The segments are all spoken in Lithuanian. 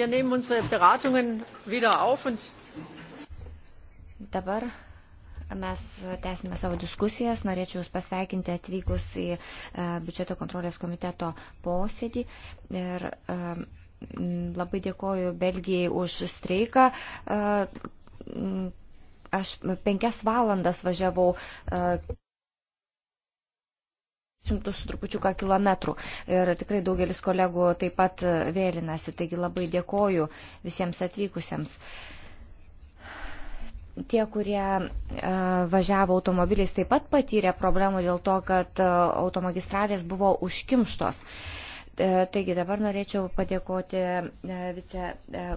Wir nehmen unsere Beratungen wieder auf und Dabar mes tęsime savo diskusijas. Norėčiau Jūs pasveikinti atvykus į e, biudžeto kontrolės komiteto posėdį. Ir e, labai dėkoju Belgijai už streiką. E, aš penkias valandas važiavau šimtus su trupučiuką kilometrų. Ir tikrai daugelis kolegų taip pat vėlinasi, taigi labai dėkoju visiems atvykusiems. Tie, kurie e, važiavo automobiliais, taip pat patyrė problemų dėl to, kad e, automagistralės buvo užkimštos. E, taigi dabar norėčiau padėkoti vice,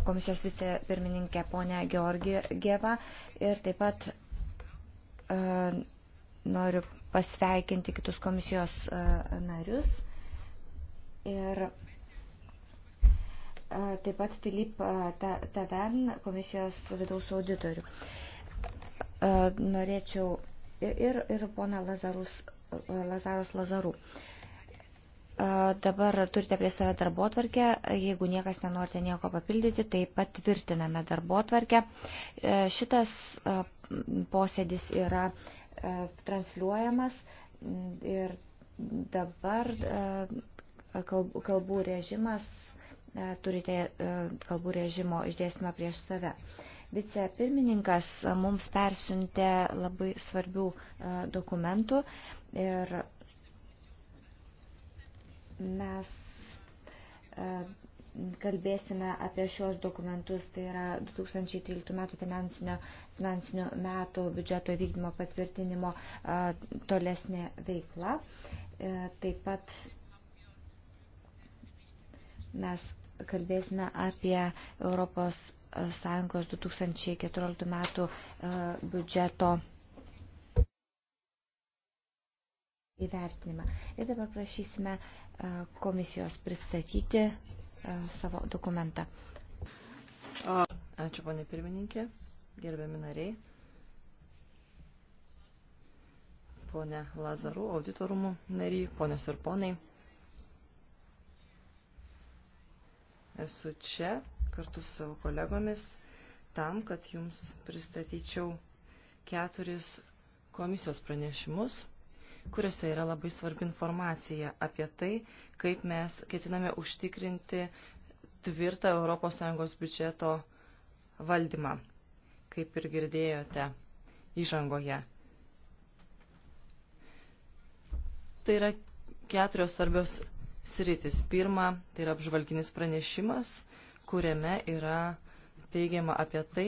komisijos vicepirmininkė ponę Georgievą ir taip pat noriu pasveikinti kitus komisijos e, narius. Ir e, taip pat Filip e, Taven, komisijos vidaus auditorių. Norėčiau ir, ir pona Lazarus, Lazarus Lazarų. Dabar turite prie save darbo tvarkę, jeigu niekas nenorite nieko papildyti, tai patvirtiname darbo tvarkę. Šitas posėdis yra E, transliuojamas ir dabar e, kalbų režimas, e, turite kalbų režimo išdėstymą prieš save. Vicepirmininkas mums persiuntė labai svarbių dokumentų ir mes kalbėsime apie šios dokumentus, tai yra 2013 metų finansinio, finansinio metų biudžeto vykdymo patvirtinimo tolesnė veikla. E, taip pat mes kalbėsime apie Europos Sąjungos 2014 metų biudžeto įvertinimą. Ir dabar prašysime komisijos pristatyti E, savo dokumentą. Ačiū, ponė pirmininkė, gerbiami nariai. Pone Lazarų, auditorumų nariai, ponės ir ponai. Esu čia kartu su savo kolegomis tam, kad jums pristatyčiau keturis komisijos pranešimus kuriuose yra labai svarbi informacija apie tai, kaip mes ketiname užtikrinti tvirtą ES biudžeto valdymą, kaip ir girdėjote įžangoje. Tai yra keturios svarbios sritis. Pirma, tai yra apžvalginis pranešimas, kuriame yra teigiama, apie tai,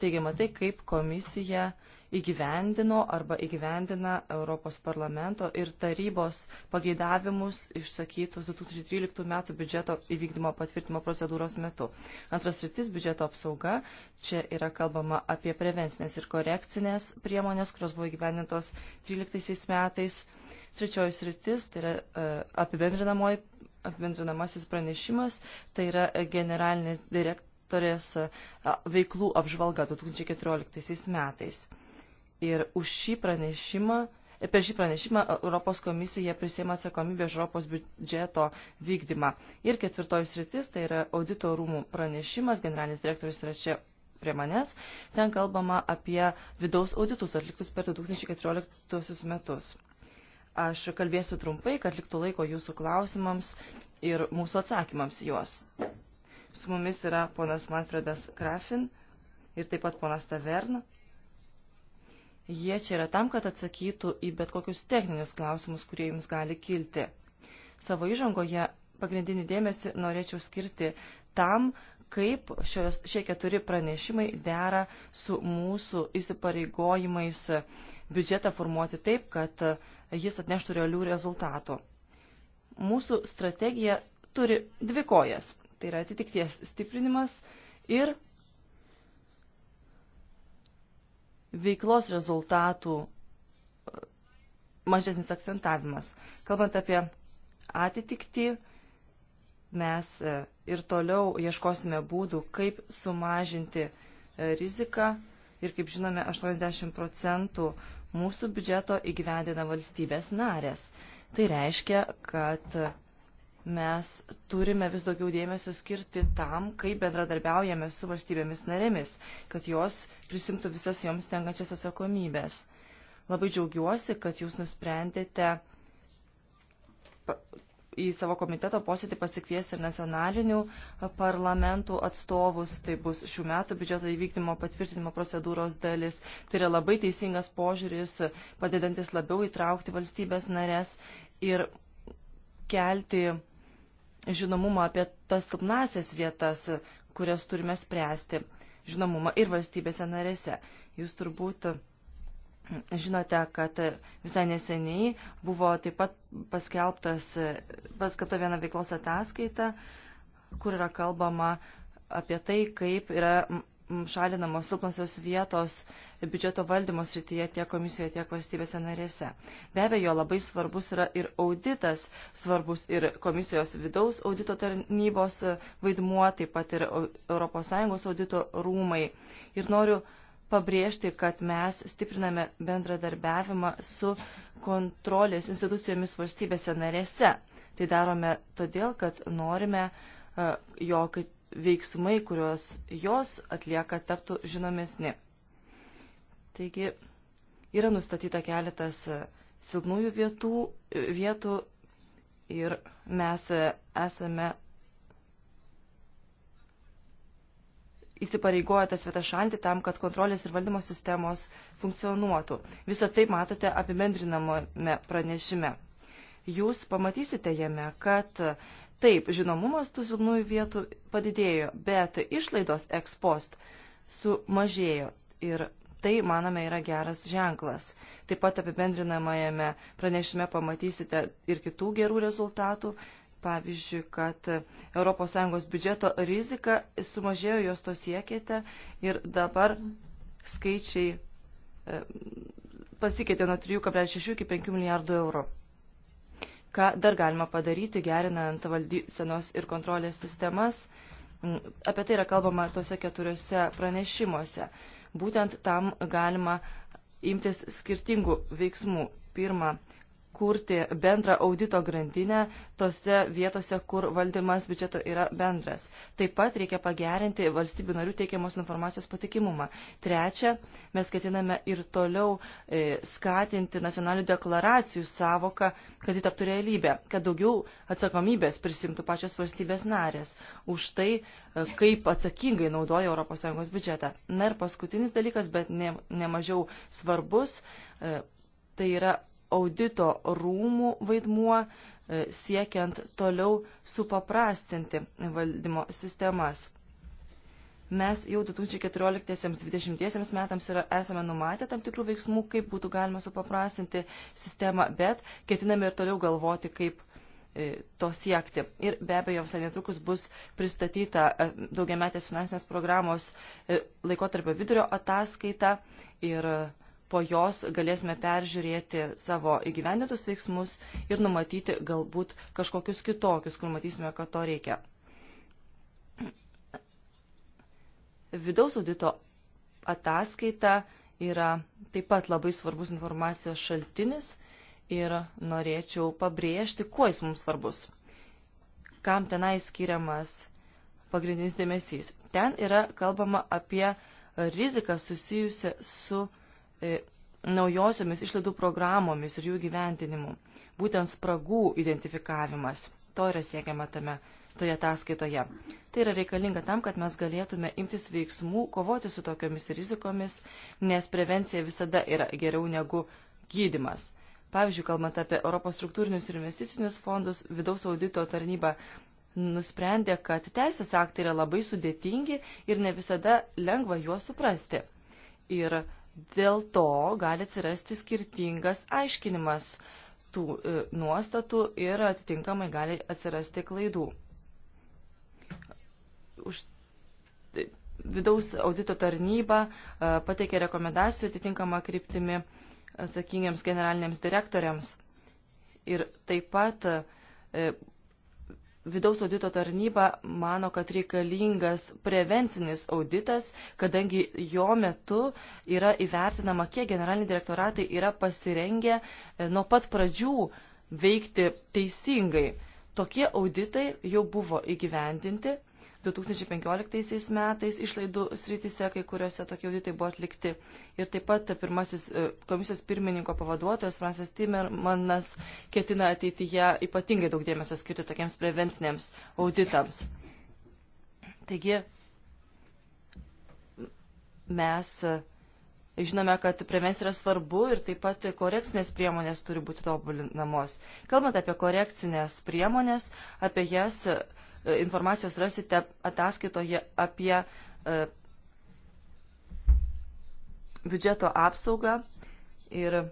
teigiama tai, kaip komisija įgyvendino arba įgyvendina Europos parlamento ir tarybos pageidavimus išsakytus 2013 metų biudžeto įvykdymo patvirtimo procedūros metu. Antras rytis - biudžeto apsauga. Čia yra kalbama apie prevencinės ir korekcinės priemonės, kurios buvo įgyvendintos 2013 metais. Trečioji sritis tai yra e, apibendrinamasis pranešimas, tai yra generalinės direktorės e, veiklų apžvalga 2014 metais. Ir už šį pranešimą, per šį pranešimą Europos komisija prisėmė atsakomybę už Europos biudžeto vykdymą. Ir ketvirtoji sritis, tai yra audito rūmų pranešimas, generalinis direktorius yra čia prie manęs, ten kalbama apie vidaus auditus atliktus per 2014 metus. Aš kalbėsiu trumpai, kad liktų laiko jūsų klausimams ir mūsų atsakymams juos. Su mumis yra ponas Manfredas Grafin ir taip pat ponas Taverna. Jie čia yra tam, kad atsakytų į bet kokius techninius klausimus, kurie jums gali kilti. Savo įžangoje pagrindinį dėmesį norėčiau skirti tam, kaip šios, šie keturi pranešimai dera su mūsų įsipareigojimais biudžetą formuoti taip, kad jis atneštų realių rezultatų. Mūsų strategija turi dvi kojas. Tai yra atitikties stiprinimas ir veiklos rezultatų e, mažesnis akcentavimas. Kalbant apie atitikti, mes e, ir toliau ieškosime būdų, kaip sumažinti e, riziką ir, kaip žinome, 80 procentų mūsų biudžeto įgyvendina valstybės narės. Tai reiškia, kad mes turime vis daugiau dėmesio skirti tam, kaip bendradarbiaujame su valstybėmis narėmis, kad jos prisimtų visas joms tenkančias atsakomybės. Labai džiaugiuosi, kad jūs nusprendėte į savo komiteto posėdį pasikviesti ir nacionalinių parlamentų atstovus. Tai bus šių metų biudžeto įvykdymo patvirtinimo procedūros dalis. Tai yra labai teisingas požiūris, padedantis labiau įtraukti valstybės narės ir kelti žinomumą apie tas silpnasias vietas, kurias turime spręsti, žinomumą ir valstybėse narėse. Jūs turbūt žinote, kad visai neseniai buvo taip pat paskelbtas, paskelbta viena veiklos ataskaita, kur yra kalbama apie tai, kaip yra šalinamos silpnosios vietos biudžeto valdymo srityje tiek komisijoje, tiek valstybėse narėse. Be abejo, labai svarbus yra ir auditas, svarbus ir komisijos vidaus audito tarnybos vaidmuo, taip pat ir ES audito rūmai. Ir noriu pabrėžti, kad mes stipriname bendradarbiavimą su kontrolės institucijomis valstybėse narėse. Tai darome todėl, kad norime, jog veiksmai, kuriuos jos atlieka, taptų žinomesni. Taigi yra nustatyta keletas e, silpnųjų vietų, e, vietų ir mes e, esame įsipareigoja tas vietas šalinti tam, kad kontrolės ir valdymo sistemos funkcionuotų. Visą tai matote apibendrinamame pranešime. Jūs pamatysite jame, kad Taip, žinomumas tų silpnųjų vietų padidėjo, bet išlaidos ekspost sumažėjo ir tai, manome, yra geras ženklas. Taip pat apibendrinamajame pranešime pamatysite ir kitų gerų rezultatų, pavyzdžiui, kad ES biudžeto rizika sumažėjo, jos to siekėte ir dabar skaičiai e, pasikeitė nuo 3,6 iki 5 milijardų eurų ką dar galima padaryti, gerinant valdysenos ir kontrolės sistemas. Mm, apie tai yra kalbama tuose keturiuose pranešimuose. Būtent tam galima imtis skirtingų veiksmų. Pirma, kurti bendrą audito grandinę tose vietose, kur valdymas biudžeto yra bendras. Taip pat reikia pagerinti valstybių narių teikiamos informacijos patikimumą. Trečia, mes ketiname ir toliau e, skatinti nacionalinių deklaracijų savoką, kad ji taptų realybę, kad daugiau atsakomybės prisimtų pačios valstybės narės už tai, e, kaip atsakingai naudoja ES biudžetą. Na ir paskutinis dalykas, bet ne, ne mažiau svarbus, e, tai yra audito rūmų vaidmuo e, siekiant toliau supaprastinti valdymo sistemas. Mes jau 2014-2020 metams yra, esame numatę tam tikrų veiksmų, kaip būtų galima supaprastinti sistemą, bet ketiname ir toliau galvoti, kaip e, to siekti. Ir be abejo, visai netrukus bus pristatyta e, daugiametės finansinės programos laikotarpio vidurio ataskaita ir po jos galėsime peržiūrėti savo įgyvendintus veiksmus ir numatyti galbūt kažkokius kitokius, kur matysime, kad to reikia. Vidaus audito ataskaita yra taip pat labai svarbus informacijos šaltinis ir norėčiau pabrėžti, kuo jis mums svarbus, kam tenai skiriamas pagrindinis dėmesys. Ten yra kalbama apie riziką susijusią su E, naujosiomis išlaidų programomis ir jų gyventinimu. Būtent spragų identifikavimas. To yra siekiama tame toje ataskaitoje. Tai yra reikalinga tam, kad mes galėtume imtis veiksmų, kovoti su tokiomis rizikomis, nes prevencija visada yra geriau negu gydimas. Pavyzdžiui, kalbant apie Europos struktūrinius ir investicinius fondus, vidaus audito tarnyba nusprendė, kad teisės aktai yra labai sudėtingi ir ne visada lengva juos suprasti. Ir Dėl to gali atsirasti skirtingas aiškinimas tų e, nuostatų ir atitinkamai gali atsirasti klaidų. Už tai vidaus audito tarnyba e, pateikė rekomendacijų atitinkamą kryptimi atsakingiams generaliniams direktoriams. Ir taip pat e, Vidaus audito tarnyba mano, kad reikalingas prevencinis auditas, kadangi jo metu yra įvertinama, kiek generaliniai direktoratai yra pasirengę e, nuo pat pradžių veikti teisingai. Tokie auditai jau buvo įgyvendinti 2015 metais išlaidų srityse kai kuriuose tokie auditai buvo atlikti. Ir taip pat pirmasis e, komisijos pirmininko pavaduotojas Francis Timmermanas ketina ateityje ypatingai daug dėmesio skirti tokiems prevenciniams auditams. Taigi mes e, Žinome, kad prevencija yra svarbu ir taip pat korekcinės priemonės turi būti tobulinamos. Kalbant apie korekcinės priemonės, apie jas informacijos rasite ataskaitoje apie e, biudžeto apsaugą ir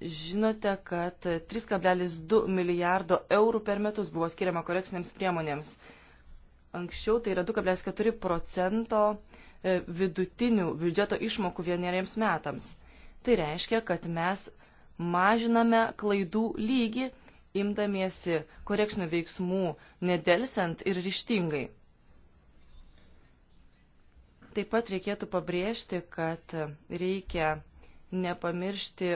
žinote, kad 3,2 milijardo eurų per metus buvo skiriama korekcinėms priemonėms. Anksčiau tai yra 2,4 procento e, vidutinių biudžeto išmokų vieneriems metams. Tai reiškia, kad mes mažiname klaidų lygį imdamiesi korekcinių veiksmų nedelsiant ir ryštingai. Taip pat reikėtų pabrėžti, kad reikia nepamiršti,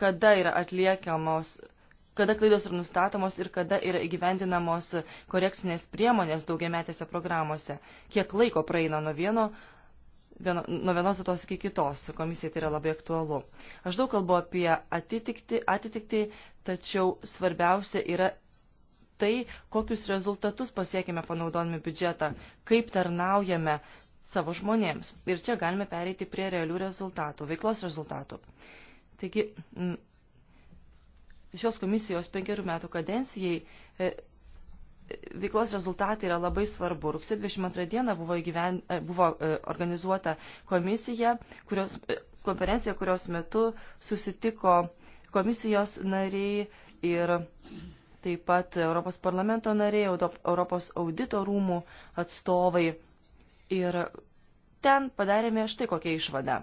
kada yra atliekamos, kada klaidos yra nustatomos ir kada yra įgyvendinamos korekcinės priemonės daugiametėse programuose, kiek laiko praeina nuo vieno vieno, nuo vienos datos iki kitos. Komisijai tai yra labai aktualu. Aš daug kalbu apie atitikti, atitikti tačiau svarbiausia yra tai, kokius rezultatus pasiekime panaudodami biudžetą, kaip tarnaujame savo žmonėms. Ir čia galime pereiti prie realių rezultatų, veiklos rezultatų. Taigi, šios komisijos penkerių metų kadencijai e, veiklos rezultatai yra labai svarbu. Rugsė 22 dieną buvo, įgyven, e, buvo e, organizuota komisija, kurios, e, konferencija, kurios metu susitiko komisijos nariai ir taip pat Europos parlamento nariai, Europos audito rūmų atstovai. Ir ten padarėme štai kokią išvadą.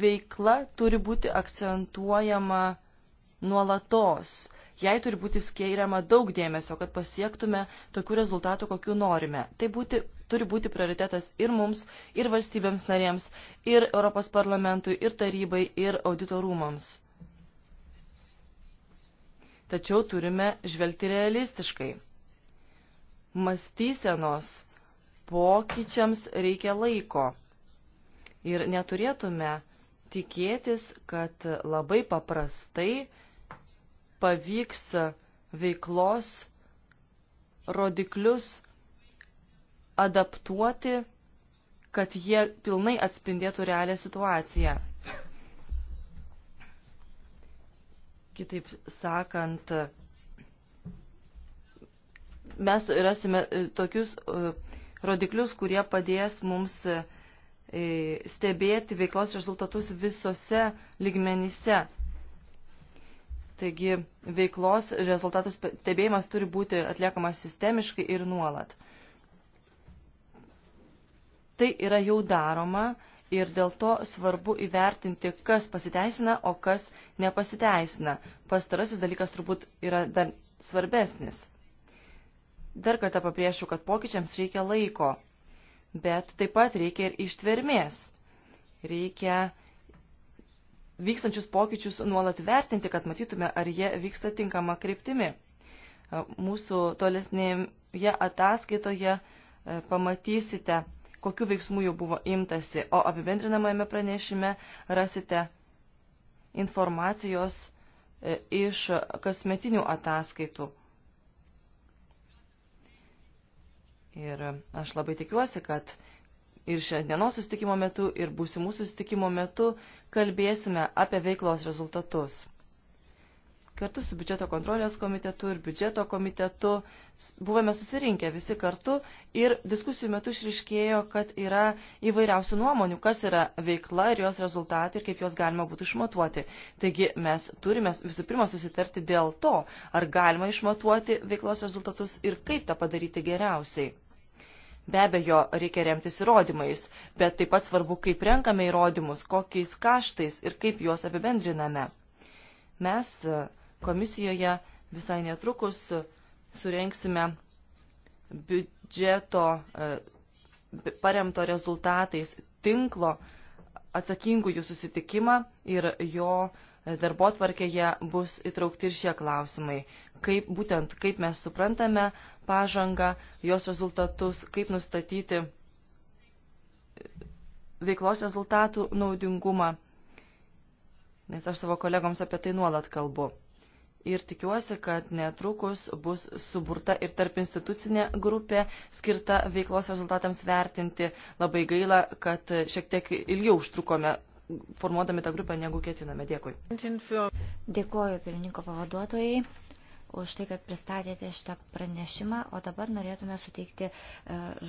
Veikla turi būti akcentuojama nuolatos. Jai turi būti skiriama daug dėmesio, kad pasiektume tokių rezultatų, kokių norime. Tai būti, turi būti prioritetas ir mums, ir valstybėms narėms, ir Europos parlamentui, ir tarybai, ir auditorumams. Tačiau turime žvelgti realistiškai. Mąstysenos pokyčiams reikia laiko. Ir neturėtume tikėtis, kad labai paprastai pavyks veiklos rodiklius adaptuoti, kad jie pilnai atspindėtų realią situaciją. Kitaip sakant, mes rasime e, tokius e, rodiklius, kurie padės mums e, stebėti veiklos rezultatus visose ligmenyse Taigi veiklos rezultatų stebėjimas turi būti atliekamas sistemiškai ir nuolat. Tai yra jau daroma ir dėl to svarbu įvertinti, kas pasiteisina, o kas nepasiteisina. Pastarasis dalykas turbūt yra dar svarbesnis. Dar kartą pabrėšiu, kad pokyčiams reikia laiko, bet taip pat reikia ir ištvermės. Reikia vykstančius pokyčius nuolat vertinti, kad matytume, ar jie vyksta tinkama kryptimi. Mūsų tolesnėje ataskaitoje pamatysite, kokiu veiksmu jau buvo imtasi, o apibendrinamame pranešime rasite informacijos e, iš kasmetinių ataskaitų. Ir aš labai tikiuosi, kad ir šiandienos susitikimo metu, ir būsimų susitikimo metu kalbėsime apie veiklos rezultatus. Kartu su biudžeto kontrolės komitetu ir biudžeto komitetu buvome susirinkę visi kartu ir diskusijų metu išriškėjo, kad yra įvairiausių nuomonių, kas yra veikla ir jos rezultatai ir kaip juos galima būtų išmatuoti. Taigi mes turime visų pirma susitarti dėl to, ar galima išmatuoti veiklos rezultatus ir kaip tą padaryti geriausiai Be abejo, reikia remtis įrodymais, bet taip pat svarbu, kaip renkame įrodymus, kokiais kaštais ir kaip juos apibendriname. Mes e, komisijoje visai netrukus e, surenksime biudžeto e, paremto rezultatais tinklo atsakingųjų susitikimą ir jo darbo tvarkėje bus įtraukti ir šie klausimai. Kaip būtent, kaip mes suprantame pažangą, jos rezultatus, kaip nustatyti veiklos rezultatų naudingumą. Nes aš savo kolegoms apie tai nuolat kalbu. Ir tikiuosi, kad netrukus bus suburta ir tarp institucinė grupė skirta veiklos rezultatams vertinti. Labai gaila, kad šiek tiek ilgiau užtrukome formuodami tą grupę, negu ketiname. Dėkui. Dėkuoju pirmininko pavaduotojai už tai, kad pristatėte šitą pranešimą, o dabar norėtume suteikti e,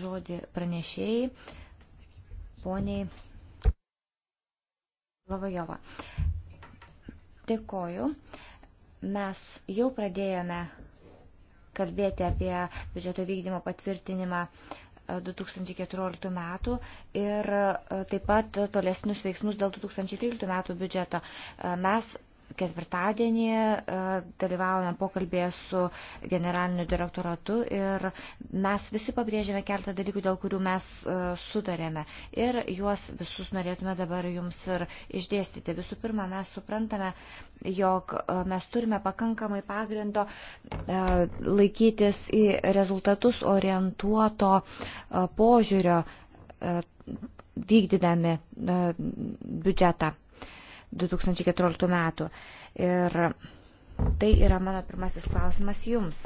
žodį pranešėjai, poniai Lavajova. Dėkoju. Mes jau pradėjome kalbėti apie biudžeto vykdymo patvirtinimą uh, 2014 metų ir e, taip pat tolesnius veiksmus dėl 2013 metų biudžeto. E, mes ketvirtadienį e, dalyvavome pokalbėje su generaliniu direktoratu ir mes visi pabrėžėme keltą dalykų, dėl kurių mes e, sutarėme. Ir juos visus norėtume dabar jums ir išdėstyti. Visų pirma, mes suprantame, jog e, mes turime pakankamai pagrindo laikytis į rezultatus orientuoto požiūrio vykdydami biudžetą. 2014 metų. Ir tai yra mano pirmasis klausimas jums.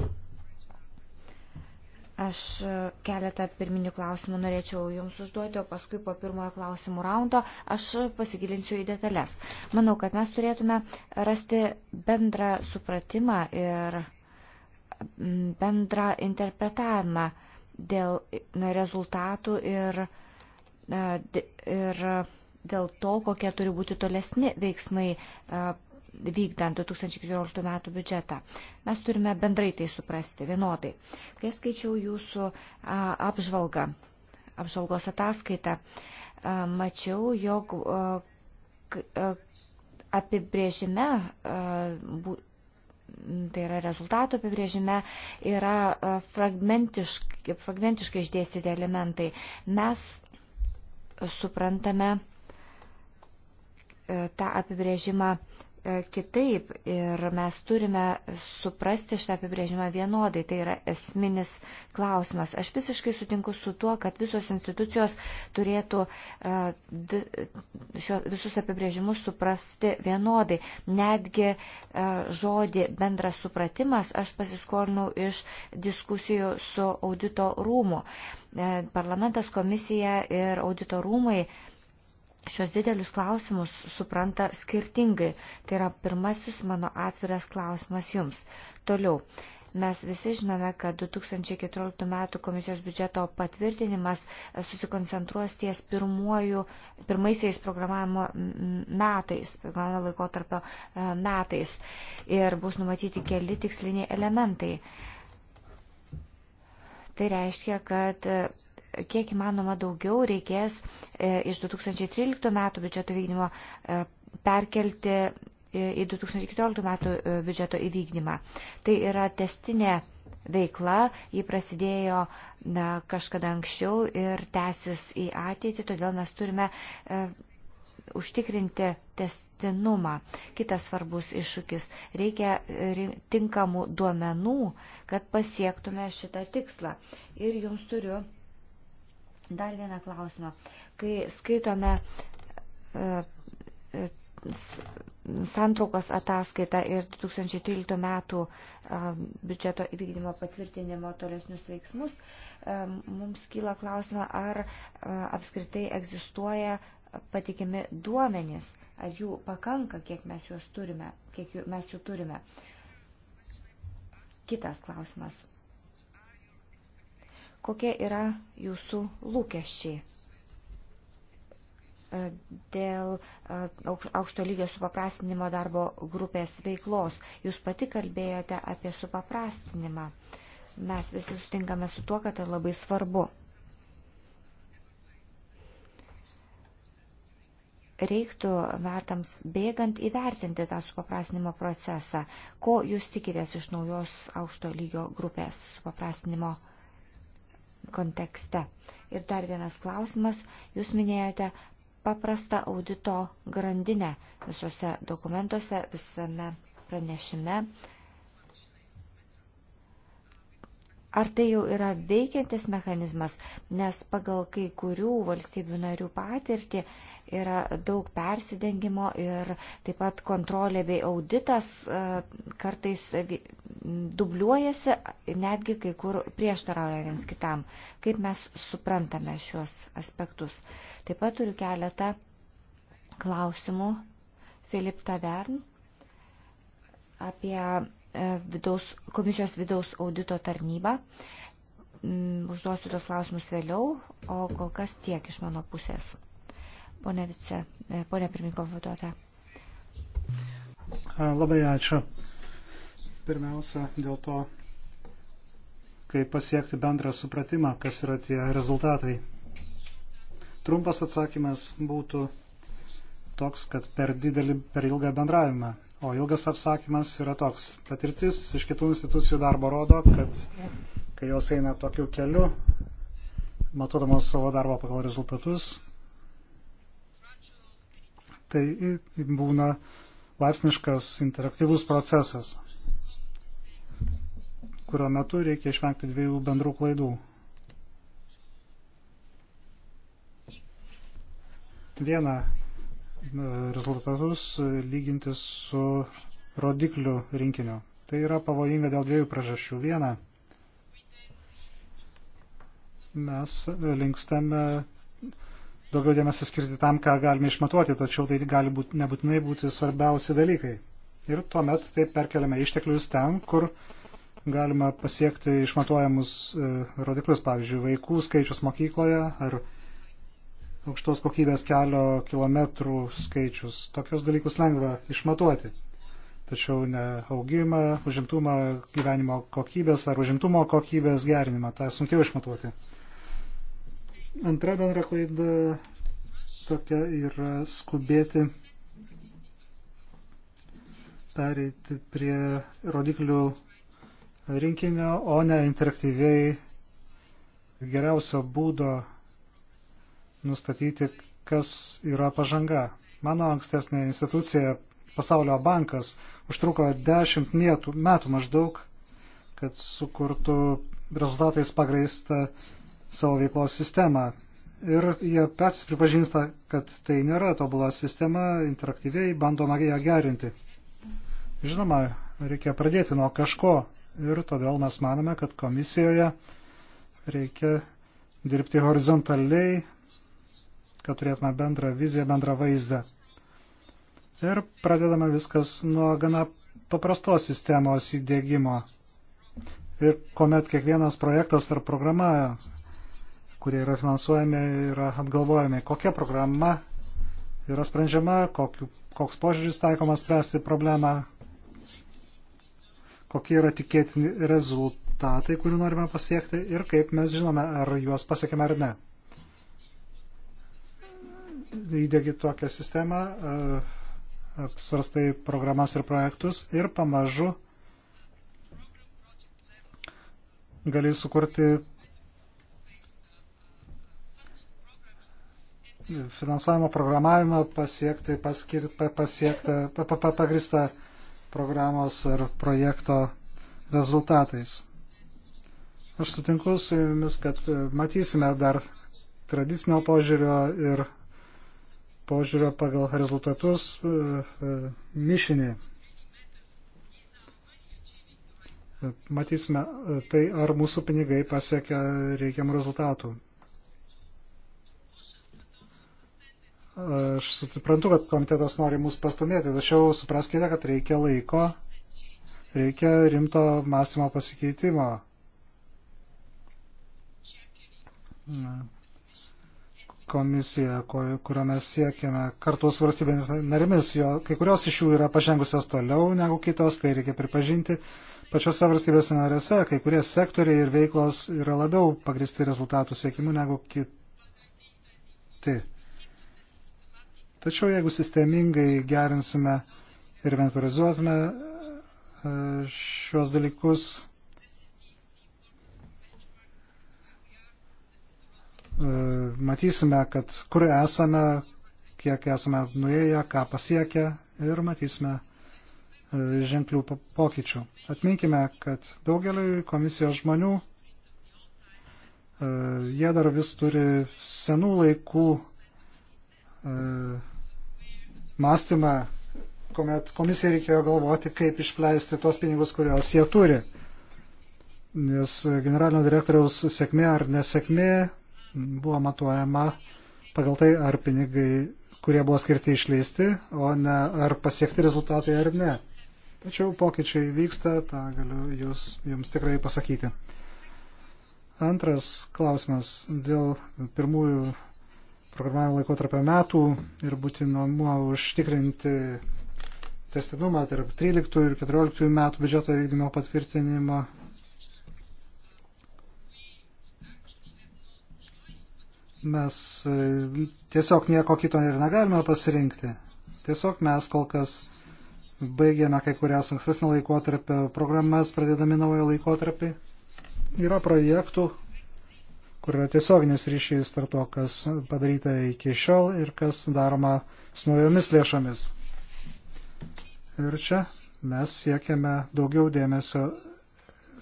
Aš keletą pirminių klausimų norėčiau Jums užduoti, o paskui po pirmojo klausimų raundo aš pasigilinsiu į detalės. Manau, kad mes turėtume rasti bendrą supratimą ir bendrą interpretavimą dėl rezultatų ir, ir dėl to, kokie turi būti tolesni veiksmai e, vykdant 2014 metų biudžetą. Mes turime bendrai tai suprasti, vienodai. Kai skaičiau jūsų apžvalgą, apžvalgos ataskaitą, mačiau, jog apibrėžime, tai yra rezultato apibrėžime, yra fragmentiškai, fragmentiškai išdėstyti elementai. Mes suprantame, E, tą apibrėžimą e, kitaip ir mes turime suprasti šitą apibrėžimą vienodai. Tai yra esminis klausimas. Aš visiškai sutinku su tuo, kad visos institucijos turėtų e, visus apibrėžimus suprasti vienodai. Netgi žodį bendras supratimas aš pasiskolinau iš diskusijų su audito rūmu. Parlamentas, komisija ir audito rūmai šios didelius klausimus supranta skirtingai. Tai yra pirmasis mano atviras klausimas jums. Toliau. Mes visi žinome, kad 2014 metų komisijos biudžeto patvirtinimas susikoncentruos ties pirmuoju, pirmaisiais programavimo metais, programavimo laikotarpio e, metais ir bus numatyti keli tiksliniai elementai. Tai reiškia, kad kiek įmanoma daugiau reikės e, iš 2013 metų biudžeto vykdymo e, perkelti e, į 2014 metų biudžeto įvykdymą. Tai yra testinė veikla, ji prasidėjo na, kažkada anksčiau ir tęsis į ateitį, todėl mes turime e, užtikrinti testinumą. Kitas svarbus iššūkis - reikia tinkamų duomenų, kad pasiektume šitą tikslą. Ir jums turiu Dar vieną klausimą. Kai skaitome e, e, santraukos ataskaitą ir 2013 metų e, biudžeto įvykdymo patvirtinimo tolesnius veiksmus, mums kyla klausimą, ar apskritai egzistuoja patikimi duomenys, ar jų pakanka, kiek mes juos turime, kiek mes jų turime. Kitas klausimas kokie yra jūsų lūkesčiai e, dėl e, aukšto lygio supaprastinimo darbo grupės veiklos. Jūs pati kalbėjote apie supaprastinimą. Mes visi sutinkame su tuo, kad tai labai svarbu. reiktų metams bėgant įvertinti tą supaprastinimo procesą. Ko jūs tikitės iš naujos aukšto lygio grupės supaprastinimo kontekste. Ir dar vienas klausimas. Jūs minėjote paprastą audito grandinę visuose dokumentuose, visame pranešime Ar tai jau yra veikiantis mechanizmas, nes pagal kai kurių valstybių narių patirtį yra daug persidengimo ir taip pat kontrolė bei auditas e, kartais dubliuojasi, netgi kai kur prieštarauja viens kitam. Kaip mes suprantame šiuos aspektus. Taip pat turiu keletą klausimų Filip Tavern apie vidaus, komisijos vidaus audito tarnybą. Mm, užduosiu tos klausimus vėliau, o kol kas tiek iš mano pusės. Pone vice, e, pone pirmininko vaduotė. Labai ačiū. Pirmiausia, dėl to, kaip pasiekti bendrą supratimą, kas yra tie rezultatai. Trumpas atsakymas būtų toks, kad per, didelį, per ilgą bendravimą. O ilgas apsakymas yra toks. Patirtis iš kitų institucijų darbo rodo, kad kai jos eina tokiu keliu, matodamos savo darbo pagal rezultatus, tai būna laipsniškas interaktyvus procesas, kurio metu reikia išvengti dviejų bendrų klaidų. Viena rezultatus lyginti su rodiklių rinkiniu. Tai yra pavojinga dėl dviejų priežasčių. Viena, mes linkstame daugiau dėmesio skirti tam, ką galime išmatuoti, tačiau tai gali būt, nebūtinai būti svarbiausi dalykai. Ir tuomet taip perkeliame išteklius ten, kur galima pasiekti išmatuojamus e, rodiklius, pavyzdžiui, vaikų skaičius mokykloje ar aukštos kokybės kelio kilometrų skaičius. Tokius dalykus lengva išmatuoti. Tačiau ne augimą, užimtumą, gyvenimo kokybės ar užimtumo kokybės gerinimą. Tai sunkiau išmatuoti. Antra bendra klaida tokia yra skubėti pereiti prie rodiklių rinkinio, o ne interaktyviai geriausio būdo nustatyti, kas yra pažanga. Mano ankstesnė institucija, Pasaulio bankas, užtruko dešimt metų, metų maždaug, kad sukurtų rezultatais pagrįstą savo veiklos sistemą. Ir jie patys pripažįsta, kad tai nėra tobula sistema, interaktyviai bandoma ją gerinti. Žinoma, reikia pradėti nuo kažko ir todėl mes manome, kad komisijoje reikia dirbti horizontaliai, kad turėtume bendrą viziją, bendrą vaizdą. Ir pradedame viskas nuo gana paprastos sistemos įdėgymo. Ir kuomet kiekvienas projektas ar programa, kurie yra finansuojami, yra apgalvojami, kokia programa yra sprendžiama, kokiu, koks požiūris taikomas spręsti problemą, kokie yra tikėtini rezultatai, kurių norime pasiekti ir kaip mes žinome, ar juos pasiekime ar ne įdėgi tokią sistemą, e, apsvarstai programas ir projektus ir pamažu gali sukurti finansavimo programavimą pasiekti, paskir, pasiektą, pagristą programos ar projekto rezultatais. Aš sutinku su jumis, kad matysime dar tradicinio požiūrio ir požiūrio pagal rezultatus e, e, mišinį. E, matysime tai, ar mūsų pinigai pasiekia reikiamų rezultatų. Aš suprantu, kad komitetas nori mus pastumėti, tačiau supraskite, kad reikia laiko, reikia rimto mąstymo pasikeitimo komisija, kurio mes siekiame kartu su valstybėmis narimis. Jo, kai kurios iš jų yra pažengusios toliau negu kitos, tai reikia pripažinti. Pačiose valstybėse narėse kai kurie sektoriai ir veiklos yra labiau pagristi rezultatų siekimu negu kiti. Tačiau jeigu sistemingai gerinsime ir inventorizuotume šios dalykus, E, matysime, kad kur esame, kiek esame nuėję, ką pasiekę ir matysime e, ženklių pokyčių. Atminkime, kad daugeliui komisijos žmonių e, jie dar vis turi senų laikų mąstymą, kuomet komisijai reikėjo galvoti, kaip išpleisti tuos pinigus, kuriuos jie turi. Nes generalinio direktoriaus sėkmė ar nesėkmė buvo matuojama pagal tai, ar pinigai, kurie buvo skirti išleisti, o ne ar pasiekti rezultatai ar ne. Tačiau pokyčiai vyksta, tą galiu jūs, jums tikrai pasakyti. Antras klausimas dėl pirmųjų programavimo laikotarpio metų ir būtinumo užtikrinti testinumą tarp 13 ir 14 metų biudžeto vykdymo patvirtinimo mes e, tiesiog nieko kito ir negalime pasirinkti. Tiesiog mes kol kas baigėme kai kurias ankstesnio laikotarpio programas, pradėdami naują laikotarpį. Yra projektų, kur yra tiesioginis ryšys tarp to, kas padaryta iki šiol ir kas daroma su naujomis lėšomis. Ir čia mes siekiame daugiau dėmesio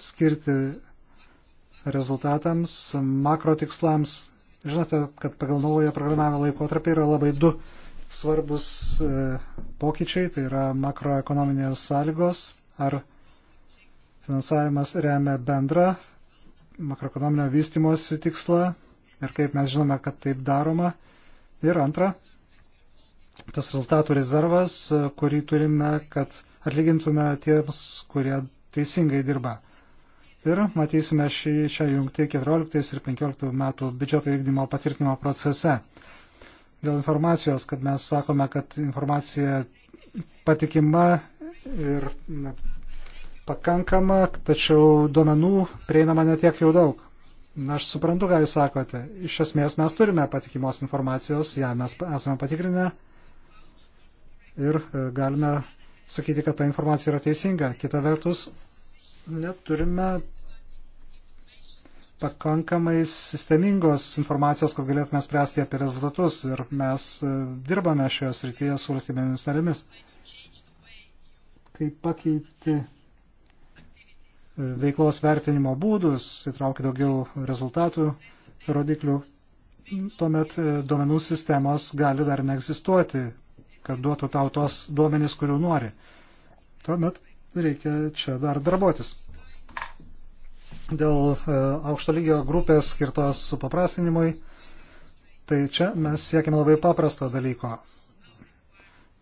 skirti rezultatams, makro tikslams, Žinote, kad pagal naują programavimo laikotarpį yra labai du svarbus e, pokyčiai, tai yra makroekonominės sąlygos ar finansavimas remia bendrą makroekonominio vystimosi tikslą ir kaip mes žinome, kad taip daroma. Ir antra, tas rezultatų rezervas, e, kurį turime, kad atlygintume tiems, kurie teisingai dirba ir matysime šį čia jungti 14 ir 15 metų biudžeto vykdymo patvirtinimo procese. Dėl informacijos, kad mes sakome, kad informacija patikima ir na, pakankama, tačiau duomenų prieinama netiek jau daug. Na, aš suprantu, ką jūs sakote. Iš esmės mes turime patikimos informacijos, ją mes esame patikrinę ir e, galime sakyti, kad ta informacija yra teisinga. Kita vertus, neturime pakankamai sistemingos informacijos, kad galėtume spręsti apie rezultatus ir mes e, dirbame šioje srityje su valstybėmis narėmis. Kaip pakeiti e, veiklos vertinimo būdus, įtraukti daugiau rezultatų, rodiklių, tuomet e, duomenų sistemos gali dar neegzistuoti, kad duotų tau tos duomenys, kurių nori. Tuomet reikia čia dar darbuotis. Dėl e, aukšto lygio grupės skirtos supaprastinimui, tai čia mes siekime labai paprasto dalyko.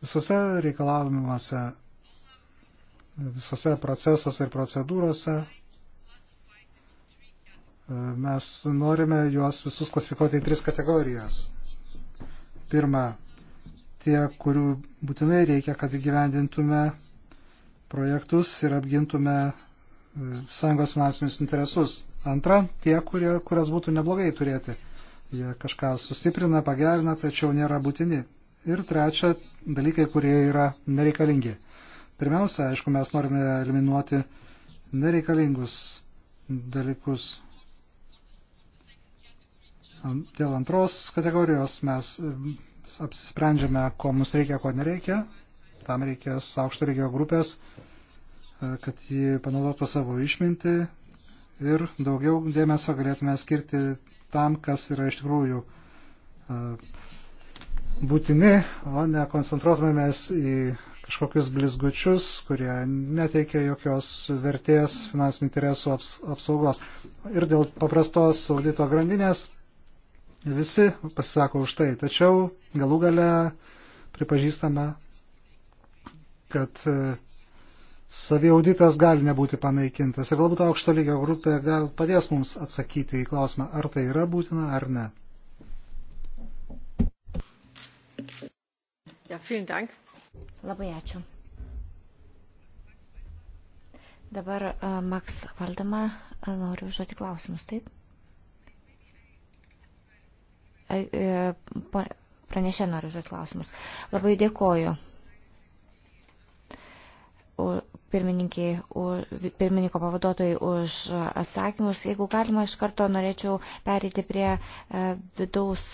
Visose reikalavimuose, visose procesuose ir procedūrose e, mes norime juos visus klasifikuoti į tris kategorijas. Pirma, tie, kurių būtinai reikia, kad įgyvendintume projektus ir apgintume e, sąjungos finansinius interesus. Antra, tie, kurie, kurias būtų neblogai turėti. Jie kažką sustiprina, pagerina, tačiau nėra būtini. Ir trečia, dalykai, kurie yra nereikalingi. Pirmiausia, aišku, mes norime eliminuoti nereikalingus dalykus. Dėl antros kategorijos mes e, apsisprendžiame, ko mums reikia, ko nereikia. Tam reikės aukšto lygio grupės, e, kad ji panaudotų savo išmintį ir daugiau dėmesio galėtume skirti tam, kas yra iš tikrųjų e, būtini, o ne koncentruotumėmės į kažkokius blizgučius, kurie neteikia jokios vertės finansinių interesų aps, apsaugos. Ir dėl paprastos audito grandinės visi pasisako už tai. Tačiau galų gale pripažįstame, kad e, saviauditas gali nebūti panaikintas. Ir galbūt aukšto lygio grupė gal padės mums atsakyti į klausimą, ar tai yra būtina ar ne. Ja, vielen Dank. Labai ačiū. Dabar uh, e, Maks Valdama uh, e, noriu užduoti klausimus, taip? Pranešė noriu užduoti klausimus. Labai dėkoju pirmininko pavaduotojai už atsakymus. Jeigu galima, iš karto norėčiau perėti prie e, vidaus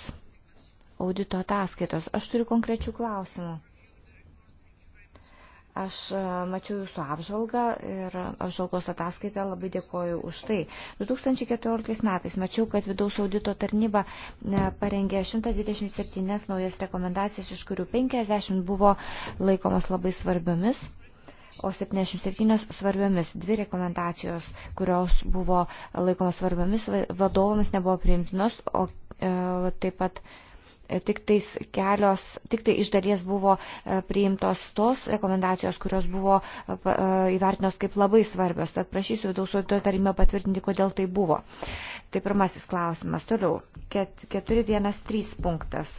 audito ataskaitos. Aš turiu konkrečių klausimų. Aš e, mačiau jūsų apžvalgą ir apžvalgos ataskaitę labai dėkoju už tai. 2014 metais mačiau, kad vidaus audito tarnyba e, parengė 127 naujas rekomendacijas, iš kurių 50 buvo laikomos labai svarbiomis o 77 svarbiomis. Dvi rekomendacijos, kurios buvo laikomos svarbiomis vadovams, nebuvo priimtinos, o e, taip pat e, tik, kelios, tik tai iš dalies buvo e, priimtos tos rekomendacijos, kurios buvo e, įvertinos kaip labai svarbios. Tad prašysiu vidaus audito tarimą patvirtinti, kodėl tai buvo. Tai pirmasis klausimas. Toliau. 413 punktas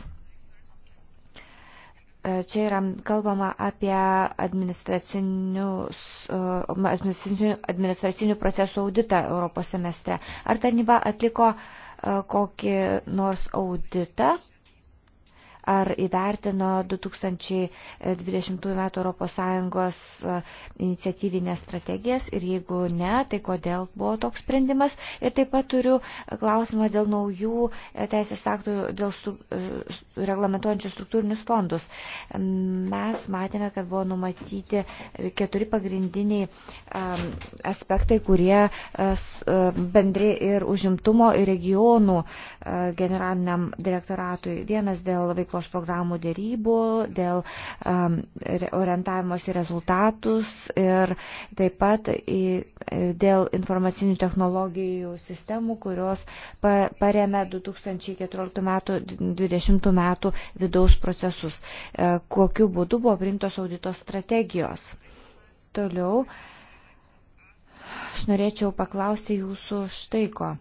E, čia yra kalbama apie e, administracinių, administracinių procesų auditą Europos semestre. Ar tarnyba atliko e, kokį nors auditą? ar įvertino 2020 m. ES iniciatyvinės strategijas ir jeigu ne, tai kodėl buvo toks sprendimas. Ir taip pat turiu e, klausimą dėl naujų e, teisės aktų, dėl stu, e, reglamentuojančių struktūrinius fondus. Mes matėme, kad buvo numatyti keturi pagrindiniai aspektai, kurie bendri ir užimtumo ir regionų generaliniam direktoratui. Vienas dėl veiklos politikos programų dėrybų, dėl um, orientavimos į rezultatus ir taip pat į, e, dėl informacinių technologijų sistemų, kurios pa, paremė 2014 metų, 2020 metų vidaus procesus. E, kokiu būdu buvo priimtos audito strategijos? Toliau aš norėčiau paklausti jūsų štai ko.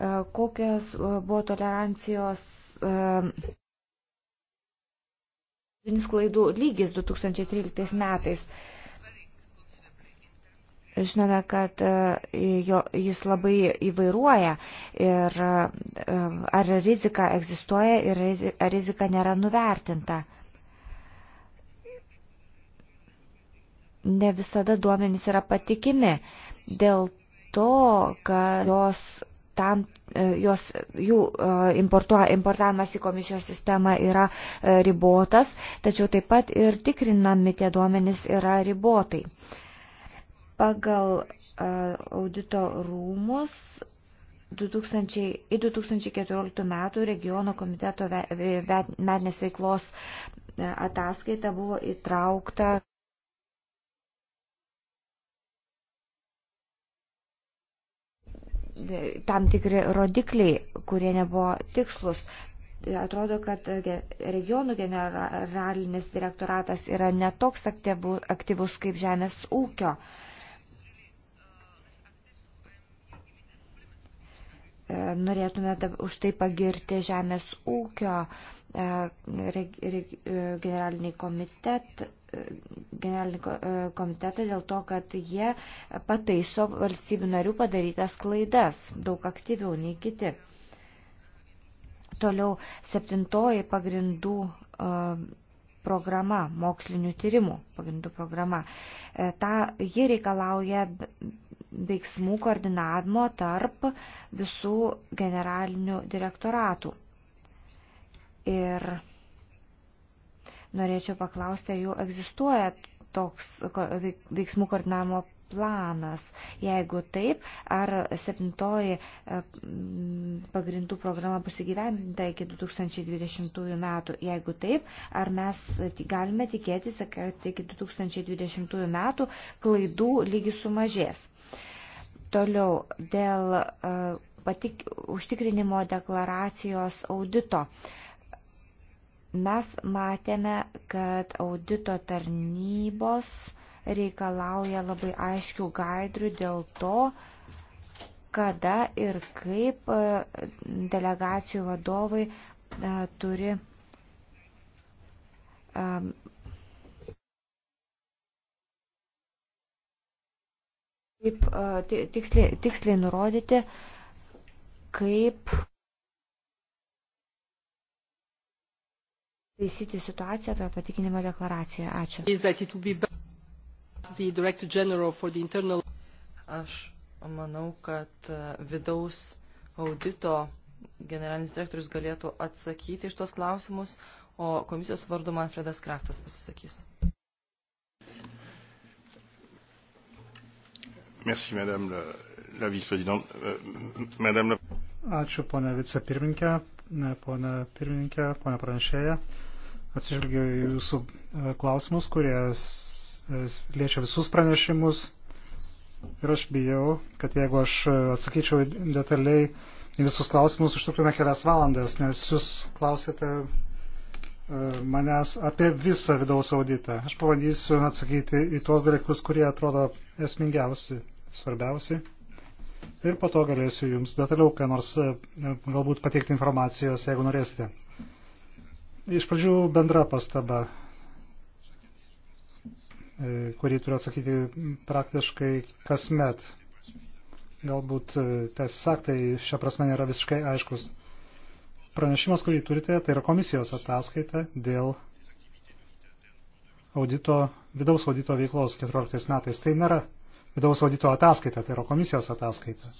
E, kokios buvo tolerancijos E, klaidų lygis 2013 metais. Žinome, kad e, jo, jis labai įvairuoja ir e, ar rizika egzistuoja ir ar rizika nėra nuvertinta. Ne visada duomenys yra patikimi dėl to, kad jos tam, e, jos, jų e, importavimas į komisijos sistemą yra e, ribotas, tačiau taip pat ir tikrinami tie duomenys yra ribotai. Pagal audito rūmus 2000, į 2014 metų regiono komiteto metinės veiklos ataskaita buvo įtraukta tam tikri rodikliai, kurie nebuvo tikslus. Atrodo, kad regionų generalinis direktoratas yra netoks aktyvus kaip žemės ūkio. Uh, E, norėtume už tai pagirti Žemės ūkio e, e, generalinį komitetą, generalinį komitetą dėl to, kad jie pataiso valstybių narių padarytas klaidas daug aktyviau nei kiti. Toliau septintoji pagrindų programa, mokslinių tyrimų pagrindų programa. Ta, ji reikalauja veiksmų koordinavimo tarp visų generalinių direktoratų. Ir norėčiau paklausti, ar jau egzistuoja toks veiksmų koordinavimo planas? Jeigu taip, ar septintoji e, pagrindų programa bus įgyvendinta iki 2020 metų? Jeigu taip, ar mes galime tikėtis, kad iki 2020 metų klaidų lygis sumažės? Toliau, dėl e, patik, užtikrinimo deklaracijos audito. Mes matėme, kad audito tarnybos reikalauja labai aiškių gaidrių dėl to, kada ir kaip e, delegacijų vadovai e, turi kaip e, tiksliai, tiksliai nurodyti, kaip taisyti situaciją toje patikinimo deklaracijoje. Ačiū asked the Director General for the Internal. Aš manau, kad e, vidaus audito generalinis direktorius galėtų atsakyti iš tos klausimus, o komisijos vardu Manfredas Kraftas pasisakys. Merci, madame la, la vice-présidente. Euh, madame la... Ačiū, ponia vicepirminkė, ponia pirmininkė, ponia pranešėja. Atsižvelgiu jūsų e, klausimus, kurie liečia visus pranešimus. Ir aš bijau, kad jeigu aš atsakyčiau detaliai į visus klausimus, užtruktume kelias valandas, nes jūs klausėte e, manęs apie visą vidaus auditą. Aš pabandysiu atsakyti į tuos dalykus, kurie atrodo esmingiausi, svarbiausi. Ir po to galėsiu jums detaliau, ką nors e, galbūt pateikti informacijos, jeigu norėsite. Iš pradžių bendra pastaba. E, kurį turiu atsakyti praktiškai kasmet. Galbūt e, teisės aktai šią prasme nėra visiškai aiškus. Pranešimas, kurį turite, tai yra komisijos ataskaita dėl audito, vidaus audito veiklos 14 metais. Tai nėra vidaus audito ataskaita, tai yra komisijos ataskaita.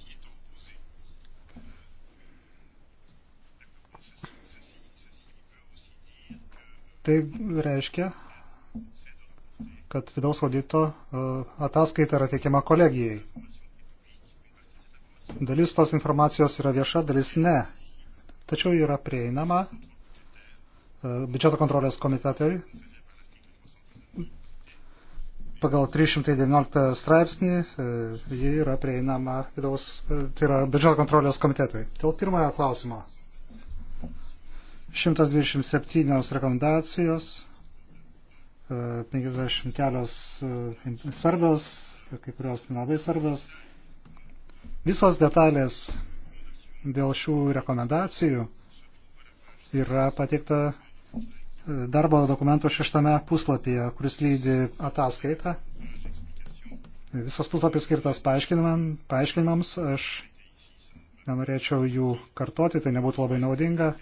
Tai reiškia, kad vidaus audito e, ataskaita yra teikiama kolegijai. Dalis tos informacijos yra vieša, dalis ne. Tačiau yra prieinama e, biudžeto kontrolės komitetui pagal 319 straipsnį e, ji yra prieinama vidaus, tai yra biudžeto kontrolės komitetui. Dėl pirmojo klausimo. 127 rekomendacijos 50 kelios e, svarbios, kai kurios nelabai svarbios. Visos detalės dėl šių rekomendacijų yra pateikta e, darbo dokumento šeštame puslapyje, kuris lydi ataskaitą. Visas puslapis skirtas paaiškinimams, aš nenorėčiau jų kartoti, tai nebūtų labai naudinga.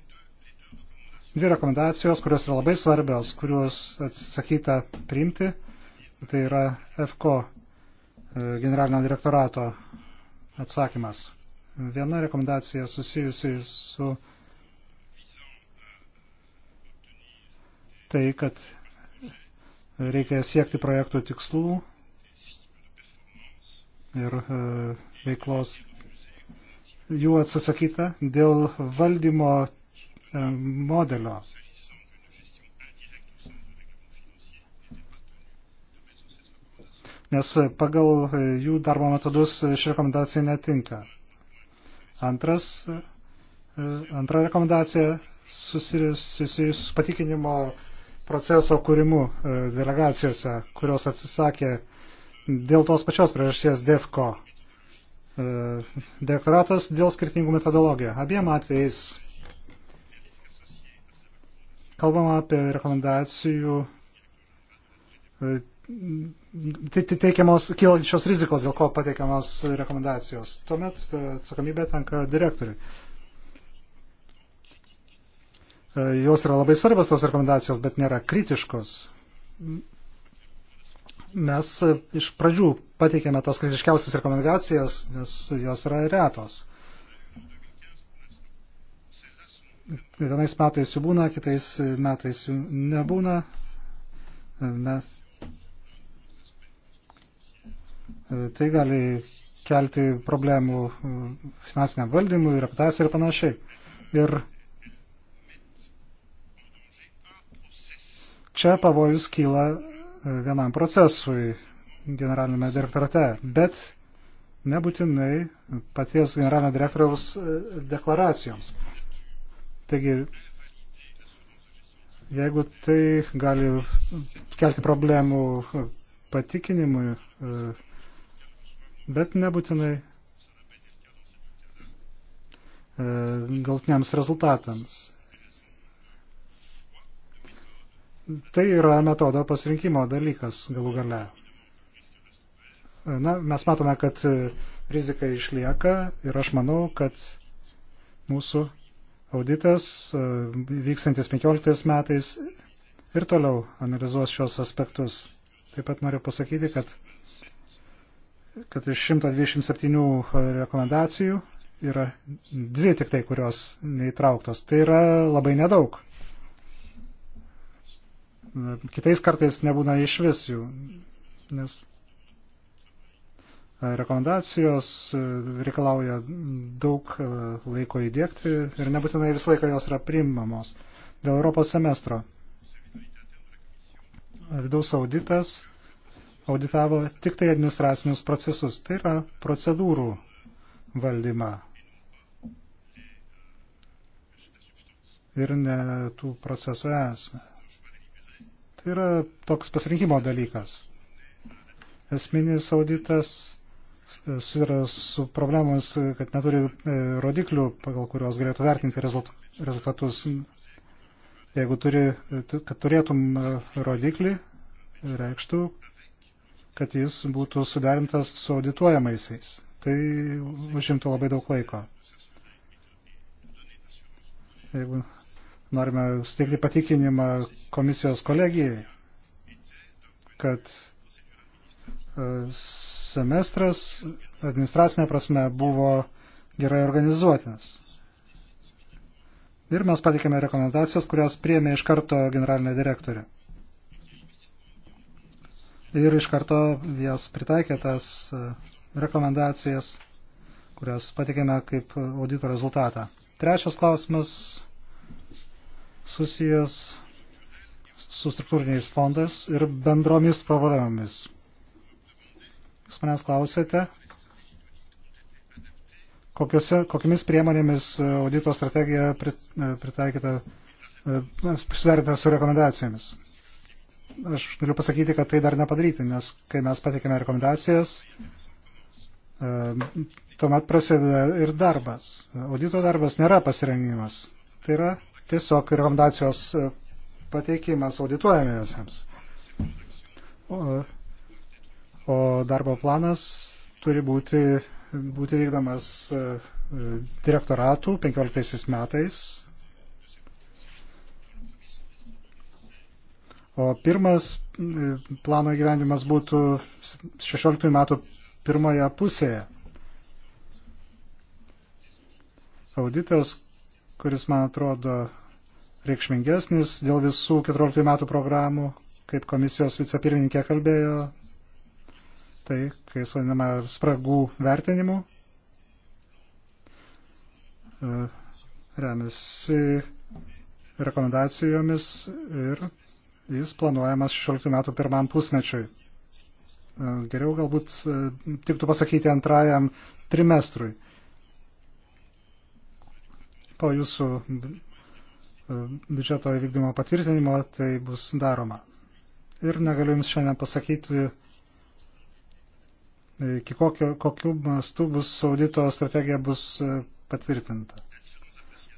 Dvi rekomendacijos, kurios yra labai svarbios, kurios atsakyta priimti, tai yra FCO e, generalinio direktorato atsakymas. Viena rekomendacija susijusi su tai, kad reikia siekti projektų tikslų ir e, veiklos jų atsisakyta dėl valdymo E, modelio. Nes pagal jų darbo metodus ši rekomendacija netinka. Antras, e, antra rekomendacija susijusi su patikinimo proceso kūrimu e, delegacijose, kurios atsisakė dėl tos pačios priežasties DEFCO deklaratas dėl skirtingų metodologijų. Abiem atvejais Kalbama apie rekomendacijų e, teikiamos kylančios rizikos, dėl ko pateikiamos rekomendacijos. Tuomet e, atsakomybė tenka direktoriui. E, jos yra labai svarbios tos rekomendacijos, bet nėra kritiškos. Mes iš pradžių pateikėme tas kritiškiausias rekomendacijas, nes jos yra retos. vienais metais jų būna, kitais metais jų nebūna. Mes... Tai gali kelti problemų e, finansiniam valdymui, reputacijai ir panašiai. Ir čia pavojus kyla e, vienam procesui generalinėme direktorate, bet nebūtinai paties generalinio direktoriaus e, deklaracijoms. Taigi, jeigu tai gali kelti problemų patikinimui, e, bet nebūtinai e, galtiniams rezultatams. Tai yra metodo pasirinkimo dalykas galų gale. E, na, mes matome, kad rizika išlieka ir aš manau, kad mūsų auditas e, vykstantis 15 metais ir toliau analizuos šios aspektus. Taip pat noriu pasakyti, kad, kad iš 127 e, rekomendacijų yra dvi tik tai, kurios neįtrauktos. Tai yra labai nedaug. E, kitais kartais nebūna iš vis jų, nes rekomendacijos reikalauja daug e, laiko įdėkti ir nebūtinai visą laiką jos yra priimamos. Dėl Europos semestro. Vidaus auditas auditavo tik tai administracinius procesus, tai yra procedūrų valdymą. Ir ne tų procesų esmė. Tai yra toks pasirinkimo dalykas. Esminis auditas susiduria su problemomis, kad neturi e, rodiklių, pagal kuriuos galėtų vertinti rezultatus. Jeigu turi, e, kad turėtum e, rodiklį, reikštų, kad jis būtų suderintas su audituojamaisiais. Tai užimtų labai daug laiko. Jeigu norime suteikti patikinimą komisijos kolegijai, kad E, semestras administracinė prasme buvo gerai organizuotinas. Ir mes patikėme rekomendacijas, kurias priemė iš karto generalinė direktorė. Ir iš karto jas pritaikė tas e, rekomendacijas, kurias patikėme kaip audito rezultatą. Trečias klausimas susijęs su struktūriniais fondais ir bendromis problemomis. Jūs manęs klausėte, kokiuose, kokiamis priemonėmis e, audito strategija e, pritaikyta, e, sudaryta su rekomendacijomis. Aš galiu pasakyti, kad tai dar nepadaryti, nes kai mes patikėme rekomendacijas, tuomet prasideda ir darbas. Audito darbas nėra pasirengimas. Tai yra tiesiog rekomendacijos pateikimas audituojamiesiems o darbo planas turi būti, būti vykdomas e, direktoratų 15 metais. O pirmas e, plano gyvenimas būtų 16 metų pirmoje pusėje. Auditas, kuris man atrodo reikšmingesnis dėl visų 14 metų programų, kaip komisijos vicepirmininkė kalbėjo, tai, kai vadinama spragų vertinimu, e, remiasi rekomendacijomis ir jis planuojamas 16 metų pirmam pusmečiui. E, geriau galbūt e, tiktų pasakyti antrajam trimestrui. Po jūsų biudžeto įvykdymo patvirtinimo tai bus daroma. Ir negaliu Jums šiandien pasakyti, iki kokio, kokių mastų bus audito strategija bus e, patvirtinta.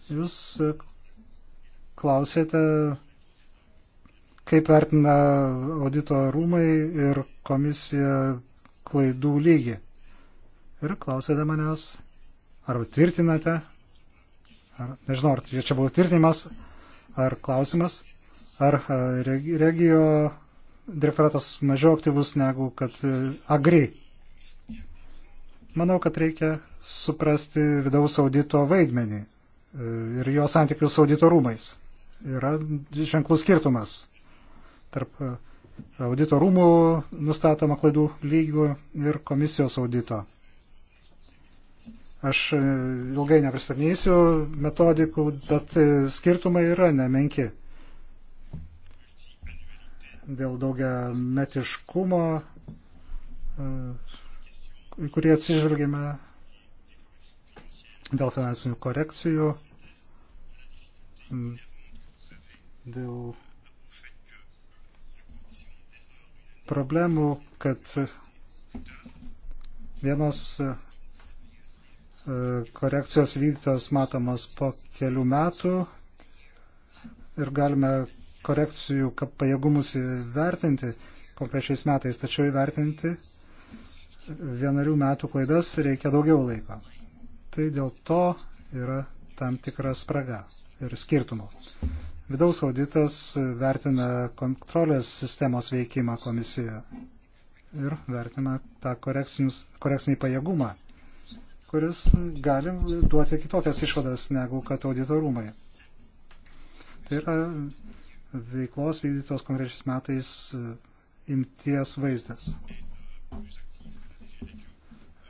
Jūs e, klausėte, kaip vertina audito rūmai ir komisija klaidų lygį. Ir klausėte manęs, ar tvirtinate, ar, nežinau, ar čia buvo tvirtinimas, ar klausimas, ar e, regijo direktoratas mažiau aktyvus negu kad agri Manau, kad reikia suprasti vidaus audito vaidmenį e, ir jo santykius su audito rūmais. Yra ženklų skirtumas tarp e, audito rūmų nustatoma klaidų lygių ir komisijos audito. Aš e, ilgai nepristatinėsiu metodikų, bet skirtumai yra nemenki. Dėl daugia metiškumo kurį atsižvelgėme dėl finansinių korekcijų, dėl problemų, kad vienos e, korekcijos vykdytos matomos po kelių metų ir galime korekcijų pajėgumus įvertinti konkrečiais metais, tačiau įvertinti vienarių metų klaidas reikia daugiau laiko. Tai dėl to yra tam tikra spraga ir skirtumų. Vidaus auditas vertina kontrolės sistemos veikimą komisijoje ir vertina tą korekcinį pajėgumą, kuris gali duoti kitokias išvadas negu kad auditorumai. Tai yra veiklos vykdytos konkrečiais metais imties vaizdas.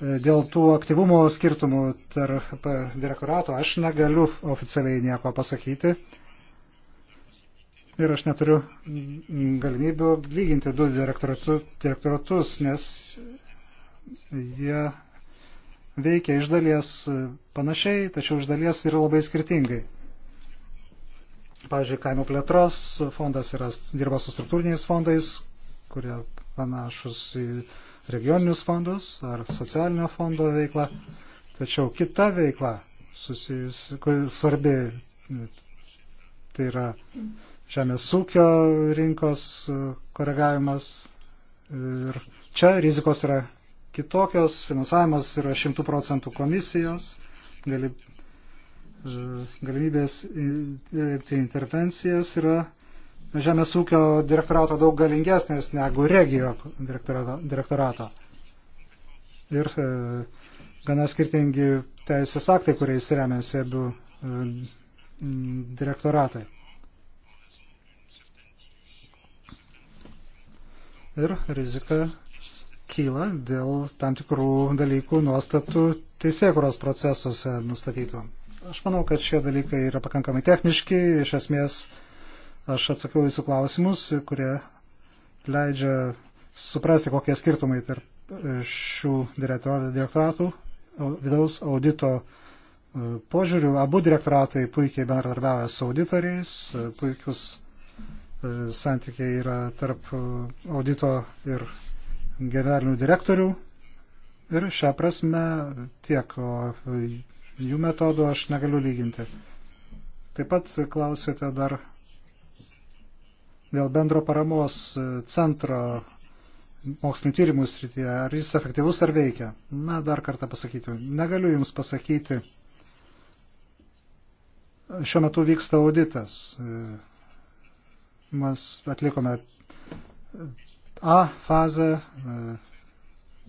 Dėl tų aktyvumo skirtumų tarp direktorato aš negaliu oficialiai nieko pasakyti ir aš neturiu galimybių lyginti du direktoratus, nes jie veikia iš dalies panašiai, tačiau iš dalies yra labai skirtingai. Pavyzdžiui, kaimo plėtros fondas yra, dirba su struktūriniais fondais, kurie panašus į regioninius fondus ar socialinio fondo veiklą, tačiau kita veikla susijusi, svarbi, tai yra žemės ūkio rinkos e, koregavimas ir čia rizikos yra kitokios, finansavimas yra 100 procentų komisijos, gali, e, galimybės į intervencijas yra Žemės ūkio direktorato daug galingesnės negu regio direktorato. Ir e, gana skirtingi teisės aktai, kuriais remiasi abu e, direktoratai. Ir rizika kyla dėl tam tikrų dalykų nuostatų teisėkuros procesuose nustatytų. Aš manau, kad šie dalykai yra pakankamai techniški, iš esmės Aš atsakiau jūsų klausimus, kurie leidžia suprasti, kokie skirtumai tarp e, šių direktoratų, vidaus audito e, požiūrių. Abu direktoratai puikiai bendradarbiavę su auditoriais, e, puikius santykiai yra tarp audito ir generalinių direktorių. Ir šią prasme tiek, o jų metodų aš negaliu lyginti. Taip pat klausėte dar dėl bendro paramos e, centro mokslinio tyrimų srityje, ar jis efektyvus ar veikia. Na, dar kartą pasakyti, negaliu Jums pasakyti. Šiuo metu vyksta auditas. E, mes atlikome A fazę, e,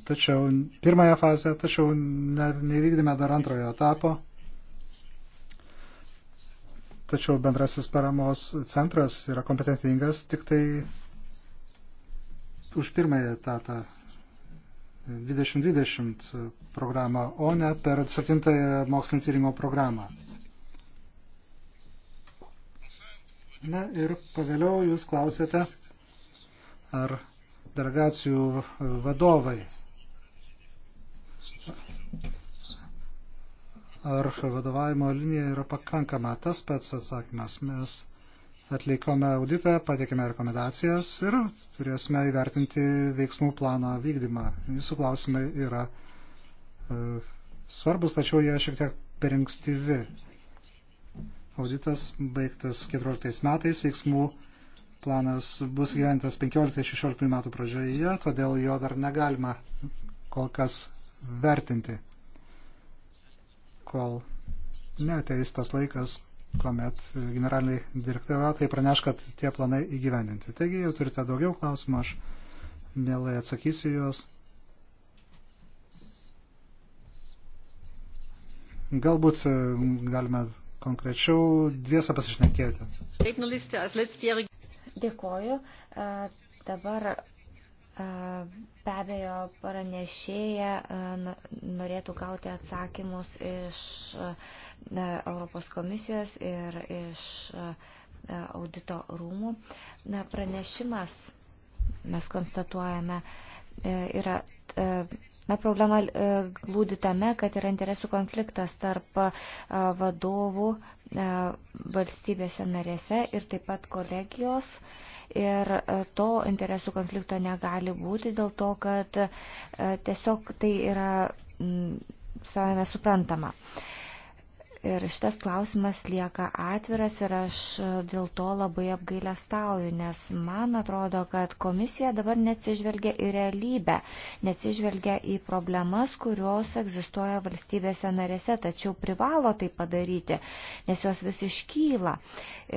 tačiau pirmąją fazę, tačiau nevykdėme dar antrojo etapo tačiau bendrasis paramos centras yra kompetentingas tik tai už pirmąją etatą 2020 programą, o ne per 7 mokslinio tyrimo programą. Na ir pagaliau jūs klausėte, ar delegacijų vadovai ar vadovavimo linija yra pakankama. Tas pats atsakymas. Mes atlikome auditą, pateikėme rekomendacijas ir turėsime įvertinti veiksmų plano vykdymą. Jūsų klausimai yra e, svarbus, tačiau jie šiek tiek per ankstyvi. Auditas baigtas 14 metais, veiksmų planas bus gyventas 15-16 metų pradžioje, todėl jo dar negalima kol kas vertinti kol neteis tas laikas, kuomet generaliniai direktoratai praneš, kad tie planai įgyvendinti. Taigi, jau turite daugiau klausimų, aš mielai atsakysiu juos. Galbūt e, galime konkrečiau dviesą pasišnekėti. Dėkoju. E, dabar Be abejo, paranešėja norėtų gauti atsakymus iš Europos komisijos ir iš audito rūmų. Na, pranešimas, mes konstatuojame, e, yra, e, na, problema e, glūdi tame, kad yra interesų konfliktas tarp vadovų valstybėse narėse ir taip pat kolegijos ir e, to interesų konflikto negali būti dėl to, kad e, tiesiog tai yra savame suprantama. Uh, Ir šitas klausimas lieka atviras ir aš dėl to labai apgailę stauju, nes man atrodo, kad komisija dabar neatsižvelgia į realybę, neatsižvelgia į problemas, kurios egzistuoja valstybėse narėse, tačiau privalo tai padaryti, nes jos vis iškyla.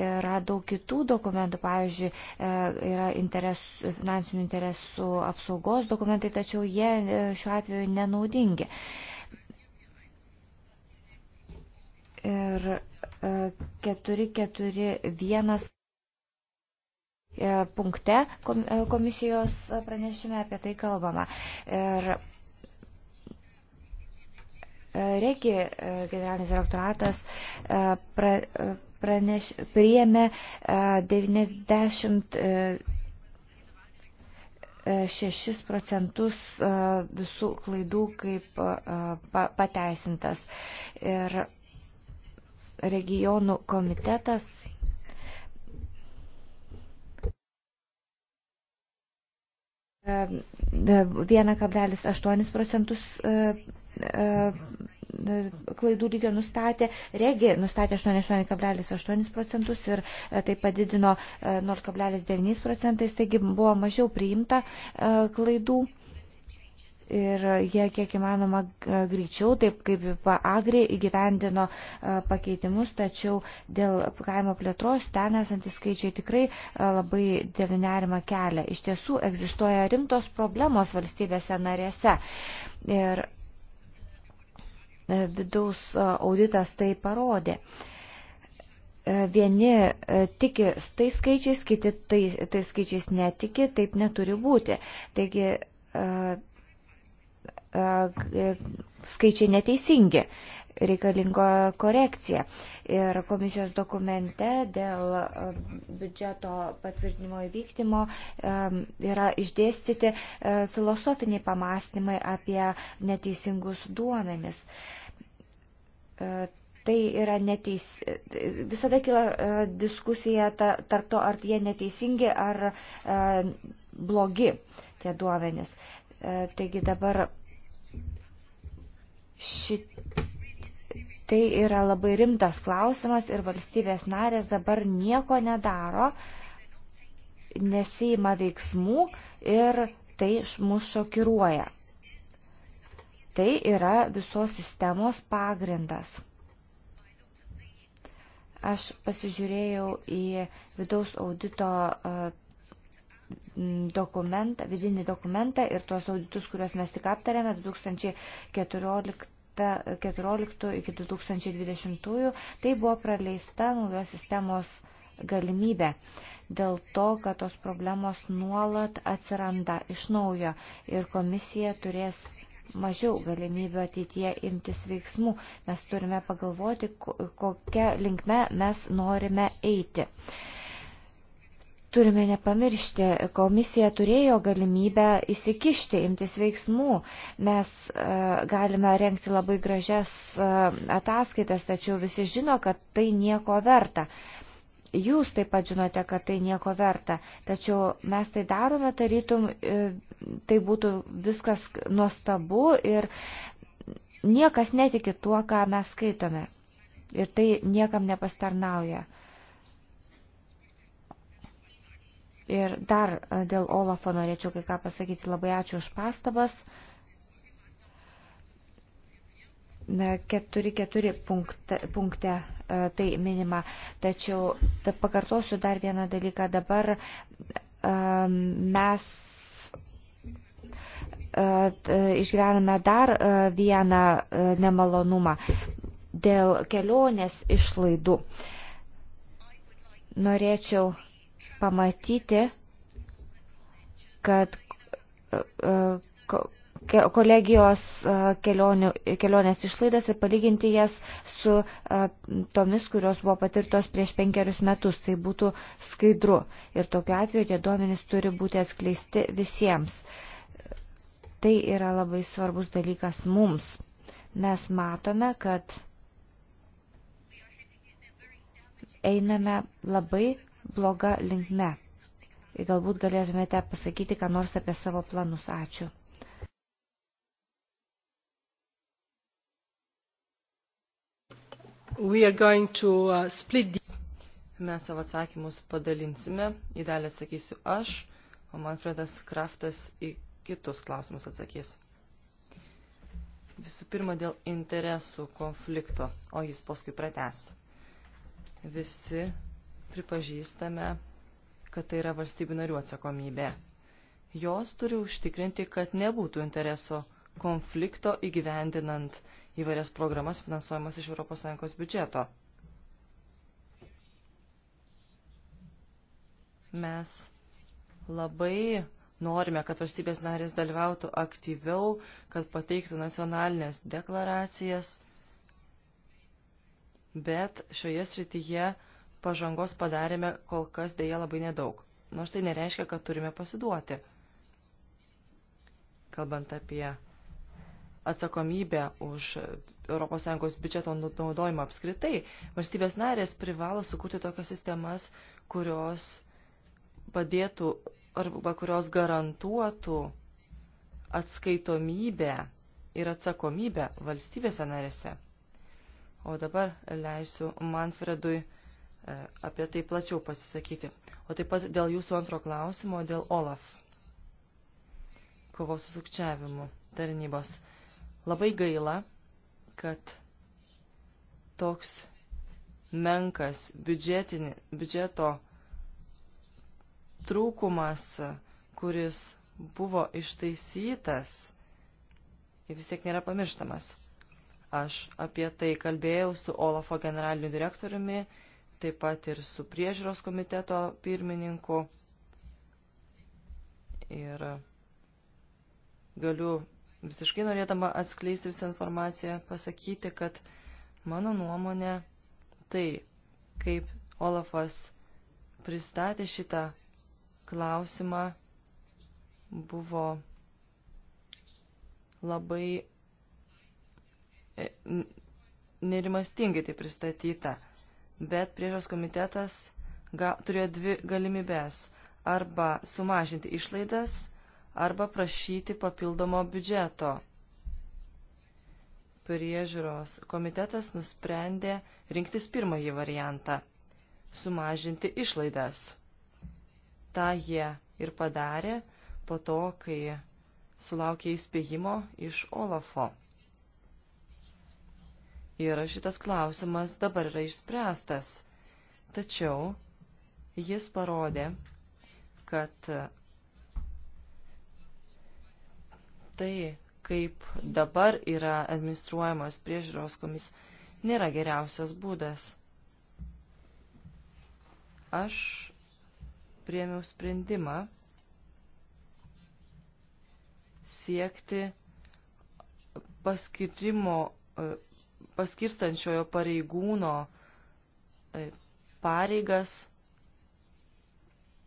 Yra daug kitų dokumentų, pavyzdžiui, e, yra interes, finansinių interesų apsaugos dokumentai, tačiau jie e, šiuo atveju nenaudingi. ir 441 e, e, punkte e, komisijos pranešime apie tai kalbama. Ir Regi generalinis direktoratas pra, praneš, priėmė 96 procentus visų klaidų kaip pateisintas. Ir regionų komitetas e, e, vieną kablelis aštuonis procentus e, klaidų lygio nustatė, regi nustatė 88,8 procentus ir tai padidino 0,9 procentais, taigi buvo mažiau priimta klaidų ir jie kiek įmanoma greičiau, taip kaip Agri įgyvendino e, pakeitimus, tačiau dėl kaimo plėtros ten esantys skaičiai tikrai e, labai dėl nerima kelia. Iš tiesų egzistuoja rimtos problemos valstybėse narėse. Ir e, vidaus auditas tai parodė vieni tiki tai skaičiais, kiti tai, tai skaičiais netiki, taip neturi būti. Taigi skaičiai neteisingi, reikalingo korekcija. Ir komisijos dokumente dėl e, biudžeto patvirtinimo įvykdymo e, yra išdėstyti e, filosofiniai pamastymai apie neteisingus duomenis tai yra neteis... Visada kyla diskusija tarp to, ar jie neteisingi, ar blogi tie duomenys. Taigi dabar Šit... Tai yra labai rimtas klausimas ir valstybės narės dabar nieko nedaro, nesijima veiksmų ir tai mus šokiruoja. Tai yra visos sistemos pagrindas. Aš pasižiūrėjau į vidaus audito dokumentą, vidinį dokumentą ir tuos auditus, kuriuos mes tik aptarėme 2014 14 iki 2020, tai buvo praleista naujos sistemos galimybė. Dėl to, kad tos problemos nuolat atsiranda iš naujo ir komisija turės mažiau galimybių ateityje imtis veiksmų. Mes turime pagalvoti, kokią linkme mes norime eiti. Turime nepamiršti, komisija turėjo galimybę įsikišti, imtis veiksmų. Mes e, galime renkti labai gražias e, ataskaitas, tačiau visi žino, kad tai nieko verta. Jūs taip pat žinote, kad tai nieko verta, tačiau mes tai darome, tarytum, e, tai būtų viskas nuostabu ir niekas netiki tuo, ką mes skaitome. Ir tai niekam nepastarnauja. E, Ir dar e, dėl Olafo norėčiau kai ką pasakyti. Labai ačiū už pastabas. 4-4 punkte e, tai minima. Tačiau ta, pakartosiu dar vieną dalyką. Dabar e, mes išgyvename dar vieną nemalonumą dėl kelionės išlaidų. Norėčiau pamatyti, kad e, e, kolegijos e, kelionių, kelionės išlaidas ir palyginti jas su tomis, kurios buvo patirtos prieš penkerius metus. Tai būtų skaidru. Ir tokiu atveju tie duomenys turi būti atskleisti visiems. Tai yra labai svarbus dalykas mums. Mes matome, kad einame labai bloga linkme. Ir galbūt galėtumėte pasakyti, ką nors apie savo planus. Ačiū. To, uh, split... Mes savo atsakymus padalinsime, į dalį atsakysiu aš, o Manfredas Kraftas į kitus klausimus atsakys. Visų pirma, dėl interesų konflikto, o jis paskui prates. Visi pripažįstame, kad tai yra valstybių narių atsakomybė. Jos turi užtikrinti, kad nebūtų intereso konflikto įgyvendinant įvairias programas finansuojamas iš ES biudžeto. Mes labai norime, kad valstybės narės dalyvautų aktyviau, kad pateiktų nacionalinės deklaracijas, bet šioje srityje pažangos padarėme kol kas dėja labai nedaug. Nors tai nereiškia, kad turime pasiduoti. Kalbant apie atsakomybę už ES biudžeto naudojimą apskritai, valstybės narės privalo sukurti tokias sistemas, kurios padėtų arba kurios garantuotų atskaitomybę ir atsakomybę valstybėse narėse. O dabar leisiu Manfredui E, apie tai plačiau pasisakyti. O taip pat dėl jūsų antro klausimo, dėl OLAF, kovos su sukčiavimu tarnybos. Labai gaila, kad toks menkas biudžetinė, biudžeto trūkumas, kuris buvo ištaisytas, vis tiek nėra pamirštamas. Aš apie tai kalbėjau su Olafo generaliniu direktoriumi taip pat ir su priežiūros komiteto pirmininku. Ir galiu visiškai norėdama atskleisti visą informaciją, pasakyti, kad mano nuomonė tai, kaip Olafas pristatė šitą klausimą, buvo labai e, nerimastingai tai pristatyta bet priežos komitetas ga, turėjo dvi galimybės - arba sumažinti išlaidas, arba prašyti papildomo biudžeto. Priežiūros komitetas nusprendė rinktis pirmąjį variantą - sumažinti išlaidas. Ta jie ir padarė po to, kai sulaukė įspėjimo iš Olafo ir šitas klausimas dabar yra išspręstas. Tačiau jis parodė, kad tai, kaip dabar yra administruojamas priežiūros komis, nėra geriausias būdas. Aš priemiau sprendimą siekti paskirimo paskirstančiojo pareigūno e, pareigas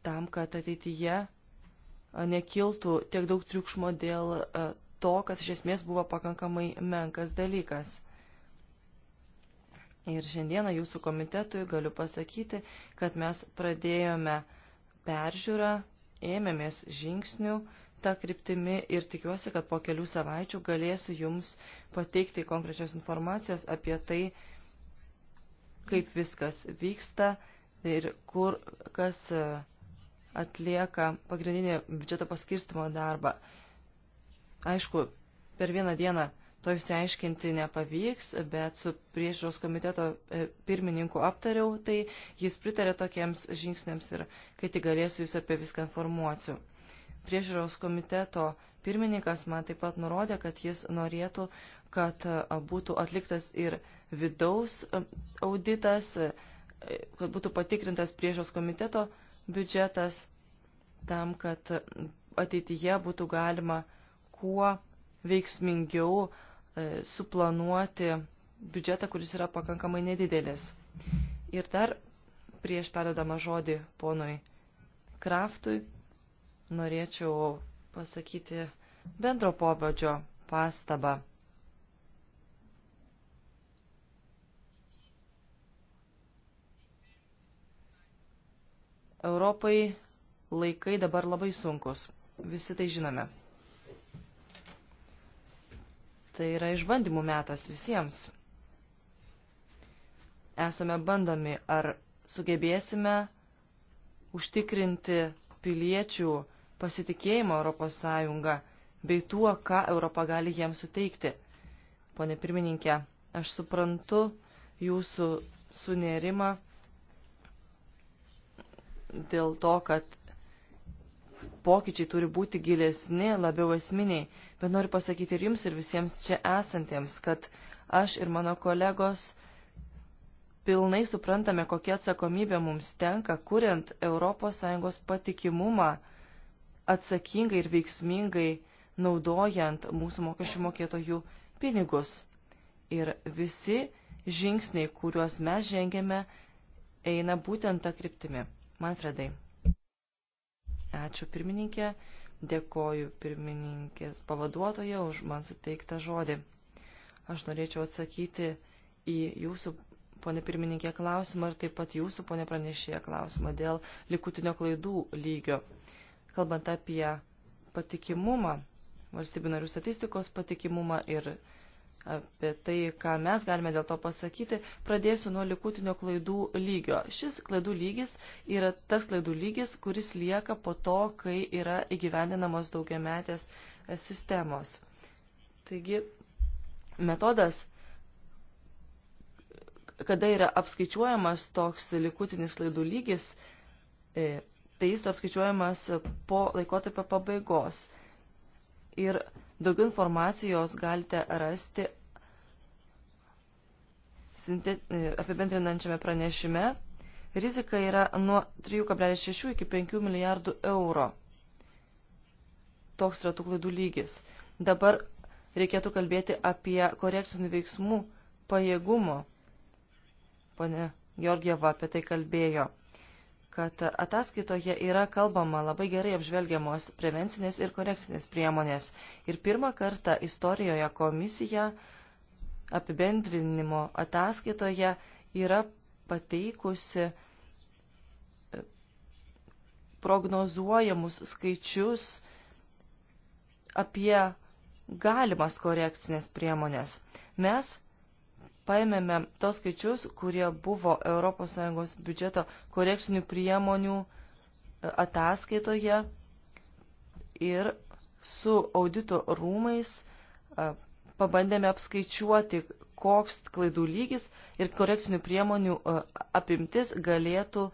tam, kad ateityje e, nekiltų tiek daug triukšmo dėl e, to, kas iš esmės buvo pakankamai menkas dalykas. Ir šiandieną jūsų komitetui galiu pasakyti, kad mes pradėjome peržiūrą, ėmėmės žingsnių, tą kryptimį ir tikiuosi, kad po kelių savaičių galėsiu Jums pateikti konkrečios informacijos apie tai, kaip viskas vyksta ir kur kas e, atlieka pagrindinį biudžeto paskirstimo darbą. Aišku, per vieną dieną to išsiaiškinti nepavyks, bet su priežiūros komiteto e, pirmininku aptariau, tai jis pritarė tokiems žingsniams ir kai tik galėsiu jūs apie viską informuosiu priežiūros komiteto pirmininkas man taip pat nurodė, kad jis norėtų, kad būtų atliktas ir vidaus auditas, kad būtų patikrintas priežiūros komiteto biudžetas tam, kad ateityje būtų galima kuo veiksmingiau suplanuoti biudžetą, kuris yra pakankamai nedidelis. Ir dar prieš perdodama žodį ponui Kraftui, norėčiau pasakyti bendro pobūdžio pastabą. Europai laikai dabar labai sunkus. Visi tai žinome. Tai yra išbandymų metas visiems. Esame bandomi, ar sugebėsime užtikrinti piliečių pasitikėjimo Europos Sąjunga bei tuo, ką Europa gali jiems suteikti. Pone pirmininkė, aš suprantu jūsų sunerimą dėl to, kad pokyčiai turi būti gilesni, labiau esminiai, bet noriu pasakyti ir jums, ir visiems čia esantiems, kad aš ir mano kolegos pilnai suprantame, kokia atsakomybė mums tenka, kuriant ES patikimumą atsakingai ir veiksmingai naudojant mūsų mokesčių mokėtojų pinigus. Ir visi žingsniai, kuriuos mes žengėme, eina būtent tą kryptimį. Manfredai. Ačiū pirmininkė, dėkoju pirmininkės pavaduotoje už man suteiktą žodį. Aš norėčiau atsakyti į jūsų, ponė pirmininkė, klausimą ir taip pat jūsų, ponė pranešėja, klausimą dėl likutinio klaidų lygio. Uh, kalbant apie patikimumą, valstybių narių statistikos patikimumą ir apie tai, ką mes galime dėl to pasakyti, pradėsiu nuo likutinio klaidų lygio. Šis klaidų lygis yra tas klaidų lygis, kuris lieka po to, kai yra įgyvendinamos daugiametės sistemos. Taigi, metodas, kada yra apskaičiuojamas toks likutinis klaidų lygis, e, tai jis apskaičiuojamas po laikotarpio pabaigos. Ir daugiau informacijos galite rasti apibendrinančiame pranešime. Rizika yra nuo 3,6 iki 5 milijardų euro. Toks yra tų klaidų lygis. Dabar reikėtų kalbėti apie korekcinių veiksmų pajėgumo. Pane Georgieva apie tai kalbėjo kad ataskaitoje yra kalbama labai gerai apžvelgiamos prevencinės ir korekcinės priemonės. Ir pirmą kartą istorijoje komisija apibendrinimo ataskaitoje yra pateikusi e, prognozuojamus skaičius apie galimas korekcinės priemonės. Mes paėmėme tos skaičius, kurie buvo ES biudžeto korekcinių priemonių e, ataskaitoje ir su audito rūmais e, pabandėme apskaičiuoti, koks klaidų lygis ir korekcinių priemonių e, apimtis galėtų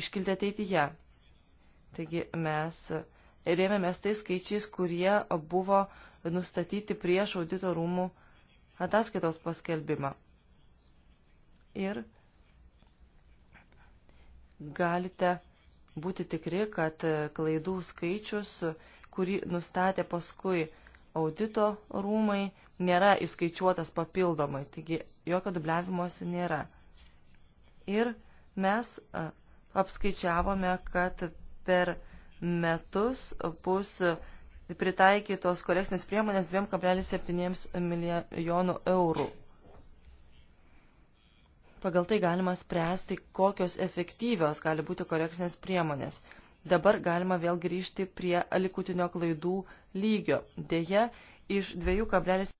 iškilti ateityje. Taigi mes rėmėmės tais skaičiais, kurie buvo nustatyti prieš audito rūmų ataskaitą ataskaitos paskelbimą. Ir galite būti tikri, kad klaidų skaičius, kurį nustatė paskui audito rūmai, nėra įskaičiuotas papildomai, taigi jokio dubliavimuose nėra. Ir mes apskaičiavome, kad per metus bus pritaikytos korekcinės priemonės 2,7 milijonų eurų. Pagal tai galima spręsti, kokios efektyvios gali būti korekcinės priemonės. Dabar galima vėl grįžti prie likutinio klaidų lygio. Deja, iš 2,7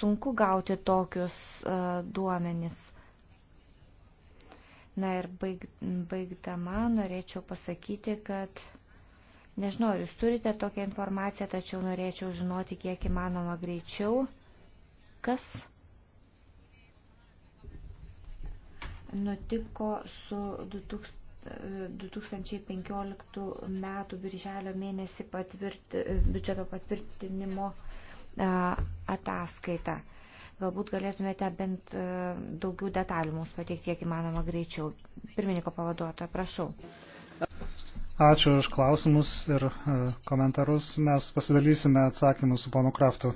sunku gauti tokius uh, duomenis. Na ir baig, baigdama norėčiau pasakyti, kad nežinau, ar jūs turite tokią informaciją, tačiau norėčiau žinoti kiek įmanoma greičiau, kas nutiko su 2000. 2015 metų birželio mėnesį patvirti, biudžeto patvirtinimo uh, ataskaitą. Galbūt galėtumėte bent daugiau detalių mums pateikti, kiek įmanoma greičiau. Pirmininko pavaduotoja, prašau. Ačiū už klausimus ir komentarus. Mes pasidalysime atsakymus su ponu Kraftu.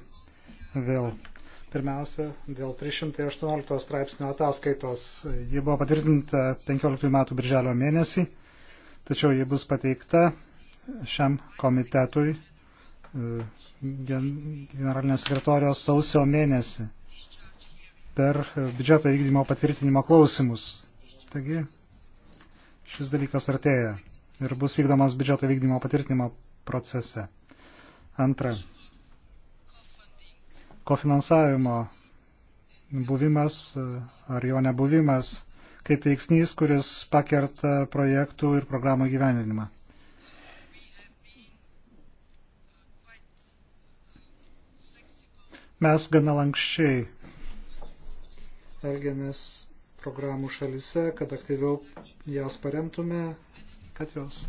Vėl. Pirmiausia, dėl 318 straipsnio ataskaitos. Ji buvo patvirtinta 15 metų birželio mėnesį, tačiau ji bus pateikta šiam komitetui generalinio sekretorijos sausio mėnesį per biudžeto vykdymo patvirtinimo klausimus. Taigi šis dalykas artėja ir bus vykdomas biudžeto vykdymo patvirtinimo procese. Antra. Kofinansavimo buvimas ar jo nebuvimas kaip veiksnys, kuris pakerta projektų ir programų gyveninimą. Mes gana lankščiai elgiamės programų šalise, kad aktyviau jas paremtume, kad jos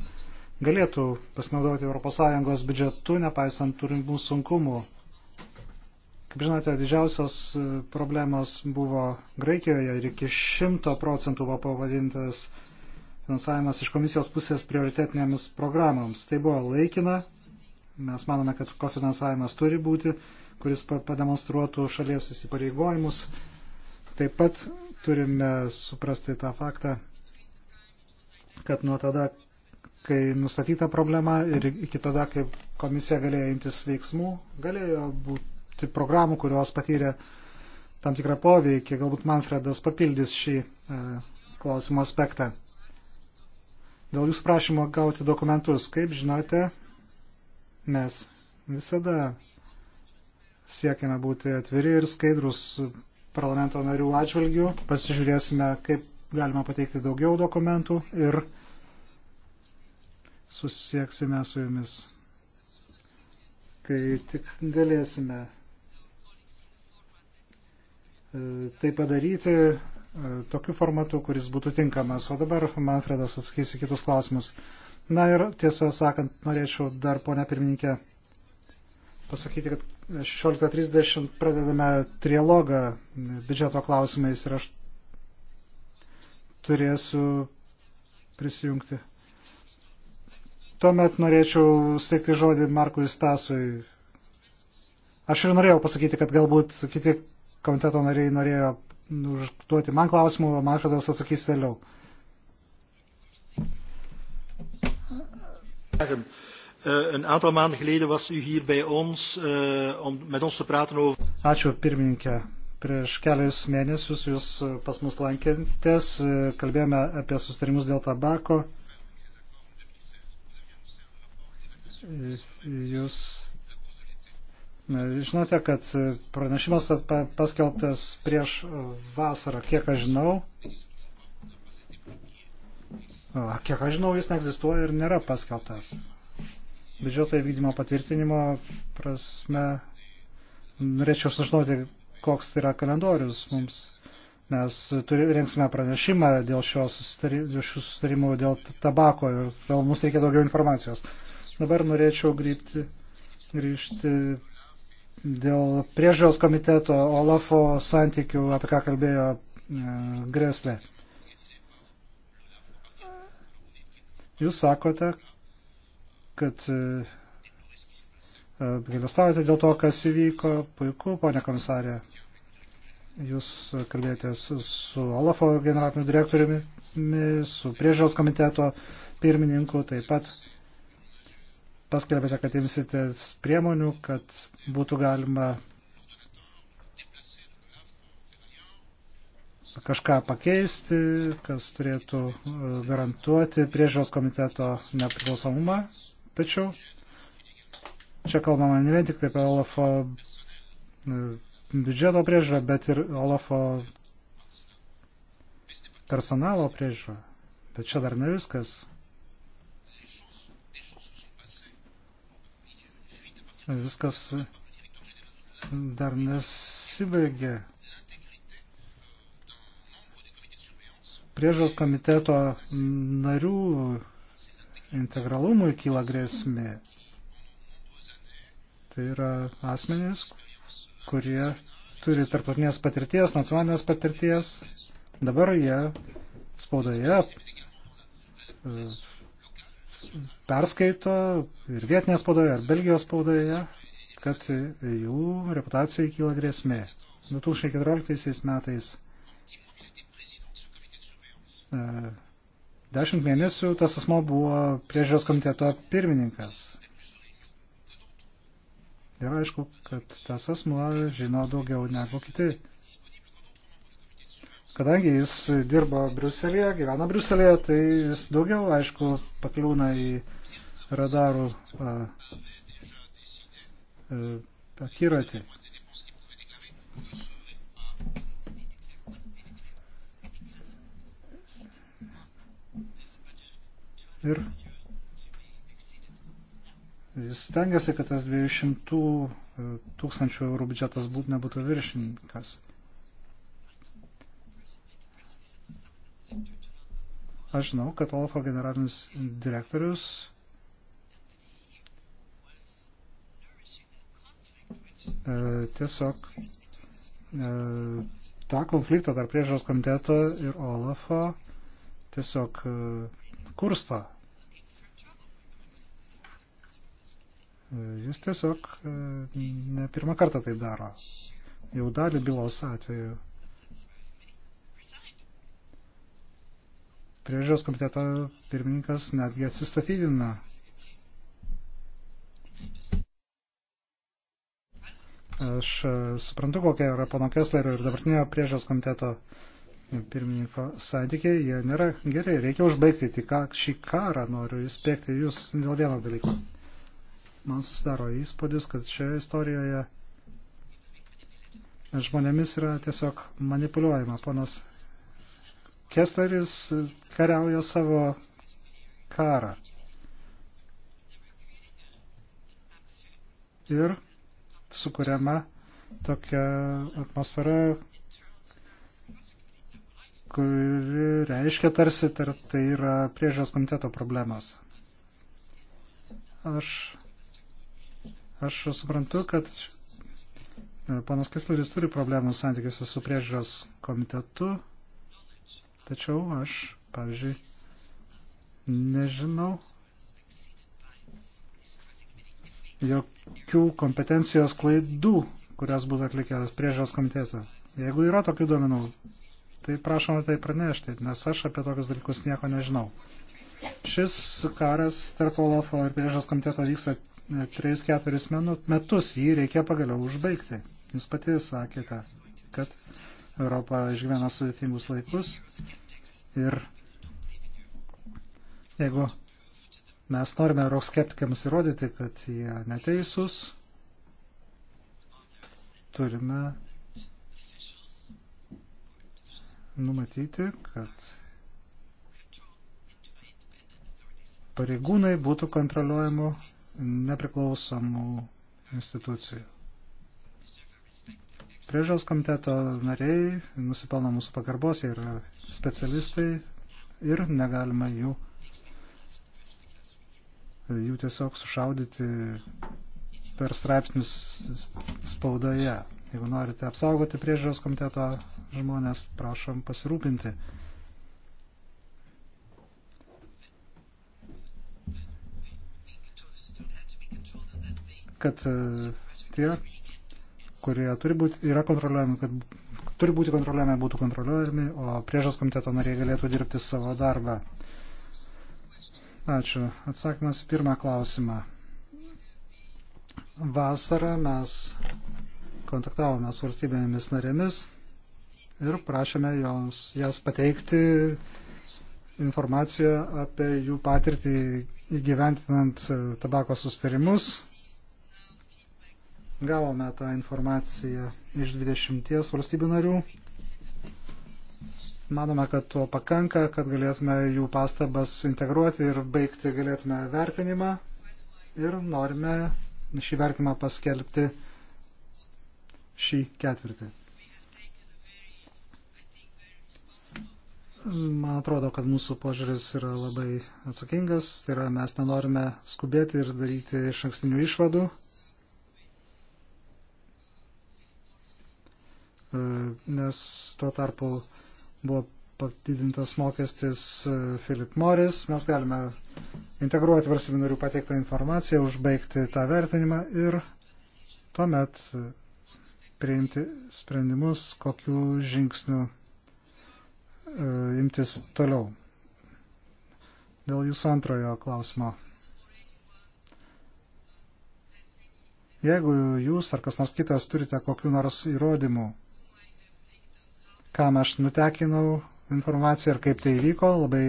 galėtų pasinaudoti ES biudžetu, nepaisant turimų sunkumų. Kaip žinote, didžiausios e, problemos buvo Graikijoje ir iki šimto procentų buvo pavadintas finansavimas iš komisijos pusės prioritetinėmis programams. Tai buvo laikina, mes manome, kad kofinansavimas turi būti, kuris pademonstruotų šalies įsipareigojimus. Taip pat turime suprasti tą faktą, kad nuo tada, kai nustatyta problema ir iki tada, kai komisija galėjo imtis veiksmų, galėjo būti programų, kurios patyrė tam tikrą poveikį. Galbūt Manfredas papildys šį e, klausimo aspektą. Dėl jūsų prašymo gauti dokumentus, kaip žinote, mes visada siekiame būti atviri ir skaidrus parlamento narių atžvilgių. Pasižiūrėsime, kaip galima pateikti daugiau dokumentų ir susieksime su jumis, kai tik galėsime e, tai padaryti e, tokiu formatu, kuris būtų tinkamas. O dabar Manfredas atsakys į kitus klausimus. Na ir tiesą sakant, norėčiau dar, ponia pirmininkė, pasakyti, kad 16.30 pradedame trialogą biudžeto klausimais ir aš turėsiu prisijungti. Tuomet norėčiau steigti žodį Markui Stasui. Aš ir norėjau pasakyti, kad galbūt kiti komiteto nariai norėjo užduoti man klausimų, o Manfredas atsakys vėliau. Eh, een aantal maanden geleden was u hier bij ons eh, om met ons te praten over. Ačiū pirmininkė. Prieš kelius mėnesius jūs eh, pas mus lankėtės, kalbėjome apie sustarimus dėl tabako. Jūs žinote, kad pranešimas paskelbtas prieš vasarą, kiek aš žinau. Kiek aš žinau, jis neegzistuoja ir nėra paskelbtas biudžeto įvykdymo patvirtinimo prasme norėčiau sužinoti, koks tai yra kalendorius mums. Mes turi, rengsime pranešimą dėl šių sustarimų, dėl tabako ir vėl mums reikia daugiau informacijos. Dabar norėčiau grįžti, grįžti dėl priežiūros komiteto Olafo santykių, apie ką kalbėjo e, Greslė. Jūs sakote, kad e, e, gailestavate dėl to, kas įvyko. Puiku, ponė komisarė. Jūs kalbėjote su, su Olafo generaliniu direktoriumi, su priežiūros komiteto pirmininku, taip pat paskelbėte, kad imsite priemonių, kad būtų galima kažką pakeisti, kas turėtų e, garantuoti priežiūros komiteto nepriklausomumą. Tačiau čia kalbama ne vien tik apie Olafo e, biudžeto priežiūrą, bet ir Olafo personalo priežiūrą. Bet čia dar ne viskas. Viskas dar nesibaigė. Priežos komiteto narių integralumui kyla grėsmė. Tai yra asmenys, kurie turi tarptautinės patirties, nacionalinės patirties. Dabar jie spaudoje e, perskaito ir vietinės spaudoje, ir Belgijos spaudoje, kad jų reputacijai kyla grėsmė. 2014 metais e, Dešimt mėnesių tas asmo buvo priežiūros komiteto pirmininkas. Ir aišku, kad tas asmuo žino daugiau negu kiti. Kadangi jis dirbo Briuselėje, gyvena Briuselėje, tai jis daugiau, aišku, pakliūna į radarų akiratį. Ir jis tengiasi, kad tas 200 e, tūkstančių eurų biudžetas būt nebūtų viršininkas. Aš žinau, kad Olafo generalinis direktorius e, tiesiog e, tą konfliktą tarp priežiūros komiteto ir Olafo tiesiog e, kursto. Jis tiesiog e, ne pirmą kartą taip daro. Jau dalį bylos atveju. Priežiūros komiteto pirmininkas netgi atsistatydina. Aš e, suprantu, kokia yra pono Kesslerio ir dabartinio priežiūros komiteto uh, pirmininko santykiai, jie nėra gerai. Reikia užbaigti tik šį karą, noriu įspėkti jūs dėl vieno dalyko. Man susidaro įspūdis, kad šioje istorijoje žmonėmis yra tiesiog manipuliuojama. Ponas Kestleris kariauja savo karą. Ir sukuriama tokia atmosfera, kuri reiškia tarsi, tar, tai yra priežiūros komiteto problemos. Aš, aš suprantu, kad panas Kisleris turi problemų santykiuose su priežiūros komitetu, tačiau aš, pavyzdžiui, nežinau jokių kompetencijos klaidų, kurias būtų atlikęs priežiūros komiteto. Jeigu yra tokių duomenų, Tai prašome tai pranešti, nes aš apie tokius dalykus nieko nežinau. Šis karas tarp Olafo ir priežas komiteto vyksta 3-4 e, metus, jį reikia pagaliau užbaigti. Jūs pati sakėte, kad Europa išgyvena sudėtingus laikus ir jeigu mes norime euroskeptikams įrodyti, kad jie neteisūs, turime numatyti, kad pareigūnai būtų kontroliuojamų nepriklausomų institucijų. Priežiaus komiteto nariai nusipelno mūsų pagarbos, jie yra specialistai ir negalima jų, jų tiesiog sušaudyti per straipsnius spaudoje. Jeigu norite apsaugoti priežiūros komiteto žmonės, prašom pasirūpinti. kad e, tie, kurie turi būti, yra kontroliuojami, kad turi būti kontroliuojami, būtų kontroliuojami, o priežas komiteto nariai galėtų dirbti savo darbą. Ačiū. Atsakymas į pirmą klausimą. Vasarą mes kontaktavome su valstybėmis narėmis ir prašėme jos, jas pateikti informaciją apie jų patirtį įgyventinant tabako sustarimus. Gavome tą informaciją iš 20 valstybių narių. Manome, kad to pakanka, kad galėtume jų pastabas integruoti ir baigti galėtume vertinimą. Ir norime šį vertinimą paskelbti šį ketvirtį. Man atrodo, kad mūsų požiūris yra labai atsakingas, tai yra mes nenorime skubėti ir daryti iš ankstinių išvadų. E, nes tuo tarpu buvo padidintas mokestis e, Philip Morris, mes galime integruoti valstybių narių pateiktą informaciją, užbaigti tą vertinimą ir tuomet e, priimti sprendimus, kokiu žingsniu E, imtis toliau. Dėl jūsų antrojo klausimo. Jeigu jūs ar kas nors kitas turite kokiu nors įrodymu, kam aš nutekinau informaciją ir kaip tai įvyko, labai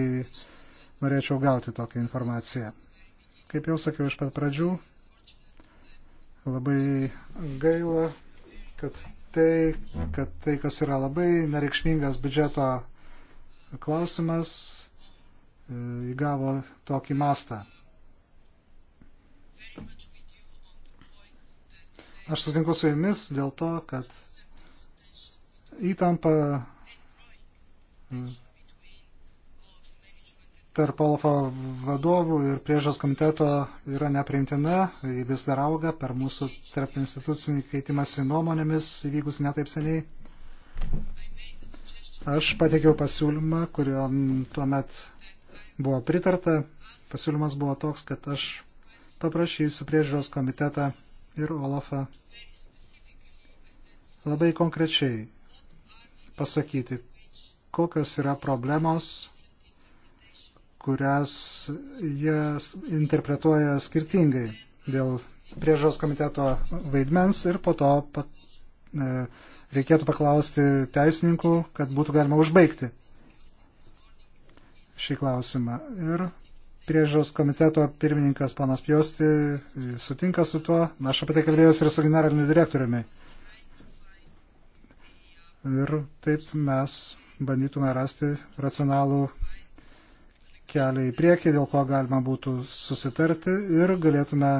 norėčiau gauti tokią informaciją. Kaip jau sakiau iš pat pradžių, labai gaila, kad tai, kad tai kas yra labai nereikšmingas biudžeto klausimas e, įgavo tokį mastą. Aš sutinku su jumis dėl to, kad įtampa e, tarp Olafo vadovų ir priežas komiteto yra nepriimtina, jį vis dar auga per mūsų tarp institucinį keitimąsi nuomonėmis įvykus netaip seniai. Aš pateikiau pasiūlymą, kurio tuomet buvo pritarta. Pasiūlymas buvo toks, kad aš paprašysiu priežiūros komitetą ir Olafą labai konkrečiai pasakyti, kokios yra problemos, kurias jie interpretuoja skirtingai dėl priežos komiteto vaidmens ir po to pat, e, reikėtų paklausti teisininkų, kad būtų galima užbaigti šį klausimą. Ir priežiūros komiteto pirmininkas panas Pjosti sutinka su tuo. Aš apie tai kalbėjausi ir su generaliniu direktoriumi. Ir taip mes bandytume rasti racionalų kelią į priekį, dėl ko galima būtų susitarti ir galėtume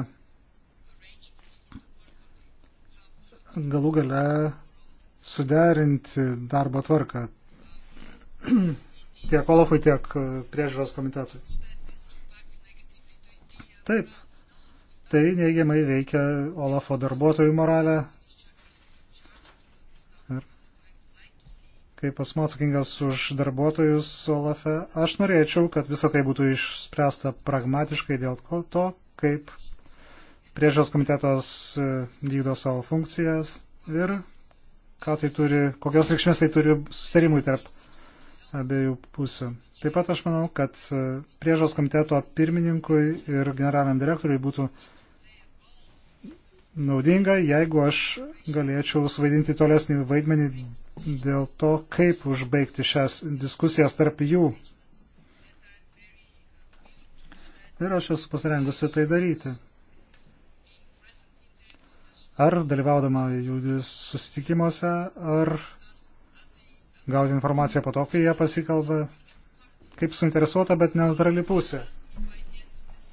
galų gale suderinti darbo tvarką tiek Olafui, tiek priežiūros komitetui. Taip, tai neigiamai veikia Olafo darbuotojų moralę. Ir kaip asmo atsakingas už darbuotojus Olafe, aš norėčiau, kad visą tai būtų išspręsta pragmatiškai dėl to, kaip priežiūros komitetos e, vykdo savo funkcijas ir ką tai turi, kokios reikšmės tai turi sustarimui tarp abiejų pusių. Taip pat aš manau, kad e, priežos komiteto pirmininkui ir generaliniam direktoriui būtų naudinga, jeigu aš galėčiau suvaidinti tolesnį vaidmenį dėl to, kaip užbaigti šias diskusijas tarp jų. Ir aš esu pasirengusi tai daryti ar dalyvaudama jų susitikimuose, ar gauti informaciją po to, kai jie pasikalba, kaip suinteresuota, bet neutrali pusė.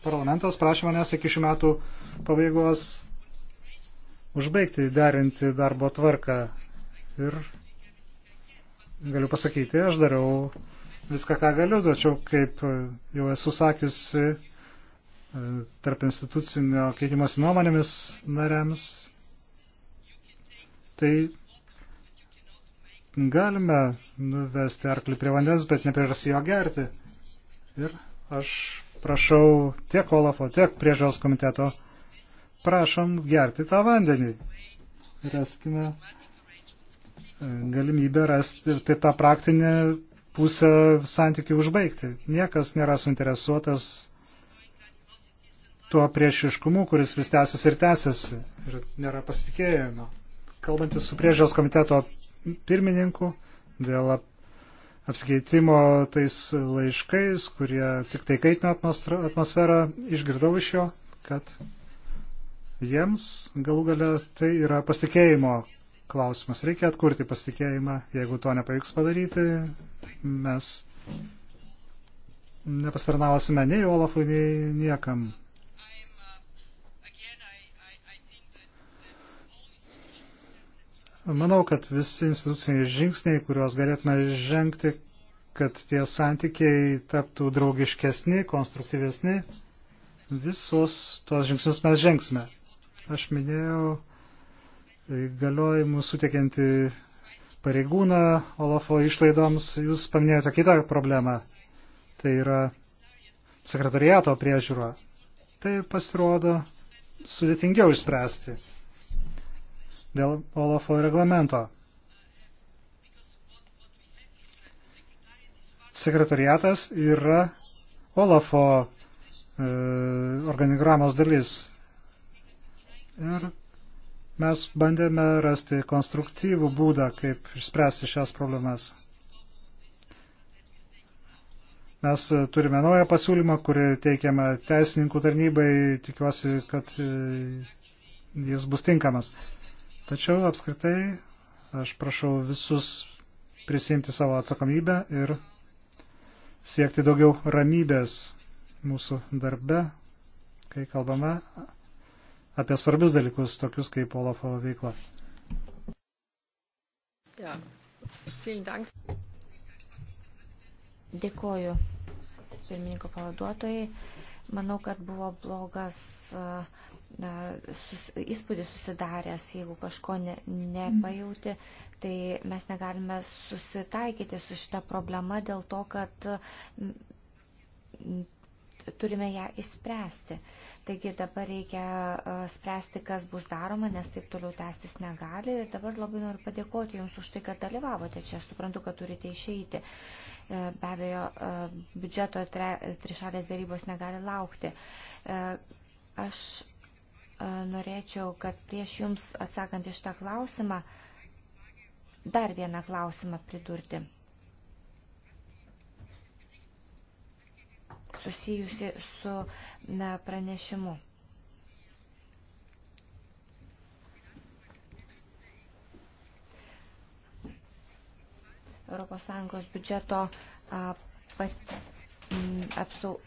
Parlamentas prašė manęs iki šių metų pabaigos užbaigti derinti darbo tvarką. Ir galiu pasakyti, aš dariau viską, ką galiu, tačiau, kaip jau esu sakiusi, e, tarp institucinio keitimosi nuomonėmis nariams tai galime nuvesti arklį prie vandens, bet neprivers jo gerti. Ir aš prašau tiek Olafo, tiek priežiūros komiteto, prašom gerti tą vandenį. Raskime e, galimybę rasti tai tą praktinę pusę santykių užbaigti. Niekas nėra suinteresuotas tuo priešiškumu, kuris vis tęsiasi ir tęsiasi ir nėra pasitikėjimo kalbantis su priežios komiteto pirmininku dėl apsikeitimo tais laiškais, kurie tik tai kaitina atmosferą, išgirdau iš jo, kad jiems galų gale tai yra pasitikėjimo klausimas. Reikia atkurti pasitikėjimą, jeigu to nepavyks padaryti, mes nepastarnausime nei Olafui, nei niekam. Manau, kad visi instituciniai žingsniai, kuriuos galėtume žengti, kad tie santykiai taptų draugiškesni, konstruktyvesni, visus tuos žingsnius mes žengsime. Aš minėjau įgaliojimų sutiekianti pareigūną Olafo išlaidoms. Jūs paminėjote kitą problemą. Tai yra sekretariato priežiūra. Tai pasirodo sudėtingiau išspręsti dėl Olafo reglamento. Sekretariatas yra Olafo e, organigramos dalis. Ir mes bandėme rasti konstruktyvų būdą, kaip išspręsti šias problemas. Mes turime naują pasiūlymą, kurį teikiame teisininkų tarnybai, tikiuosi, kad e, jis bus tinkamas. Tačiau apskritai aš prašau visus prisimti savo atsakomybę ir siekti daugiau ramybės mūsų darbe, kai kalbame apie svarbius dalykus, tokius kaip Olafo veikla. Ja. Dėkoju pirmininko pavaduotojai. Manau, kad buvo blogas uh, sus, įspūdis susidaręs, jeigu kažko ne, nepajauti, tai mes negalime susitaikyti su šitą problemą dėl to, kad turime ją įspręsti. Taigi dabar reikia spręsti, kas bus daroma, nes taip toliau tęstis negali. Ir dabar labai noriu padėkoti Jums už tai, kad dalyvavote čia. Aš suprantu, kad turite išeiti. E, be abejo, biudžeto trišalės darybos negali laukti. E, aš norėčiau, kad prieš Jums atsakant iš tą klausimą, dar vieną klausimą pridurti. Susijusi su na, pranešimu. ES biudžeto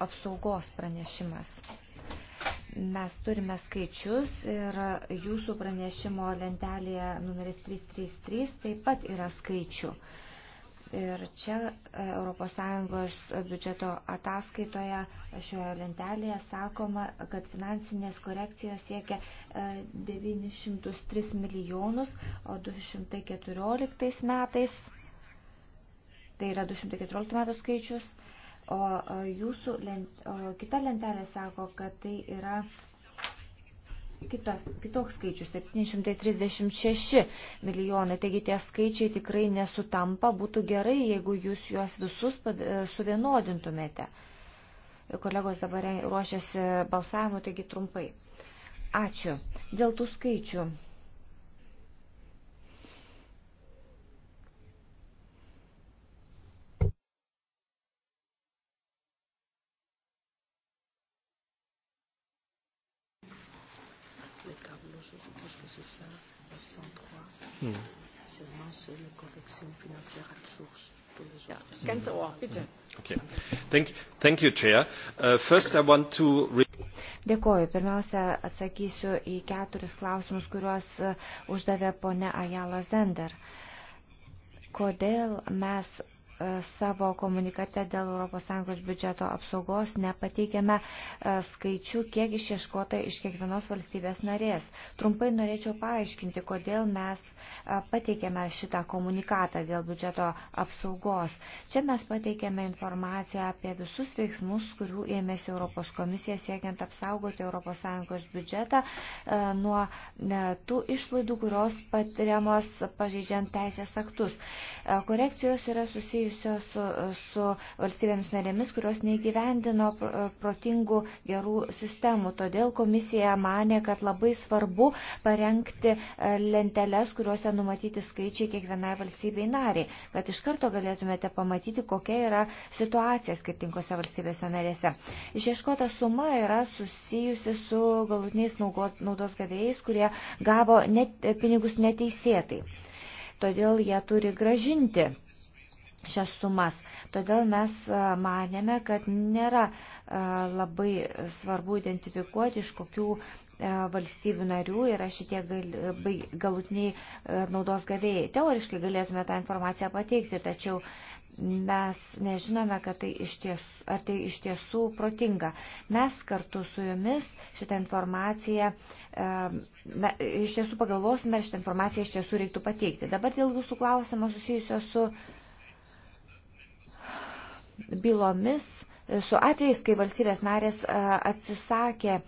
apsaugos pranešimas. Mes turime skaičius ir jūsų pranešimo lentelėje numeris 333 taip pat yra skaičių. Ir čia e, ES biudžeto ataskaitoje šioje lentelėje sakoma, kad finansinės korekcijos siekia 903 e, milijonus, o 214 metais, tai yra 214 metų skaičius, O jūsų lent, o kita lentelė sako, kad tai yra kitas, kitoks skaičius - 736 milijonai. Taigi tie skaičiai tikrai nesutampa. Būtų gerai, jeigu jūs juos visus e, suvienodintumėte. Kolegos dabar ruošiasi balsavimu, taigi trumpai. Ačiū. Dėl tų skaičių. Hmm. Ganz Ohr, bitte. Okay. Thank, thank you, Chair. Uh, first I want to Dėkoju. Pirmiausia, atsakysiu į keturis klausimus, kuriuos uh, uždavė ponia Ajala Zender. Kodėl mes E, savo komunikate dėl ES biudžeto apsaugos nepateikėme e, skaičių, kiek išieškota iš kiekvienos valstybės narės. Trumpai norėčiau paaiškinti, kodėl mes e, pateikėme šitą komunikatą dėl biudžeto apsaugos. Čia mes pateikėme informaciją apie visus veiksmus, kurių ėmėsi Europos komisija siekiant apsaugoti ES biudžetą nuo tų išlaidų, kurios patiriamos pažeidžiant teisės aktus. Korekcijos yra susijusios susijusios e, su, su valstybėms narėmis, kurios neįgyvendino e, protingų gerų sistemų. Todėl komisija mane, kad labai svarbu parengti e, lenteles, kuriuose numatyti skaičiai kiekvienai valstybei nariai, kad iš karto galėtumėte pamatyti, kokia yra situacija skirtingose valstybėse narėse. Išieškota suma yra susijusi su galutiniais naudos gavėjais, kurie gavo net, pinigus neteisėtai. Todėl jie turi gražinti šias sumas. Todėl mes e, manėme, kad nėra e, labai svarbu identifikuoti, iš kokių e, valstybių narių yra šitie galutiniai naudos gavėjai. Teoriškai galėtume tą informaciją pateikti, tačiau mes nežinome, kad tai iš tiesų, ar tai iš tiesų protinga. Mes kartu su jumis šitą informaciją, me, iš tiesų pagalvosime, ar šitą informaciją iš tiesų reiktų pateikti. Dabar dėl jūsų klausimo susijusio su bylomis, e, su atvejais, kai valstybės narės e, atsisakė e,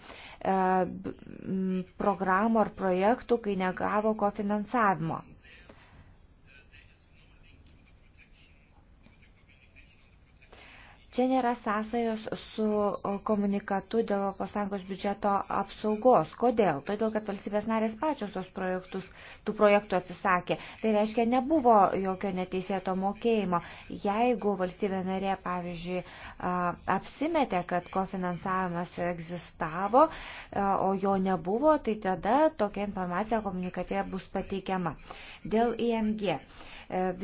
programų ar projektų, kai negavo kofinansavimo. Čia nėra sąsajos su komunikatu dėl ES biudžeto apsaugos. Kodėl? Todėl, kad valstybės narės pačios tos projektus, tų projektų atsisakė. Tai reiškia, nebuvo jokio neteisėto mokėjimo. Jeigu valstybė narė, pavyzdžiui, apsimetė, kad kofinansavimas egzistavo, o jo nebuvo, tai tada tokia informacija komunikate bus pateikiama. Dėl IMG e,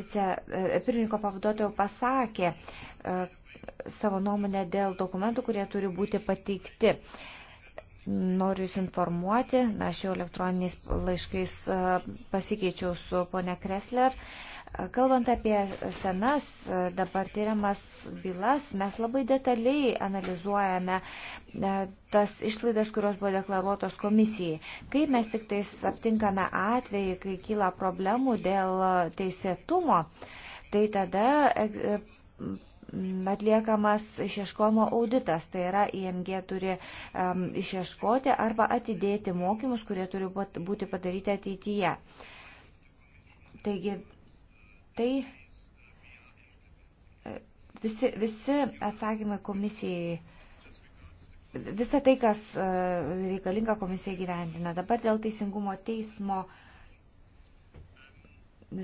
vice e, pirmininko pavaduotojo pasakė, e, savo nuomonę dėl dokumentų, kurie turi būti pateikti. Noriu Jūs informuoti, na, aš jau elektroniniais laiškais e, pasikeičiau su ponia Kresler. E, kalbant apie senas e, dabar tyriamas bylas, mes labai detaliai analizuojame tas išlaidas, kurios buvo deklaruotos komisijai. Kai mes tik tais aptinkame atvejį, kai kyla problemų dėl teisėtumo, tai tada atliekamas išieškojimo auditas, tai yra IMG turi um, išieškoti arba atidėti mokymus, kurie turi būti padaryti ateityje. Taigi, tai e, visi, visi atsakymai komisijai, visa tai, kas e, reikalinga komisija gyvendina. Dabar dėl teisingumo teismo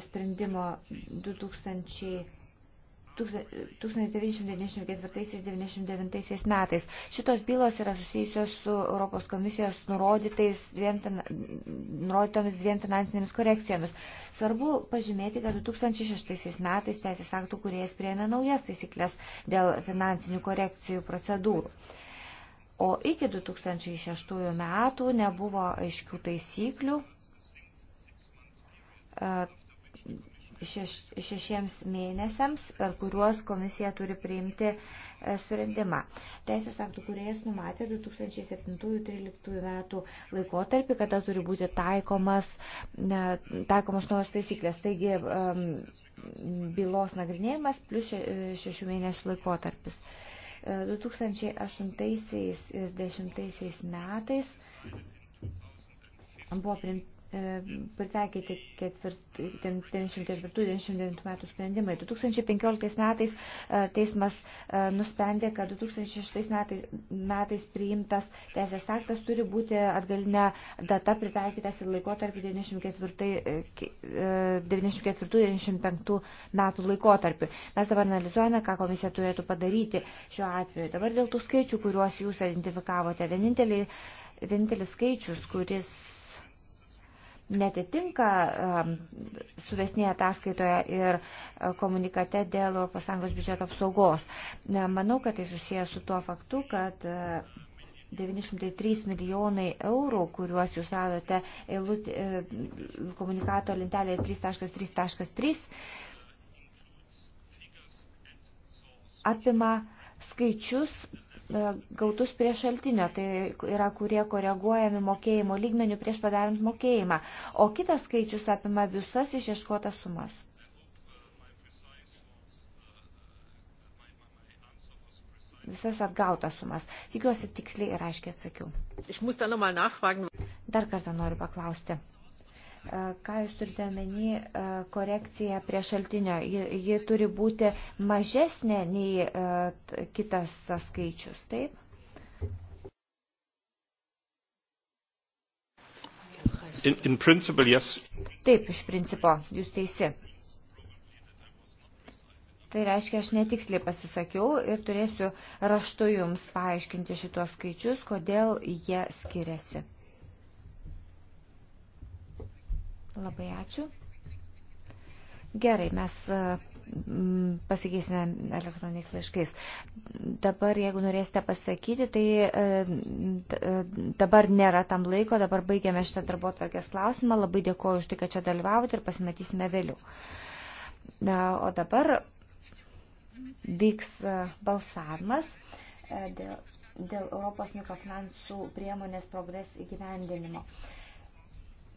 sprendimo 2000. 1994-1999 metais. Šitos bylos yra susijusios su Europos komisijos nurodytais dviem, nurodytomis dviem finansinėmis korekcijomis. Svarbu pažymėti, kad 2006 metais teisės aktų kuriejas prieėmė naujas taisyklės dėl finansinių korekcijų procedūrų. O iki 2006 metų nebuvo aiškių taisyklių e, šeš, šešiems mėnesiams, per kuriuos komisija turi priimti e, sprendimą. Teisės aktų kuriejas numatė 2007-2013 metų laikotarpį, kada turi būti taikomas, ne, taikomas naujos taisyklės. Taigi um, bylos nagrinėjimas plus še, e, šešių mėnesių laikotarpis. 2008 e, ir 2010 metais buvo priimti E, pritaikyti 94-99 metų sprendimai. 2015 metais e, teismas e, nusprendė, kad 2006 metais, metais priimtas teisės aktas turi būti atgalinę data pritaikytas ir laikotarpį 94-95 metų laikotarpį. Mes dabar analizuojame, ką komisija turėtų padaryti šiuo atveju. Dabar dėl tų skaičių, kuriuos jūs identifikavote. Vienintelis, vienintelis skaičius, kuris netitinka suvesnėje ataskaitoje ir e, komunikate dėl ES biudžeto apsaugos. Manau, kad tai susiję su tuo faktu, kad 903 e, milijonai eurų, kuriuos jūs radote eilutė, e, komunikato lentelėje 3.3.3, apima skaičius E, gautus prie šaltinio, tai yra kurie koreguojami mokėjimo lygmenių prieš padarant mokėjimą, o kitas skaičius apima visas išieškotas sumas. visas atgautas sumas. Tikiuosi tiksliai ir aiškiai atsakiau. Dar kartą noriu paklausti. E, ką jūs turite omeny e, korekcija prie šaltinio? Ji, ji turi būti mažesnė nei e, kitas tas skaičius, taip? In, in principle, yes. Taip, iš principo, jūs teisi. Tai reiškia, aš netiksliai pasisakiau ir turėsiu raštu jums paaiškinti šitos skaičius, kodėl jie skiriasi. Labai ačiū. Gerai, mes e, pasikeisime elektroniniais laiškais. Dabar, jeigu norėsite pasakyti, tai e, e, dabar nėra tam laiko, dabar baigiame šitą darbo tvarkės klausimą. Labai dėkoju už tai, kad čia dalyvavote ir pasimatysime vėliau. Na, o dabar vyks balsavimas dėl, dėl Europos mikrofinansų priemonės progres įgyvendinimo.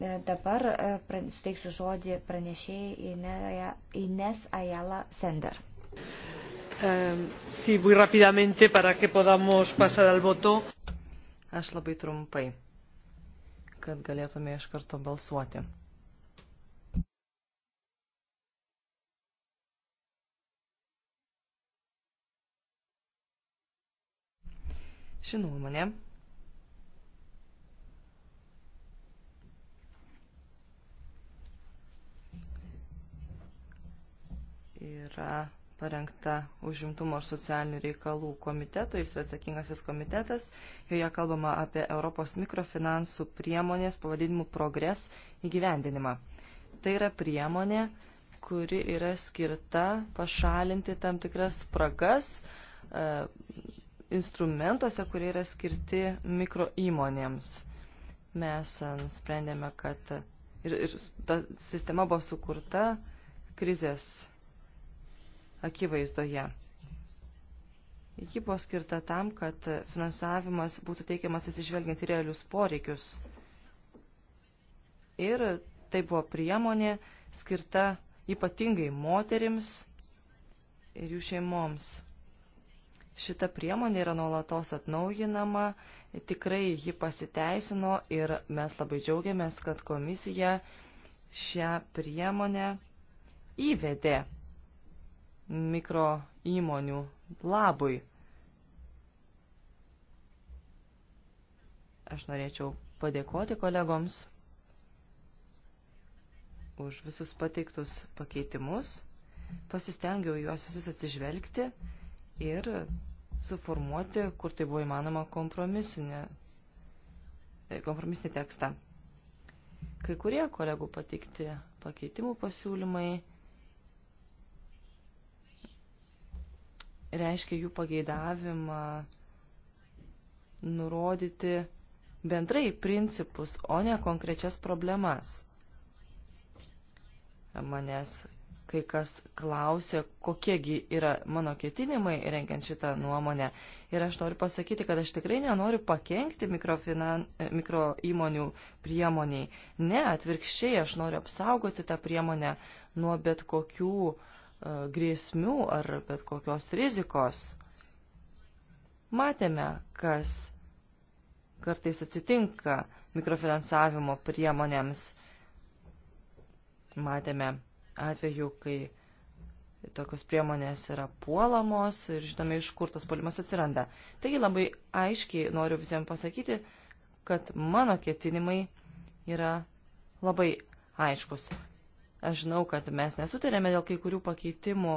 E, dabar e, suteiksiu žodį pranešėjai Ines Ayala Sender. Sí, muy rápidamente para que podamos pasar al voto. Aš labai trumpai, kad galėtume iš karto balsuoti. Ši nuomonė yra parengta užimtumo ir socialinių reikalų komiteto, jis yra atsakingasis komitetas, joje kalbama apie Europos mikrofinansų priemonės pavadinimu progres įgyvendinimą. Tai yra priemonė, kuri yra skirta pašalinti tam tikras spragas e, instrumentuose, kurie yra skirti mikro įmonėms. Mes e, nusprendėme, kad ir, ir ta sistema buvo sukurta krizės akivaizdoje. Ji buvo skirta tam, kad finansavimas būtų teikiamas atsižvelgiant į realius poreikius. Ir tai buvo priemonė skirta ypatingai moterims ir jų šeimoms. Šita priemonė yra nuolatos atnaujinama, tikrai ji pasiteisino ir mes labai džiaugiamės, kad komisija šią priemonę įvedė mikro įmonių labui. Aš norėčiau padėkoti kolegoms už visus pateiktus pakeitimus. Pasistengiau juos visus atsižvelgti ir suformuoti, kur tai buvo įmanoma, kompromisinį, e, kompromisinį tekstą. Kai kurie kolegų pateikti pakeitimų pasiūlymai reiškia jų pageidavimą nurodyti bendrai principus, o ne konkrečias problemas. Manęs kai kas klausė, kokiegi yra mano ketinimai renkiant šitą nuomonę. Ir aš noriu pasakyti, kad aš tikrai nenoriu pakengti mikro, finan, mikro įmonių priemoniai. Ne, atvirkščiai, aš noriu apsaugoti tą priemonę nuo bet kokių uh, E, grėsmių ar bet kokios rizikos. Matėme, kas kartais atsitinka mikrofinansavimo priemonėms. Matėme atveju, kai tokios priemonės yra puolamos ir žinome, iš kur tas puolimas atsiranda. Taigi labai aiškiai noriu visiems pasakyti, kad mano ketinimai yra labai aiškus. Aš žinau, kad mes nesutarėme dėl kai kurių pakeitimų.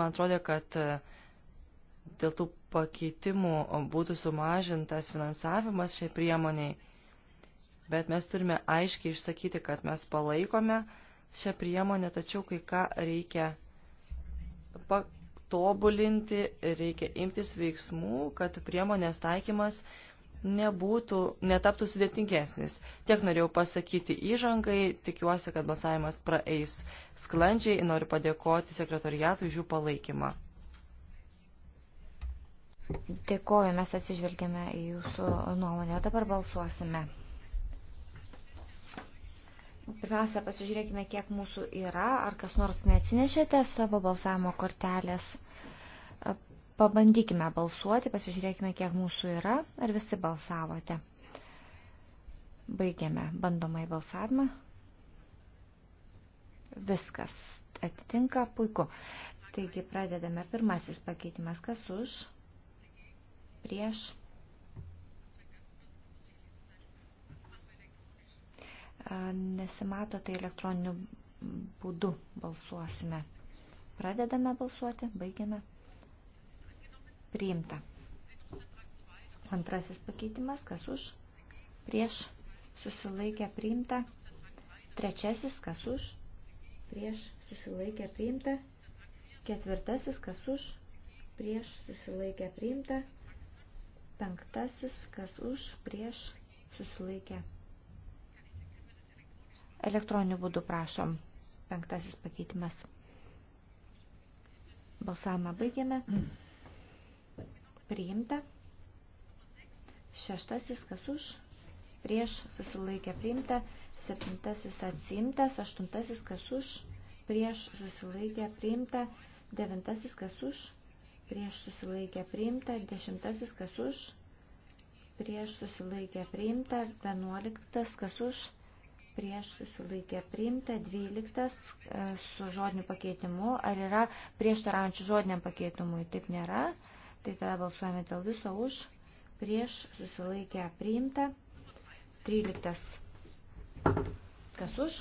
Man atrodo, kad e, dėl tų pakeitimų būtų sumažintas finansavimas šiai priemoniai, bet mes turime aiškiai išsakyti, kad mes palaikome šią priemonę, tačiau kai ką reikia patobulinti, reikia imtis veiksmų, kad priemonės taikymas nebūtų, netaptų sudėtingesnis. Tiek norėjau pasakyti įžangai, tikiuosi, kad balsavimas praeis sklandžiai ir noriu padėkoti sekretoriatui už jų palaikymą. Dėkoju, mes atsižvelgėme į jūsų nuomonę. Dabar balsuosime. Pirmiausia, pasižiūrėkime, kiek mūsų yra, ar kas nors neatsinešėte savo balsavimo kortelės Pabandykime balsuoti, pasižiūrėkime, kiek mūsų yra, ar visi balsavote. Baigėme bandomai balsavimą. Viskas atitinka, puiku. Taigi pradedame pirmasis pakeitimas, kas už, prieš. Nesimato, tai elektroniniu būdu balsuosime. Pradedame balsuoti, baigiame priimta. Antrasis pakeitimas, kas už, prieš, susilaikė priimta. Trečiasis, kas už, prieš, susilaikė priimta. Ketvirtasis, kas už, prieš, susilaikė priimta. Penktasis, kas už, prieš, susilaikė. Elektroniniu būdu prašom. Penktasis pakeitimas. Balsavimą baigėme. Mm priimta. Šeštasis, kas už, prieš susilaikė priimta. Septintasis atsimtas, aštuntasis, kas už, prieš susilaikė priimta. Devintasis, kas už, prieš susilaikė priimta. Dešimtasis, kas už, prieš susilaikė priimta. Vienuoliktas, kas už, prieš susilaikė priimta, 12 e, su žodiniu pakeitimu. Ar yra prieštaraujančių žodiniam pakeitimui? Taip nėra. Tai tada balsuojame dėl viso už, prieš susilaikę priimta. 13. Kas už,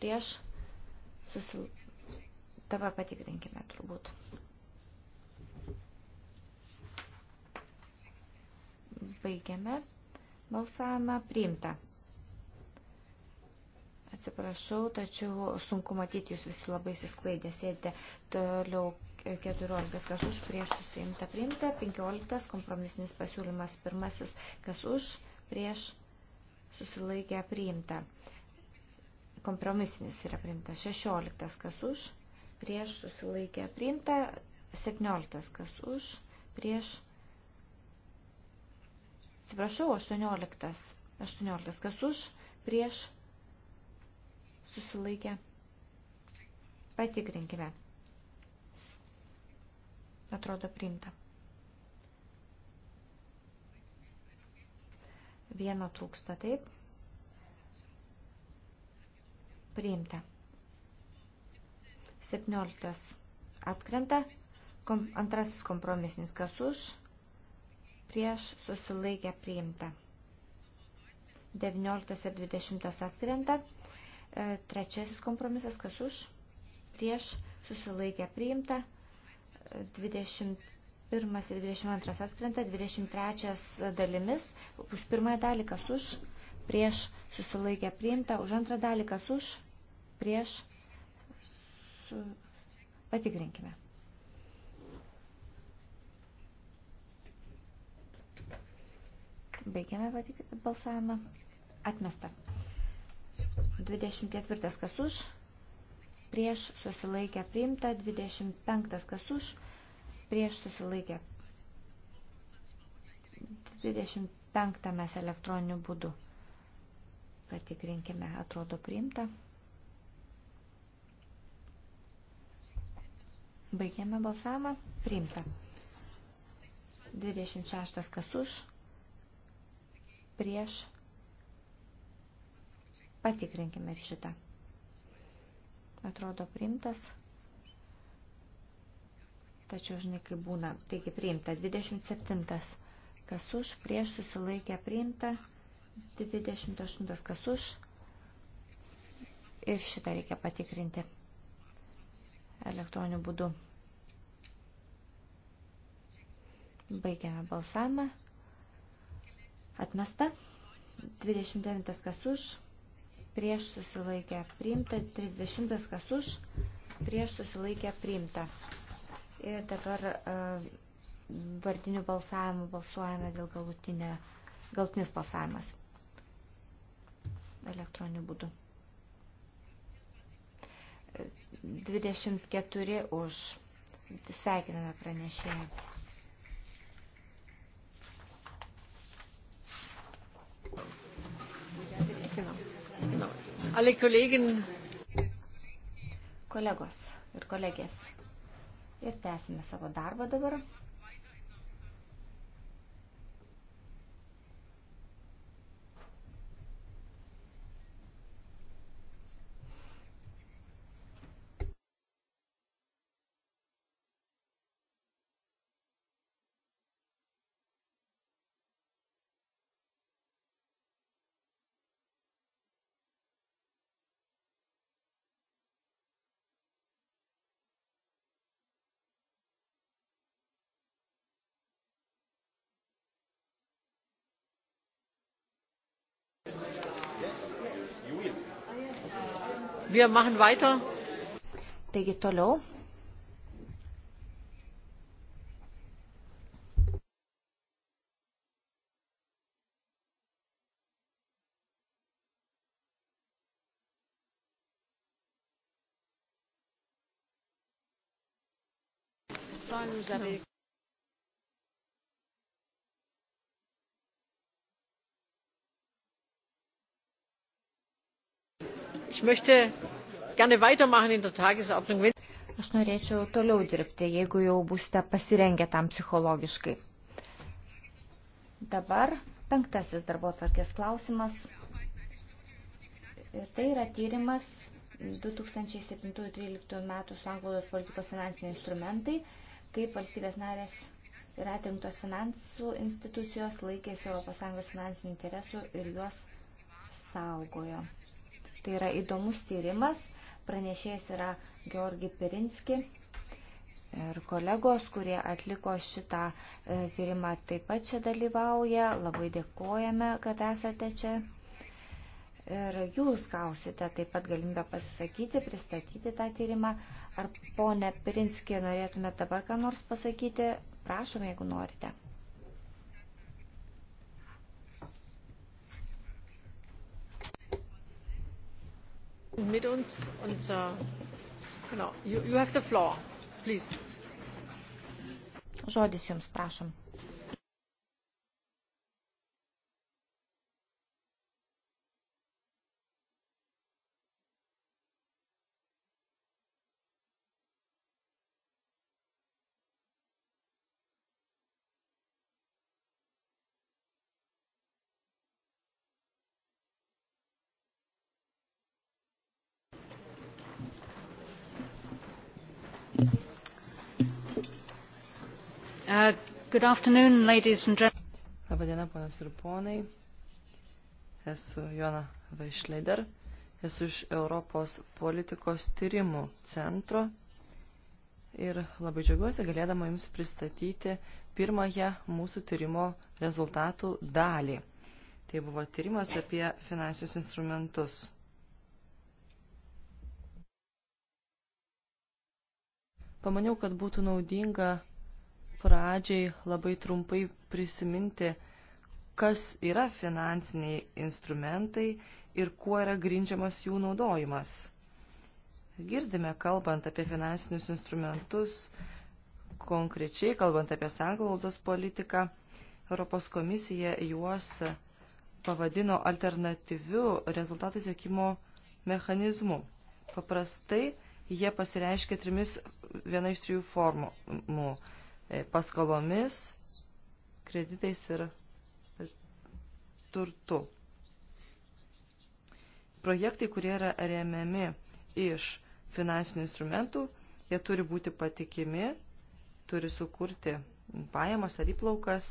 prieš susilaikę. Dabar patikrinkime turbūt. Baigiame balsavimą priimta. Atsiprašau, tačiau sunku matyti, jūs visi labai įsisklaidę sėdite. Toliau 14 kas už prieš susiimta priimta, 15 kompromisinis pasiūlymas pirmasis kas už prieš susilaikę priimta. Kompromisinis yra priimta 16 kas už prieš susilaikę priimta, 17 kas už prieš. Atsiprašau, 18. 18 kas už prieš susilaikę. Patikrinkime. Atrodo priimta. Vieno trūksta, taip. Priimta. 17. Atkrenta. Kom, antrasis kompromisinis kas už. Prieš susilaikę priimta. 19 ir 20 atkrenta. E, trečiasis kompromisas kas už. Prieš susilaikę priimta. 21 ir 22 atkrenta, 23 dalimis, už pirmąją dalį kas už, prieš susilaikę priimta, už antrą dalį kas už, prieš su... patikrinkime. Baigiame balsavimą. Atmesta. 24 kas už, prieš susilaikę priimta, 25 kas už, prieš susilaikę. 25 mes elektroniniu būdu patikrinkime, atrodo priimta. Baigėme balsavimą, priimta. 26 kas už, prieš patikrinkime ir šitą atrodo priimtas. Tačiau žinai, kaip būna. Taigi priimta. 27. Kas už, prieš susilaikę priimta. 28. Kas už. Ir šitą reikia patikrinti elektroniniu būdu. Baigiame balsavimą. Atmesta. 29. Kas už prieš susilaikę priimta, 30 kas už, prieš susilaikę priimta. Ir dabar e, vardinių balsavimų balsuojame dėl galutinė, galutinis balsavimas elektroniniu būdu. 24 e, už. Sveikiname pranešėją. Alle Kollegen. Kolegos ir kolegės. Ir tęsime savo darbą dabar. Wir machen weiter. Taigi toliau. Vous avez Ich möchte gerne weitermachen in der Tagesordnung. Aš norėčiau toliau dirbti, jeigu jau būsite pasirengę tam psichologiškai. Dabar penktasis darbo tvarkės klausimas. Ir tai yra tyrimas 2007-2013 metų sanglaudos politikos finansiniai instrumentai, kaip valstybės narės ir atimtos finansų institucijos laikėsi ES finansinių interesų ir juos saugojo. Tai yra įdomus tyrimas. Pranešėjas yra Georgi Pirinski ir kolegos, kurie atliko šitą e, tyrimą, taip pat čia dalyvauja. Labai dėkojame, kad esate čia. Ir jūs gausite taip pat galimybę pasisakyti, pristatyti tą tyrimą. Ar ponė Pirinski norėtumėte dabar ką nors pasakyti? Prašom, jeigu norite. mit uns und uh, genau, you, you have the floor, please. Žodis jums, prašom. Good afternoon, ladies and gentlemen. Labadiena, ponios ir ponai. Esu Jona Vaišleider. Esu iš Europos politikos tyrimų centro. Ir labai džiaugiuosi galėdama Jums pristatyti pirmąją mūsų tyrimo rezultatų dalį. Tai buvo tyrimas apie finansinius instrumentus. Pamaniau, kad būtų naudinga pradžiai labai trumpai prisiminti, kas yra finansiniai instrumentai ir kuo yra grindžiamas jų naudojimas. Girdime, kalbant apie finansinius instrumentus, konkrečiai kalbant apie sanglaudos politiką, Europos komisija juos pavadino alternatyviu rezultatų siekimo mechanizmu. Paprastai jie pasireiškia trimis viena iš trijų formų E, paskalomis, kreditais ir turtu. Projektai, kurie yra remiami iš finansinių instrumentų, jie turi būti patikimi, turi sukurti pajamas ar įplaukas.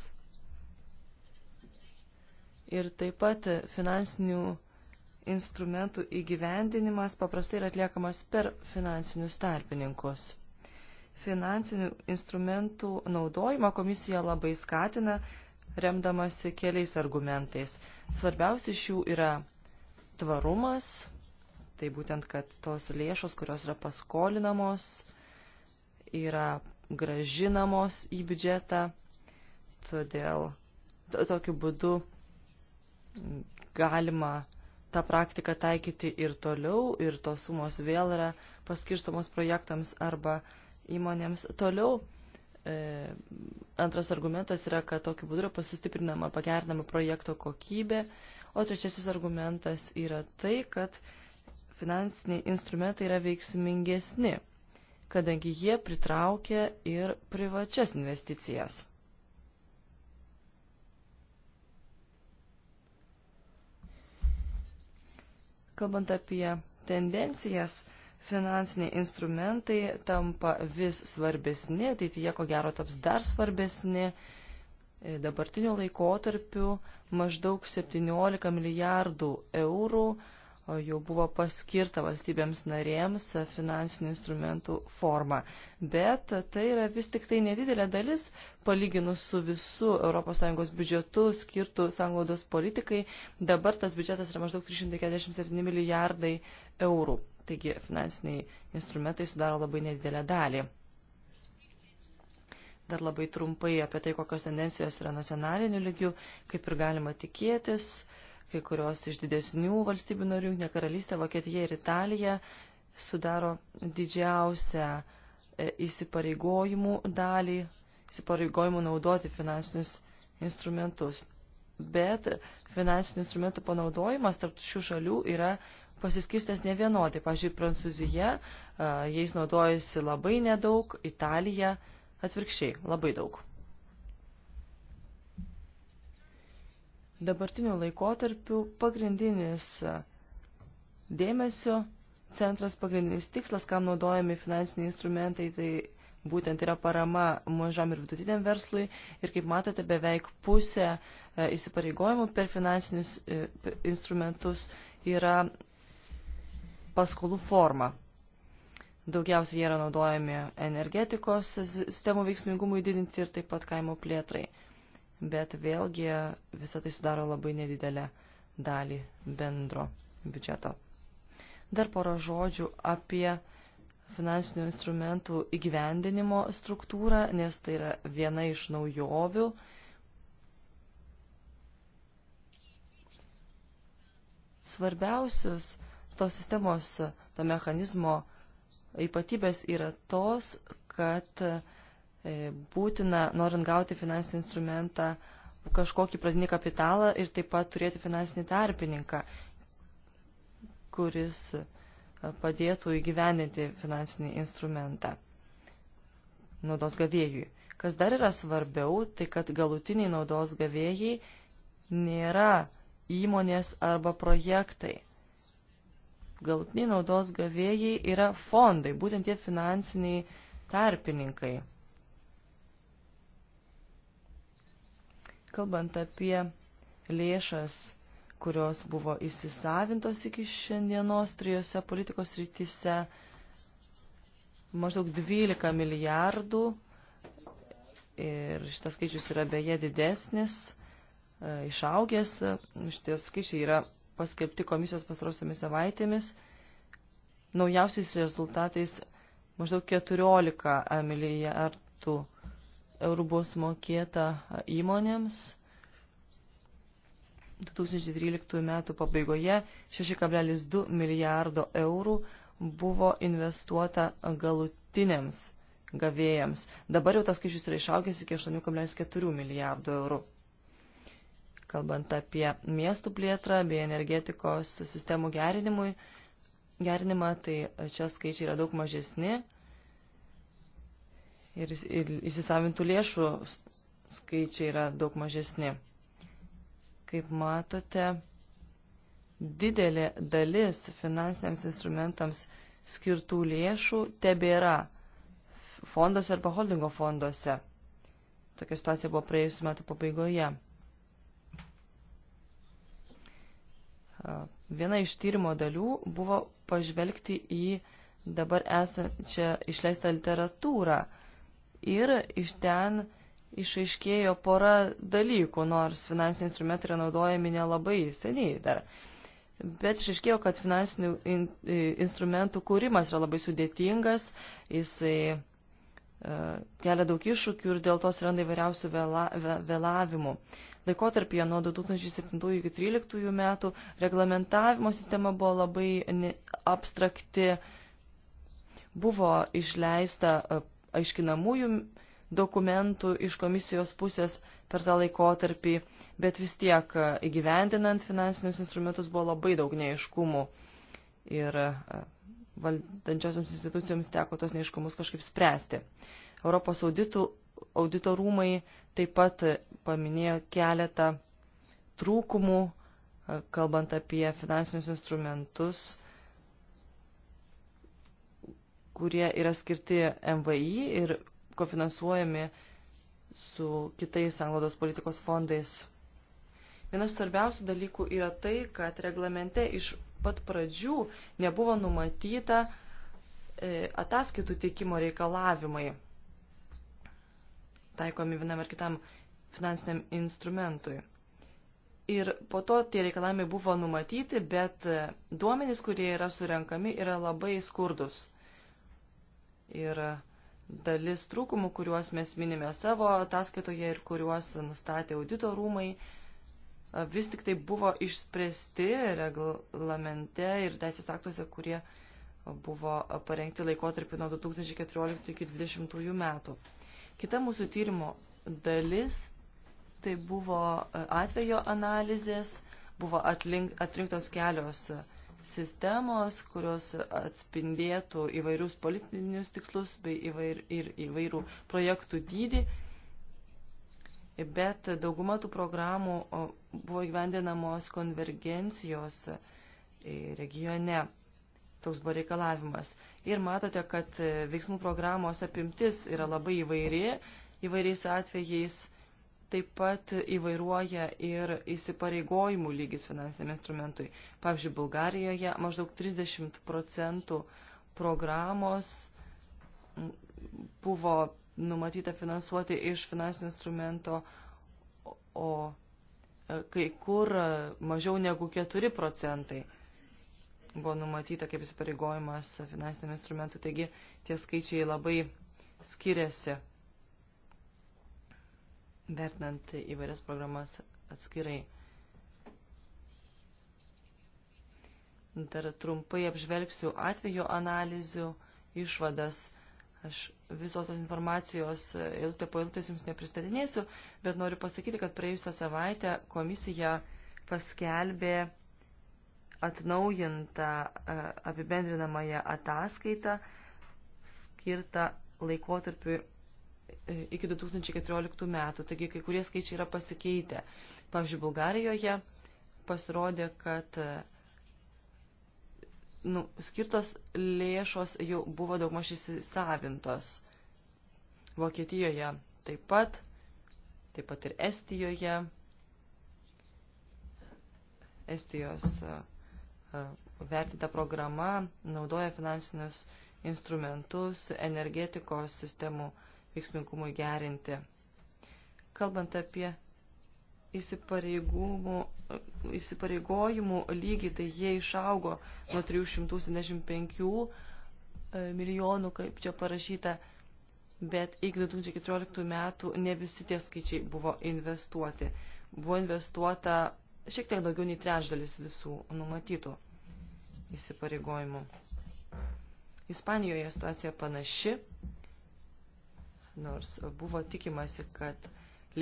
Ir taip pat finansinių instrumentų įgyvendinimas paprastai yra atliekamas per finansinius tarpininkus finansinių instrumentų naudojimą komisija labai skatina, remdamasi keliais argumentais. Svarbiausi iš jų yra tvarumas, tai būtent, kad tos lėšos, kurios yra paskolinamos, yra gražinamos į biudžetą, todėl tokiu būdu galima tą praktiką taikyti ir toliau, ir tos sumos vėl yra paskirstamos projektams arba uh, įmonėms toliau. E, antras argumentas yra, kad tokiu būdu yra pasustiprinama, pagernama projekto kokybė. O trečiasis argumentas yra tai, kad finansiniai instrumentai yra veiksmingesni, kadangi jie pritraukia ir privačias investicijas. Kalbant apie tendencijas, Finansiniai instrumentai tampa vis svarbesni, ateityje ko gero taps dar svarbesni. E, dabartiniu laikotarpiu maždaug 17 milijardų eurų jau buvo paskirta valstybėms narėms finansinių instrumentų forma. Bet tai yra vis tik tai nedidelė dalis, palyginus su visu ES biudžetu skirtų sanglaudos politikai. Dabar tas biudžetas yra maždaug 347 milijardai eurų taigi finansiniai instrumentai sudaro labai nedidelę dalį. Dar labai trumpai apie tai, kokios tendencijos yra nacionaliniu lygiu, kaip ir galima tikėtis, kai kurios iš didesnių valstybių narių, ne karalystė, Vokietija ir Italija, sudaro didžiausią e, įsipareigojimų dalį, įsipareigojimų naudoti finansinius instrumentus. Bet finansinių instrumentų panaudojimas tarp šių šalių yra pasiskirstęs nevienodai. Pavyzdžiui, Prancūzija jais naudojasi labai nedaug, Italija atvirkščiai labai daug. Dabartiniu laikotarpiu pagrindinis dėmesio centras, pagrindinis tikslas, kam naudojami finansiniai instrumentai, tai būtent yra parama mažam ir vidutiniam verslui ir kaip matote beveik pusė įsipareigojimų per finansinius e, instrumentus yra paskolų forma. Daugiausiai jie yra naudojami energetikos sistemų veiksmingumui didinti ir taip pat kaimo plėtrai. Bet vėlgi visą tai sudaro labai nedidelę dalį bendro biudžeto. Dar poro žodžių apie finansinių instrumentų įgyvendinimo struktūrą, nes tai yra viena iš naujovių. Svarbiausius tos sistemos, to mechanizmo ypatybės yra tos, kad e, būtina, norint gauti finansinį instrumentą, kažkokį pradinį kapitalą ir taip pat turėti finansinį tarpininką, kuris e, padėtų įgyveninti finansinį instrumentą naudos gavėjui. Kas dar yra svarbiau, tai kad galutiniai naudos gavėjai nėra įmonės arba projektai galutiniai naudos gavėjai yra fondai, būtent tie finansiniai tarpininkai. Kalbant apie lėšas, kurios buvo įsisavintos iki šiandienos trijose politikos rytise, maždaug 12 milijardų ir šitas skaičius yra beje didesnis, e, išaugęs, šitie skaičiai yra paskelbti komisijos pastarosiomis savaitėmis, naujausiais rezultatais maždaug 14 milijardų eurų buvo sumokėta įmonėms. 2013 metų pabaigoje 6,2 milijardo eurų buvo investuota galutiniams gavėjams. Dabar jau tas skaičius yra išaugęs iki 8,4 milijardų eurų kalbant apie miestų plėtrą bei energetikos sistemų gerinimui, gerinimą, tai čia skaičiai yra daug mažesni ir, ir įsisavintų lėšų skaičiai yra daug mažesni. Kaip matote, didelė dalis finansiniams instrumentams skirtų lėšų tebėra fonduose arba holdingo fonduose. Tokia situacija buvo praėjusiu metu pabaigoje. Viena iš tyrimo dalių buvo pažvelgti į dabar esančią išleistą literatūrą ir iš ten išaiškėjo pora dalykų, nors finansiniai instrumentai yra naudojami nelabai seniai dar. Bet išaiškėjo, kad finansinių in, instrumentų kūrimas yra labai sudėtingas, jisai e, kelia daug iššūkių ir dėl to atsiranda įvairiausių vėla, vė, vėlavimų. E, laikotarpyje nuo 2007 iki 2013 metų reglamentavimo sistema buvo labai abstrakti. Buvo išleista e, aiškinamųjų dokumentų iš komisijos pusės per tą laikotarpį, bet vis tiek e, įgyvendinant finansinius instrumentus buvo labai daug neiškumų ir e, valdančiosioms institucijoms teko tos neiškumus kažkaip spręsti. Europos auditų, audito rūmai taip pat paminėjo keletą trūkumų, kalbant apie finansinius instrumentus, kurie yra skirti MVI ir kofinansuojami su kitais anglodos politikos fondais. Vienas svarbiausių dalykų yra tai, kad reglamente iš pat pradžių nebuvo numatyta e, ataskaitų teikimo reikalavimai taikomi vienam ar kitam finansiniam instrumentui. Ir po to tie reikalavimai buvo numatyti, bet duomenys, kurie yra surenkami, yra labai skurdus. Ir dalis trūkumų, kuriuos mes minime savo ataskaitoje ir kuriuos nustatė audito rūmai, vis tik tai buvo išspręsti reglamente ir teisės aktuose, kurie buvo parengti laikotarpį nuo 2014 iki 2020 metų. Kita mūsų tyrimo dalis tai buvo e, atvejo analizės, buvo atlink, atrinktos kelios e, sistemos, kurios atspindėtų įvairius politinius tikslus bei įvair, ir įvairių projektų dydį, bet dauguma tų programų buvo gyvendinamos konvergencijos e, regione. Toks buvo reikalavimas. Ir matote, kad e, veiksmų programos apimtis yra labai įvairi, įvairiais atvejais taip pat įvairuoja ir įsipareigojimų lygis finansiniam instrumentui. Pavyzdžiui, Bulgarijoje maždaug 30 procentų programos buvo numatyta finansuoti iš finansinio instrumento, o e, kai kur e, mažiau negu 4 procentai buvo numatyta kaip įsipareigojimas finansiniam instrumentui, taigi tie skaičiai labai skiriasi, vertinant įvairias programas atskirai. Dar trumpai apžvelgsiu atveju analizių išvadas. Aš visos tos informacijos eilutė po eilutės jums nepristatinėsiu, bet noriu pasakyti, kad praėjusią savaitę komisija paskelbė atnaujintą e, apibendrinamąją ataskaitą skirtą laikotarpiu e, iki 2014 metų. Taigi kai kurie skaičiai yra pasikeitę. Pavyzdžiui, Bulgarijoje pasirodė, kad e, nu, skirtos lėšos jau buvo daugmaž įsisavintos. Vokietijoje taip pat, taip pat ir Estijoje. Estijos uh, vertinta programa naudoja finansinius instrumentus energetikos sistemų veiksmingumui gerinti. Kalbant apie įsipareigojimų lygį, tai jie išaugo nuo 375 e, milijonų, kaip čia parašyta, bet iki 2014 metų ne visi tie skaičiai buvo investuoti. Buvo investuota šiek tiek daugiau nei trečdalis visų numatytų įsipareigojimų. Ispanijoje situacija panaši, nors buvo tikimasi, kad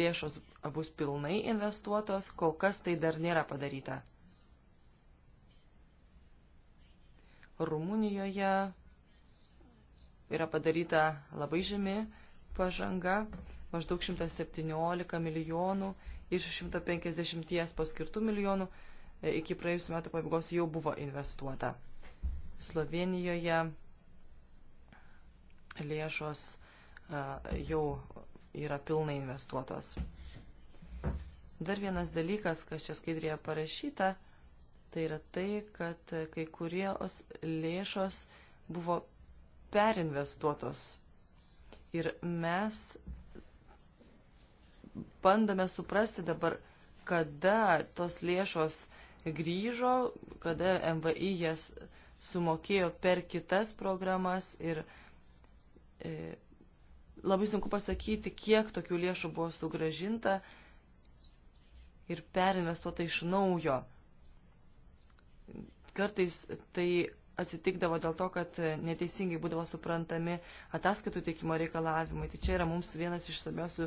lėšos bus pilnai investuotos, kol kas tai dar nėra padaryta. Rumunijoje yra padaryta labai žymi pažanga, maždaug 117 milijonų iš 150 paskirtų milijonų e, iki praėjusiu metu pabaigos jau buvo investuota. Slovenijoje lėšos e, jau yra pilnai investuotos. Dar vienas dalykas, kas čia skaidrėje parašyta, tai yra tai, kad kai kurios lėšos buvo perinvestuotos. Ir mes bandome suprasti dabar, kada tos lėšos grįžo, kada MVI jas sumokėjo per kitas programas ir e, labai sunku pasakyti, kiek tokių lėšų buvo sugražinta ir perinvestuota iš naujo. Kartais tai atsitikdavo dėl to, kad neteisingai būdavo suprantami ataskaitų teikimo reikalavimai. Tai čia yra mums vienas iš svarbiausių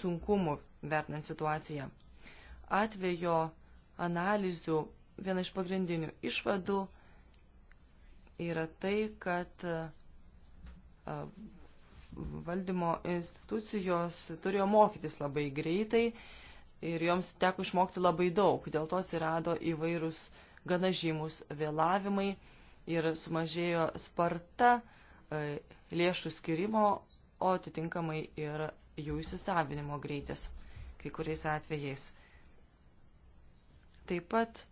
sunkumų vertinant situaciją. Atvejo analizių viena iš pagrindinių išvadų yra tai, kad valdymo institucijos turėjo mokytis labai greitai ir joms teko išmokti labai daug. Dėl to atsirado įvairūs gana žymus vėlavimai ir sumažėjo sparta e, lėšų skirimo, o atitinkamai ir jų įsisavinimo greitis kai kuriais atvejais. Taip pat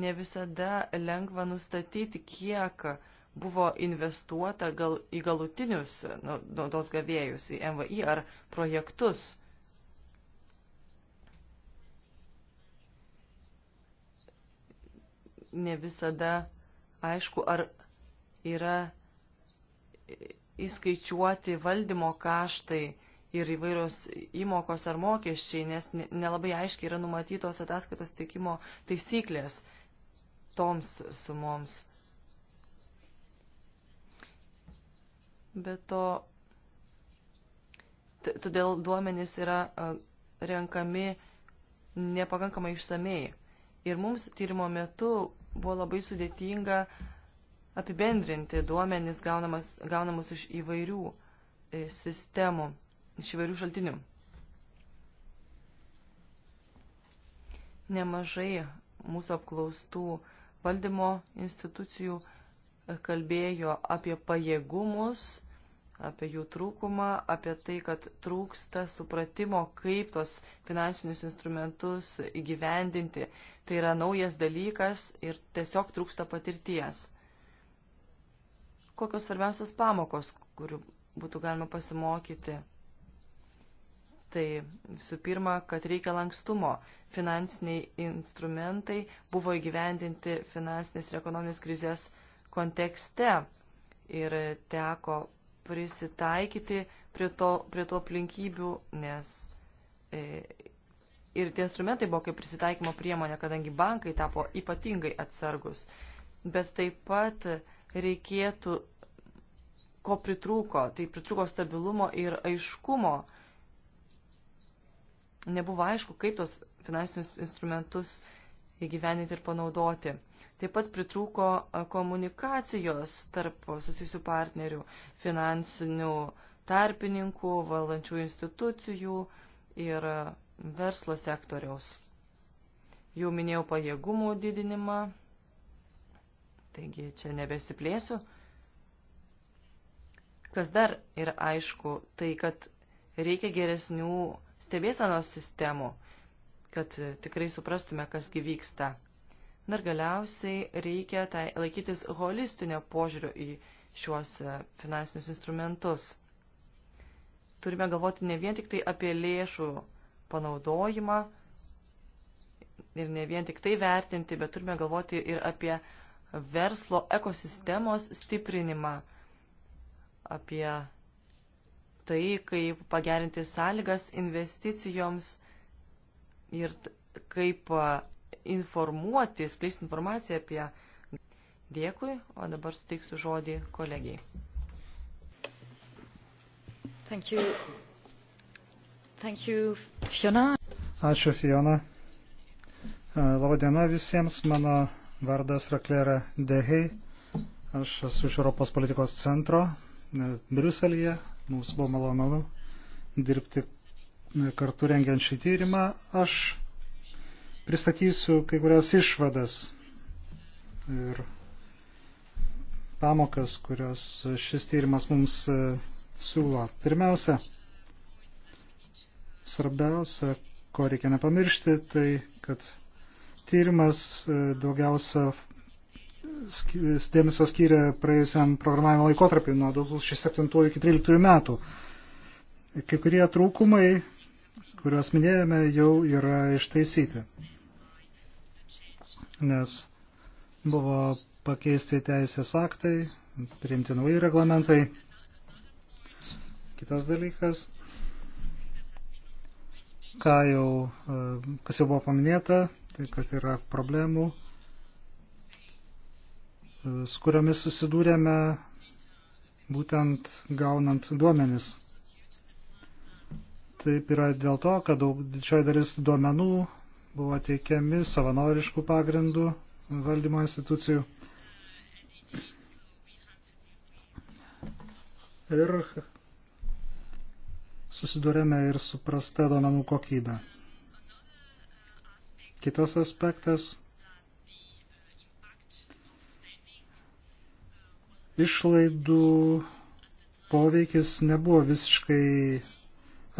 ne visada lengva nustatyti, kiek buvo investuota gal, į galutinius nu, naudos gavėjus, į MVI ar projektus. Ne visada aišku, ar yra įskaičiuoti valdymo kaštai ir įvairios įmokos ar mokesčiai, nes nelabai aiškiai yra numatytos ataskaitos teikimo taisyklės toms sumoms. Be to, todėl duomenys yra renkami nepakankamai išsamei. Ir mums tyrimo metu buvo labai sudėtinga apibendrinti duomenis gaunamas, gaunamus iš įvairių e, sistemų, iš įvairių šaltinių. Nemažai mūsų apklaustų valdymo institucijų e, kalbėjo apie pajėgumus, apie jų trūkumą, apie tai, kad trūksta supratimo, kaip tos finansinius instrumentus įgyvendinti. Tai yra naujas dalykas ir tiesiog trūksta patirties. Kokios svarbiausios pamokos, kurių būtų galima pasimokyti? Tai visų pirma, kad reikia lankstumo. Finansiniai instrumentai buvo įgyvendinti finansinės ir ekonominės krizės kontekste ir teko prisitaikyti prie to, prie to aplinkybių, nes e, ir tie instrumentai buvo kaip prisitaikymo priemonė, kadangi bankai tapo ypatingai atsargus. Bet taip pat reikėtų, ko pritrūko, tai pritrūko stabilumo ir aiškumo. Nebuvo aišku, kaip tos finansinius instrumentus įgyveninti ir panaudoti. Taip pat pritrūko komunikacijos tarp susijusių partnerių, finansinių tarpininkų, valdančių institucijų ir verslo sektoriaus. Jau minėjau pajėgumų didinimą, taigi čia nebesiplėsiu. Kas dar yra aišku, tai kad reikia geresnių stebėsenos sistemų, kad e, tikrai suprastume, kas gyvyksta. vyksta Dar galiausiai reikia tai laikytis holistinio požiūrio į šiuos e, finansinius instrumentus. Turime galvoti ne vien tik tai apie lėšų panaudojimą ir ne vien tik tai vertinti, bet turime galvoti ir apie verslo ekosistemos stiprinimą, apie tai, kaip pagerinti sąlygas investicijoms ir kaip e, informuoti, skleisti informaciją apie. Dėkui, o dabar suteiksiu žodį kolegijai. Thank you. Thank you, Fiona. Ačiū, Fiona. Labadiena visiems, mano vardas Raklera Dehei. Aš esu iš Europos politikos centro e, Briuselėje. Mums buvo malonu dirbti e, kartu rengiant šį tyrimą. Aš Pristatysiu kai kurias išvadas ir pamokas, kurios šis tyrimas mums e, siūlo. Pirmiausia, svarbiausia, ko reikia nepamiršti, tai kad tyrimas e, daugiausia dėmesio skyrė praėjusiam programavimo laikotarpiu nuo 2007 iki 2013 metų. Kai kurie trūkumai, kuriuos minėjome, jau yra ištaisyti nes buvo pakeisti teisės aktai, priimti nauji reglamentai. Kitas dalykas, ką jau, e, kas jau buvo paminėta, tai kad yra problemų, e, su kuriomis susidūrėme būtent gaunant duomenis. Taip yra dėl to, kad daug, didžioji dalis duomenų buvo teikiami savanoriškų pagrindų valdymo institucijų. Ir susidurėme ir su prasta duomenų kokybė. Kitas aspektas išlaidų poveikis nebuvo visiškai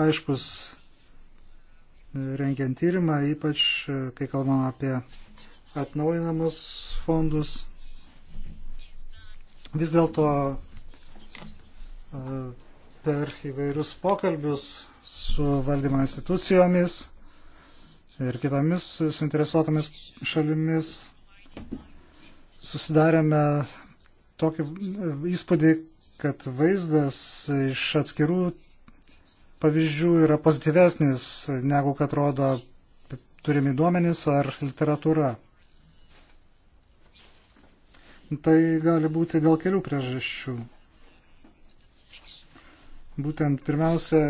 aiškus rengiant tyrimą, ypač e, kai kalbam apie atnaujinamus fondus. Vis dėlto e, per įvairius pokalbius su valdymo institucijomis ir kitomis suinteresuotomis šalimis susidarėme tokį e, įspūdį, kad vaizdas iš atskirų pavyzdžių yra pozityvesnis negu kad rodo turimi duomenys ar literatūra. Tai gali būti dėl kelių priežasčių. Būtent pirmiausia,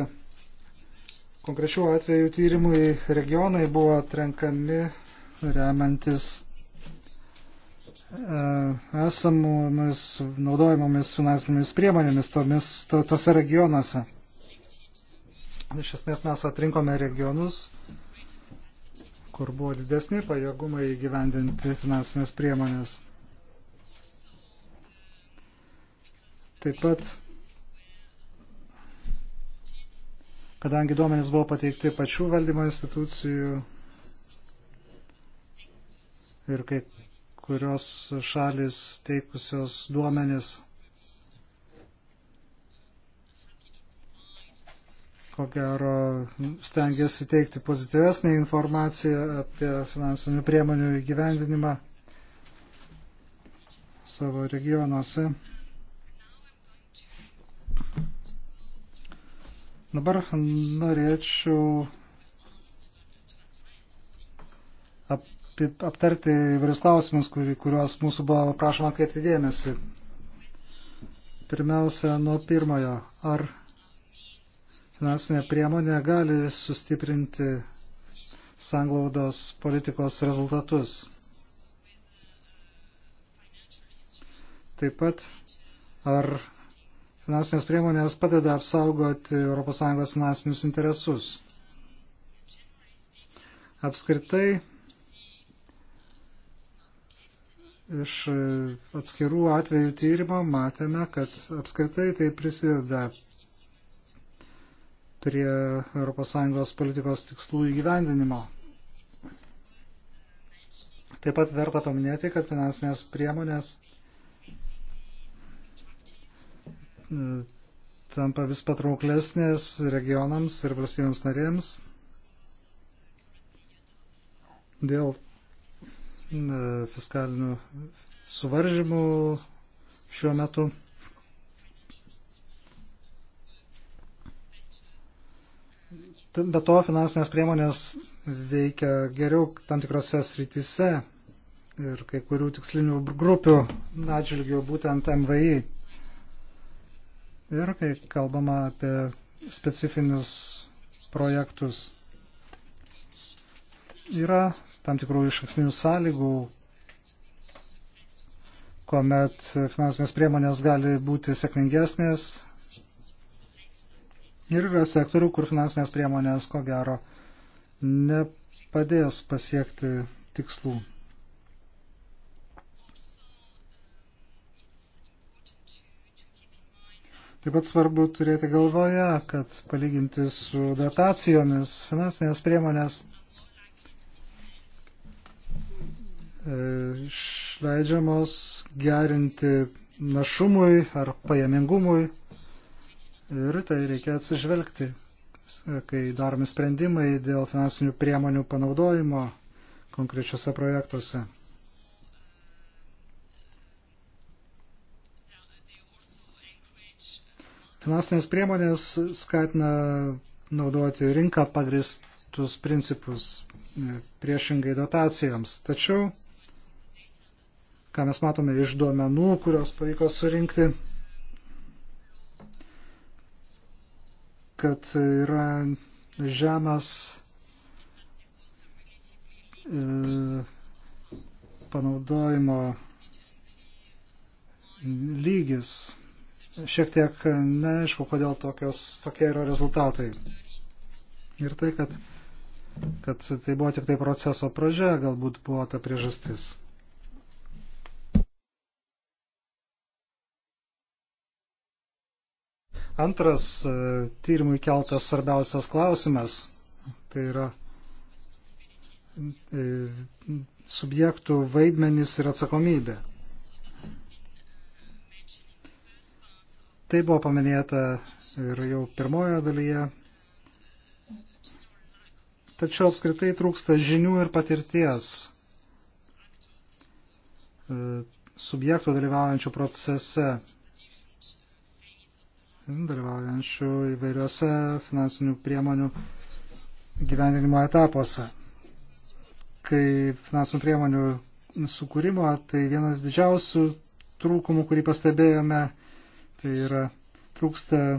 konkrečių atvejų tyrimui regionai buvo atrenkami remiantis e, esamomis naudojamomis finansinėmis priemonėmis tomis, to, tose regionuose. Iš esmės mes atrinkome regionus, kur buvo didesni pajėgumai įgyvendinti finansinės priemonės. Taip pat, kadangi duomenys buvo pateikti pačių valdymo institucijų ir kai kurios šalis teikusios duomenys ko gero stengiasi teikti pozityvesnį informaciją apie finansinių priemonių įgyvendinimą savo regionuose. Dabar norėčiau aptarti įvairius klausimus, kuriuos mūsų buvo prašoma kreipti dėmesį. Pirmiausia, nuo pirmojo. Ar finansinė priemonė gali sustiprinti sanglaudos politikos rezultatus. Taip pat, ar finansinės priemonės padeda apsaugoti ES finansinius interesus. Apskritai, iš atskirų atvejų tyrimo matėme, kad apskritai tai prisideda prie ES politikos tikslų įgyvendinimo. Taip pat verta paminėti, kad finansinės priemonės e, tampa vis patrauklesnės regionams ir valstybėms narėms dėl e, fiskalinių suvaržymų šiuo metu. Be to, finansinės priemonės veikia geriau tam tikrose srityse ir kai kurių tikslinių grupių atžvilgių būtent MVI. Ir kai kalbama apie specifinius projektus, yra tam tikrų išankstinių sąlygų, kuomet finansinės priemonės gali būti sėkmingesnės Ir yra sektorių, kur finansinės priemonės, ko gero, nepadės pasiekti tikslų. Taip pat svarbu turėti galvoje, kad palyginti su dotacijomis, finansinės priemonės e, išleidžiamos gerinti našumui ar pajamingumui Ir tai reikia atsižvelgti, kai daromi sprendimai dėl finansinių priemonių panaudojimo konkrečiose projektuose. Finansinės priemonės skatina naudoti rinką pagristus principus e, priešingai dotacijoms. Tačiau, ką mes matome iš duomenų, kurios pavyko surinkti, kad yra žemės e, panaudojimo lygis. Šiek tiek neaišku, kodėl tokios, tokie yra rezultatai. Ir tai, kad, kad tai buvo tik tai proceso pradžia, galbūt buvo ta priežastis. Antras e, tyrimui keltas svarbiausias klausimas, tai yra e, subjektų vaidmenys ir atsakomybė. Tai buvo paminėta ir jau pirmojo dalyje. Tačiau apskritai trūksta žinių ir patirties e, subjektų dalyvaujančių procese dalyvaujančių įvairiuose finansinių priemonių gyvendinimo etapuose. Kai finansinių priemonių sukūrimo, tai vienas didžiausių trūkumų, kurį pastebėjome, tai yra trūksta e,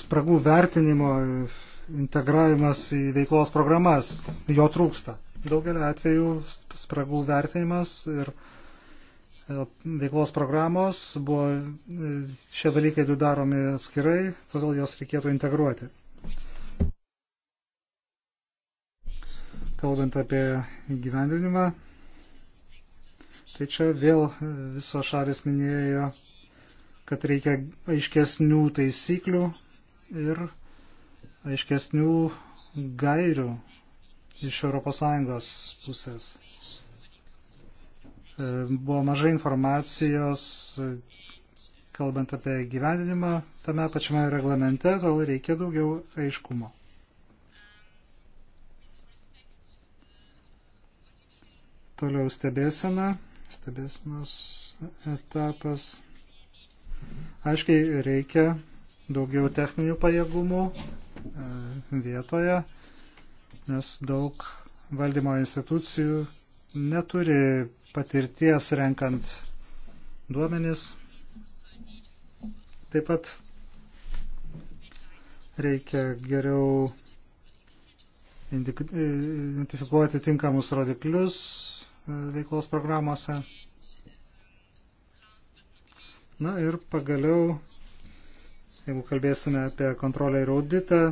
spragų vertinimo integravimas į veiklos programas, jo trūksta. Daugelį atvejų spragų vertinimas ir e, veiklos programos buvo e, šie dalykai du daromi atskirai, todėl juos reikėtų integruoti. kalbant apie gyvendinimą, tai čia vėl viso šalis minėjo, kad reikia aiškesnių taisyklių ir aiškesnių gairių, iš ES pusės. E, buvo mažai informacijos, e, kalbant apie gyvendinimą tame pačiame reglamente, tol reikia daugiau aiškumo. Toliau stebėsena, stebėsenos etapas. Aiškiai reikia daugiau techninių pajėgumų e, vietoje nes daug valdymo institucijų neturi patirties renkant duomenis. Taip pat reikia geriau identifikuoti tinkamus rodiklius e, veiklos programuose. Na ir pagaliau, jeigu kalbėsime apie kontrolę ir auditą,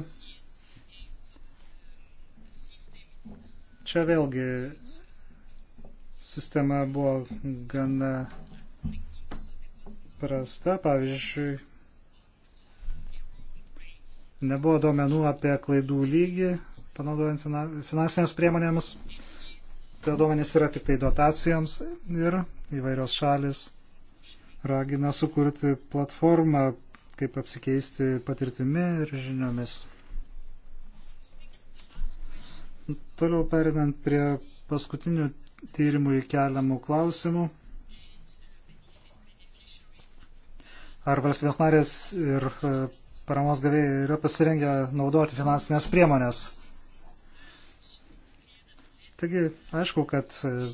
Čia vėlgi sistema buvo gana prasta, pavyzdžiui, nebuvo duomenų apie klaidų lygį, panaudojant finansinėms priemonėms. Tie duomenys yra tik tai dotacijoms ir įvairios šalis ragina sukurti platformą, kaip apsikeisti patirtimi ir žiniomis. Toliau perinant prie paskutinių tyrimų keliamų klausimų. Ar valstybės narės ir e, paramos gavėjai yra pasirengę naudoti finansinės priemonės? Taigi, aišku, kad e,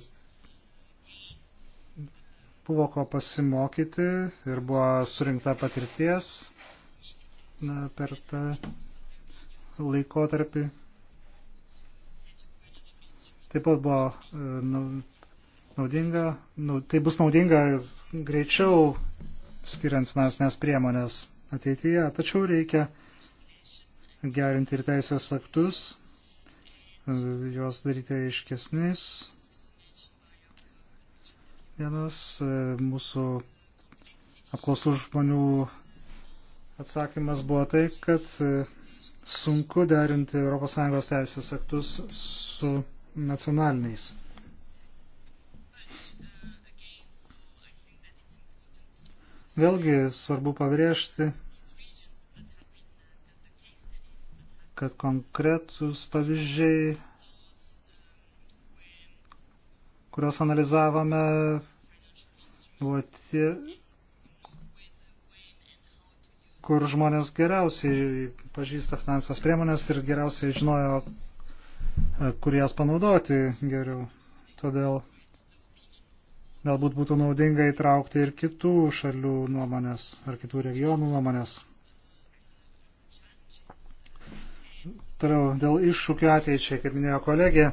buvo ko pasimokyti ir buvo surinkta patirties na, per tą laikotarpį. Taip pat buvo e, naudinga, tai bus naudinga greičiau skiriant finansinės priemonės ateityje, tačiau reikia gerinti ir teisės aktus, e, juos daryti aiškesniais. Vienas e, mūsų apklausų žmonių atsakymas buvo tai, kad sunku derinti ES teisės aktus su nacionaliniais. Vėlgi svarbu pabrėžti, kad konkretus pavyzdžiai, kuriuos analizavome, buvo tie, kur žmonės geriausiai pažįsta finansijos priemonės ir geriausiai žinojo, E, kur jas panaudoti geriau. Todėl galbūt būtų naudinga įtraukti ir kitų šalių nuomonės ar kitų regionų nuomonės. Toliau, dėl iššūkių ateičiai, kaip minėjo kolegė.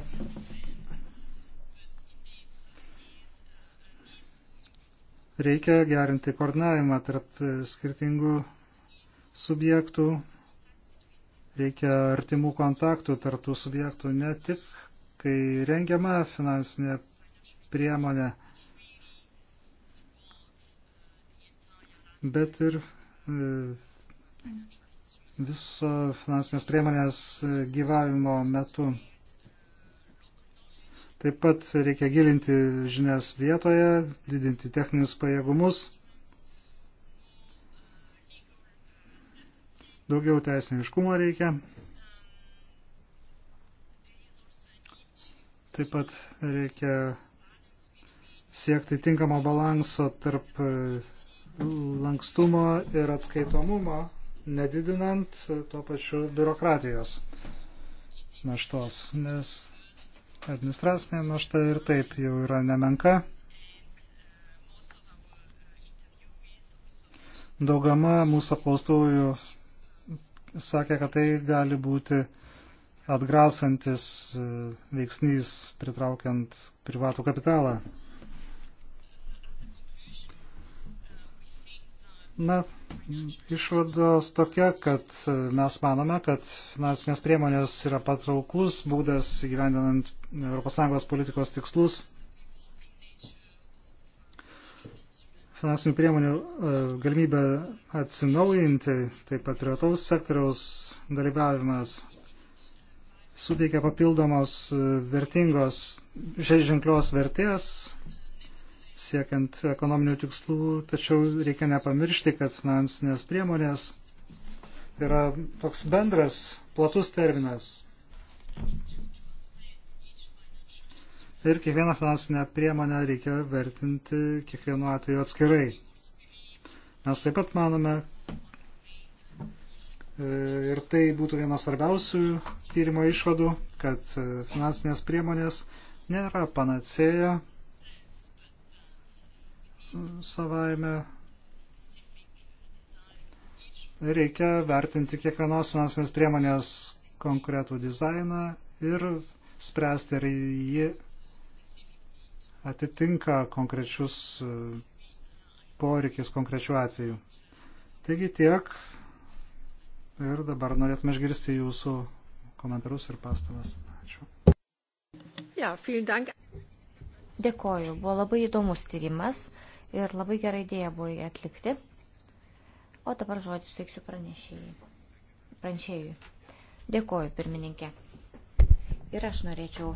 Reikia gerinti koordinavimą tarp skirtingų subjektų reikia artimų kontaktų tarptų subjektų, ne tik kai rengiama finansinė priemonė, bet ir e, viso finansinės priemonės gyvavimo metu. Taip pat reikia gilinti žinias vietoje, didinti techninius pajėgumus Daugiau teisiniškumo reikia. Taip pat reikia siekti tinkamo balanso tarp e, lankstumo ir atskaitomumo, nedidinant tuo pačiu biurokratijos naštos, nes administracinė našta ir taip jau yra nemenka. Daugama mūsų aplaustųjų sakė, kad tai gali būti atgrasantis e, veiksnys pritraukiant privatų kapitalą. Na, išvados tokia, kad e, mes manome, kad finansinės priemonės yra patrauklus būdas įgyvendinant ES politikos tikslus finansinių priemonių e, galimybę atsinaujinti, taip pat privataus sektoriaus dalyvavimas suteikia papildomos e, vertingos, ženklios vertės siekiant ekonominių tikslų, tačiau reikia nepamiršti, kad finansinės priemonės yra toks bendras, platus terminas ir kiekvieną finansinę priemonę reikia vertinti kiekvienu atveju atskirai. Mes taip pat manome, e, ir tai būtų vienas svarbiausių tyrimo išvadų, kad e, finansinės priemonės nėra panacėja e, savaime. Reikia vertinti kiekvienos finansinės priemonės konkretų dizainą ir spręsti, ar ji atitinka konkrečius e, poreikis konkrečių atvejų. Taigi tiek. Ir dabar norėtume išgirsti jūsų komentarus ir pastabas. Ačiū. Ja, dank. Dėkoju. Buvo labai įdomus tyrimas ir labai gerai idėja buvo jį atlikti. O dabar žodžiu suteiksiu pranešėjui. Dėkoju, pirmininkė. Ir aš norėčiau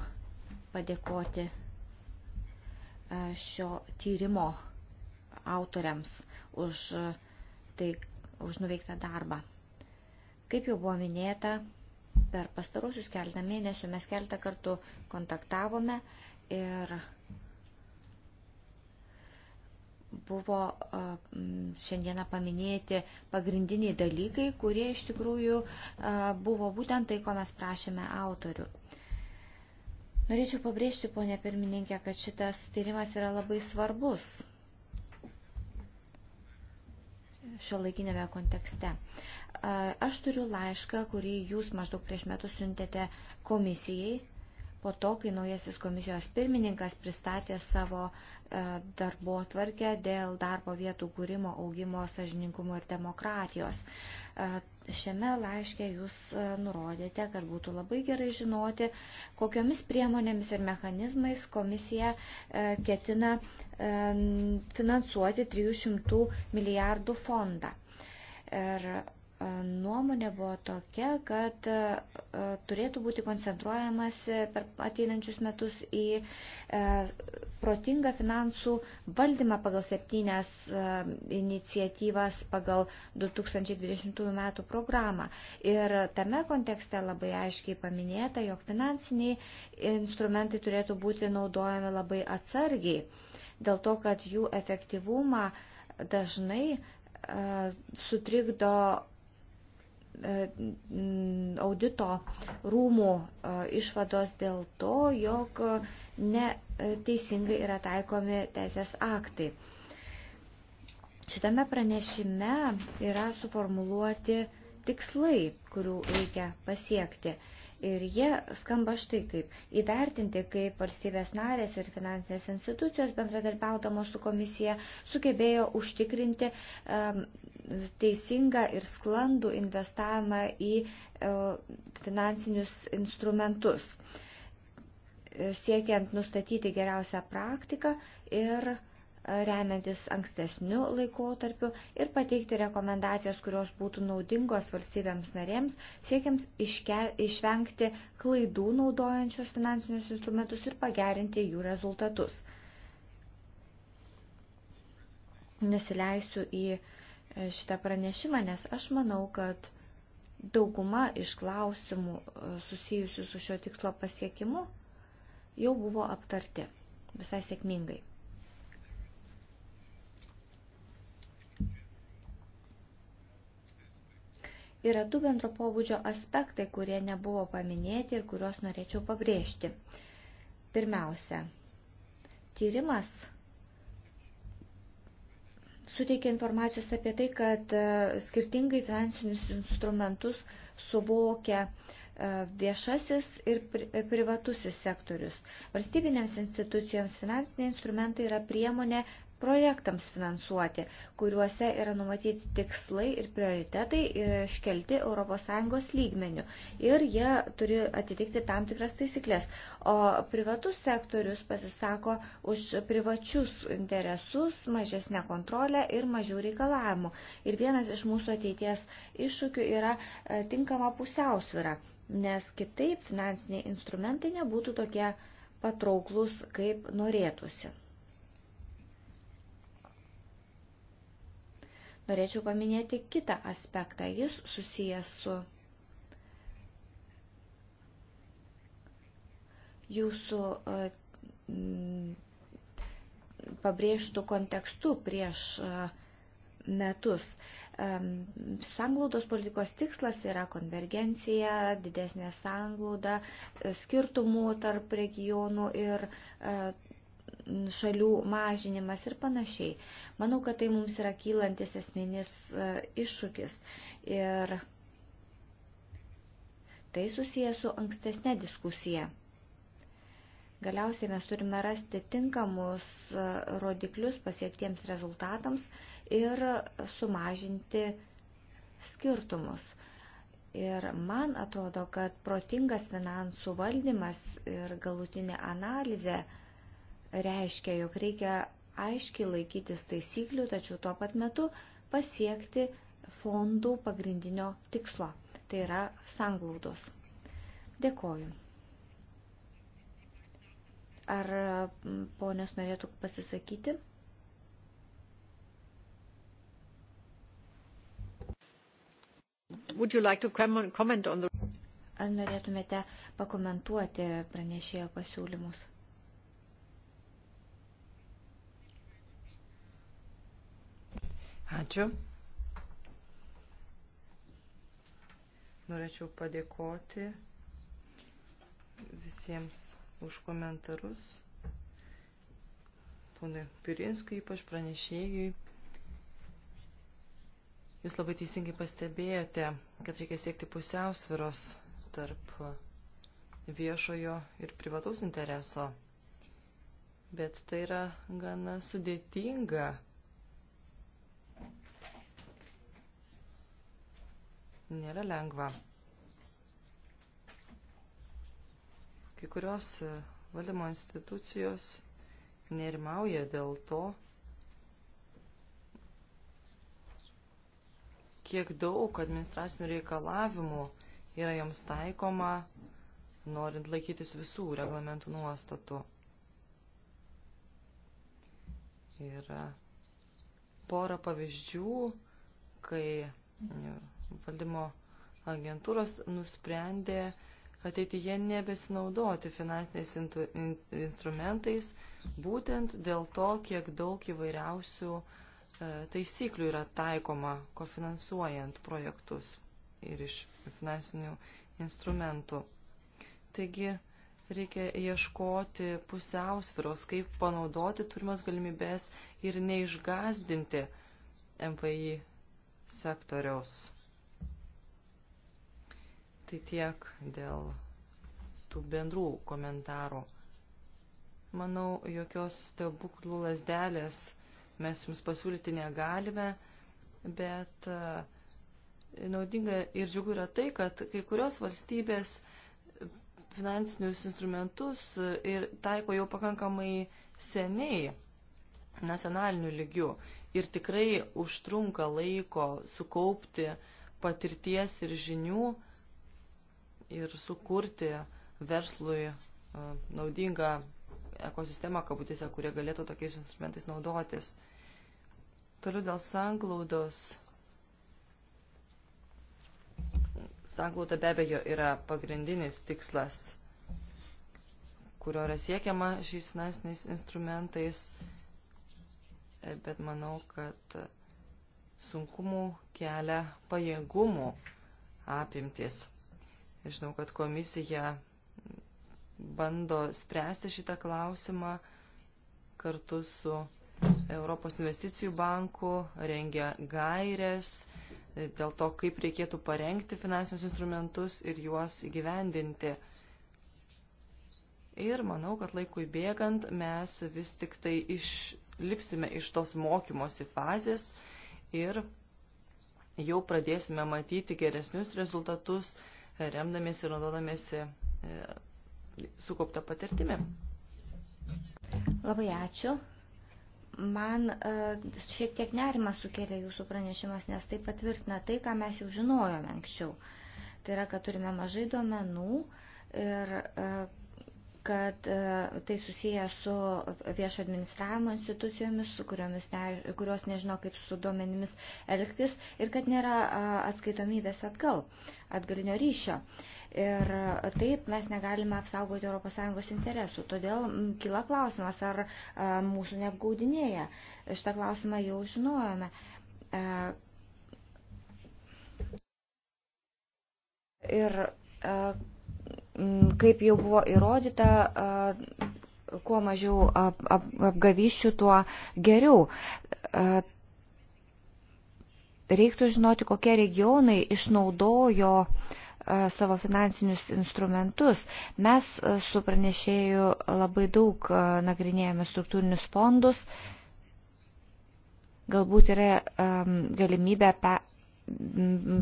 padėkoti E, šio tyrimo autoriams už, e, tai, už nuveiktą darbą. Kaip jau buvo minėta, per pastarusius keletą mėnesių mes keletą kartų kontaktavome ir buvo e, šiandieną paminėti pagrindiniai dalykai, kurie iš tikrųjų buvo būtent tai, ko mes prašėme autorių. Norėčiau pabrėžti, ponė pirmininkė, kad šitas tyrimas yra labai svarbus šio laikinėme kontekste. Aš turiu laišką, kurį jūs maždaug prieš metus siuntėte komisijai, po to, kai naujasis komisijos pirmininkas pristatė savo e, darbo tvarkę dėl darbo vietų kūrimo, augimo, sažininkumo ir demokratijos Šiame laiške jūs e, nurodėte, kad būtų labai gerai žinoti, kokiomis priemonėmis ir mechanizmais komisija e, ketina e, finansuoti 300 milijardų fondą. Ir nuomonė buvo tokia, kad e, turėtų būti koncentruojamas per ateinančius metus į e, protingą finansų valdymą pagal septynės e, iniciatyvas pagal 2020 metų programą. Ir tame kontekste labai aiškiai paminėta, jog finansiniai instrumentai turėtų būti naudojami labai atsargiai, dėl to, kad jų efektyvumą dažnai sutrikdo E, audito rūmų e, išvados dėl to, jog neteisingai e, yra taikomi teisės aktai. Šitame pranešime yra suformuluoti tikslai, kurių reikia pasiekti. Ir jie skamba štai kaip - įvertinti, kaip valstybės narės ir finansinės institucijos bendradarbiaudamos su komisija sugebėjo užtikrinti um, teisingą ir sklandų investavimą į um, finansinius instrumentus, siekiant nustatyti geriausią praktiką ir remiantis ankstesniu laikotarpiu ir pateikti rekomendacijas, kurios būtų naudingos valstybėms narėms, siekiams iške, išvengti klaidų naudojančios finansinius instrumentus ir pagerinti jų rezultatus. Nusileisiu į e, šitą pranešimą, nes aš manau, kad dauguma iš klausimų e, susijusių su šio tikslo pasiekimu jau buvo aptarti visai sėkmingai. Yra du bendro pobūdžio aspektai, kurie nebuvo paminėti ir kuriuos norėčiau pabrėžti. Pirmiausia, tyrimas suteikia informacijos apie tai, kad e, skirtingai finansinius instrumentus suvokia e, viešasis ir e, privatusis sektorius. Valstybinėms institucijoms finansiniai instrumentai yra priemonė projektams finansuoti, kuriuose yra numatyti tikslai ir prioritetai iškelti ES lygmenių. Ir jie turi atitikti tam tikras taisyklės. O privatus sektorius pasisako už privačius interesus, mažesnę kontrolę ir mažiau reikalavimų. Ir vienas iš mūsų ateities iššūkių yra e, tinkama pusiausvyra, nes kitaip finansiniai instrumentai nebūtų tokie patrauklus, kaip norėtųsi. Norėčiau paminėti kitą aspektą. Jis susijęs su jūsų pabrėžtų kontekstų prieš metus. Sanglaudos politikos tikslas yra konvergencija, didesnė sanglauda, skirtumų tarp regionų ir šalių mažinimas ir panašiai. Manau, kad tai mums yra kylantis esminis e, iššūkis. Ir tai susijęs su ankstesnė diskusija. Galiausiai mes turime rasti tinkamus e, rodiklius pasiektiems rezultatams ir sumažinti skirtumus. Ir man atrodo, kad protingas finansų valdymas ir galutinė analizė uh, reiškia, jog reikia aiškiai laikytis taisyklių, tačiau tuo pat metu pasiekti fondų pagrindinio tikslo, tai yra sanglaudos. Dėkoju. Ar ponios norėtų pasisakyti? Would you like to comment on the... Ar norėtumėte pakomentuoti pranešėjo pasiūlymus? Ačiū. Norėčiau padėkoti visiems už komentarus. Ponui Pirinskui, ypač pranešėjui. Jūs labai teisingai pastebėjote, kad reikia siekti pusiausviros tarp viešojo ir privataus intereso. Bet tai yra gana sudėtinga nėra lengva. Kai kurios e, valdymo institucijos nerimauja dėl to, kiek daug administracinių reikalavimų yra joms taikoma, norint laikytis visų reglamentų nuostatų. Yra pora pavyzdžių, kai valdymo agentūros nusprendė ateityje nebesinaudoti finansiniais instrumentais, būtent dėl to, kiek daug įvairiausių e, taisyklių yra taikoma, kofinansuojant projektus ir iš finansinių instrumentų. Taigi reikia ieškoti pusiausviros, kaip panaudoti turimas galimybės ir neišgazdinti MVI sektoriaus. Tai tiek dėl tų bendrų komentarų. Manau, jokios stebuklų lasdelės mes jums pasiūlyti negalime, bet e, naudinga ir džiugu yra tai, kad kai kurios valstybės finansinius instrumentus e, ir taiko jau pakankamai seniai nacionaliniu lygiu ir tikrai užtrunka laiko sukaupti patirties ir žinių, ir sukurti verslui e, naudingą ekosistemą, kabutėse, kurie galėtų tokiais instrumentais naudotis. Toliau dėl sanglaudos. Sanglauda be abejo yra pagrindinis tikslas, kurio yra siekiama šiais finansiniais instrumentais, e, bet manau, kad sunkumų kelia pajėgumų apimtis. Žinau, kad komisija bando spręsti šitą klausimą kartu su Europos investicijų banku, rengia gairės dėl to, kaip reikėtų parengti finansinius instrumentus ir juos įgyvendinti. Ir manau, kad laikui bėgant mes vis tik tai išlipsime iš tos mokymosi fazės ir jau pradėsime matyti geresnius rezultatus, remdamėsi ir naudodamėsi e, sukauptą patirtimį. Labai ačiū. Man e, šiek tiek nerima sukelia jūsų pranešimas, nes tai patvirtina tai, ką mes jau žinojome anksčiau. Tai yra, kad turime mažai duomenų ir e, kad e, tai susiję su viešo administravimo institucijomis, su kuriomis ne, kurios nežino, kaip su duomenimis elgtis ir kad nėra atskaitomybės atgal, atgalinio ryšio. Ir taip mes negalime apsaugoti ES interesų. Todėl kyla klausimas, ar mūsų neapgaudinėja. Šitą klausimą jau žinojome. Ir kaip jau buvo įrodyta, kuo mažiau ap, ap, apgavyšių, tuo geriau. Reiktų žinoti, kokie regionai išnaudojo savo finansinius instrumentus. Mes su pranešėju labai daug nagrinėjame struktūrinius fondus. Galbūt yra um, galimybė pe,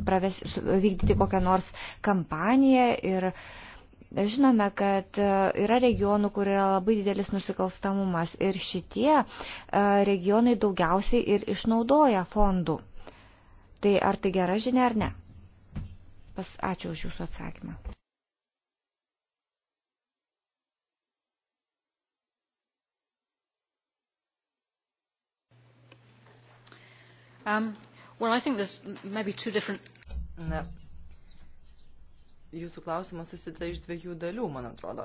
praves, vykdyti kokią nors kampaniją ir uh, Žinome, kad e, yra regionų, kur yra labai didelis nusikalstamumas ir šitie e, regionai daugiausiai ir išnaudoja fondų. Tai ar tai gera žinia ar ne? Pas, ačiū už Jūsų atsakymą. Um, well, I think there's maybe two different... Na, jūsų klausimas susideda iš dviejų dalių, man atrodo.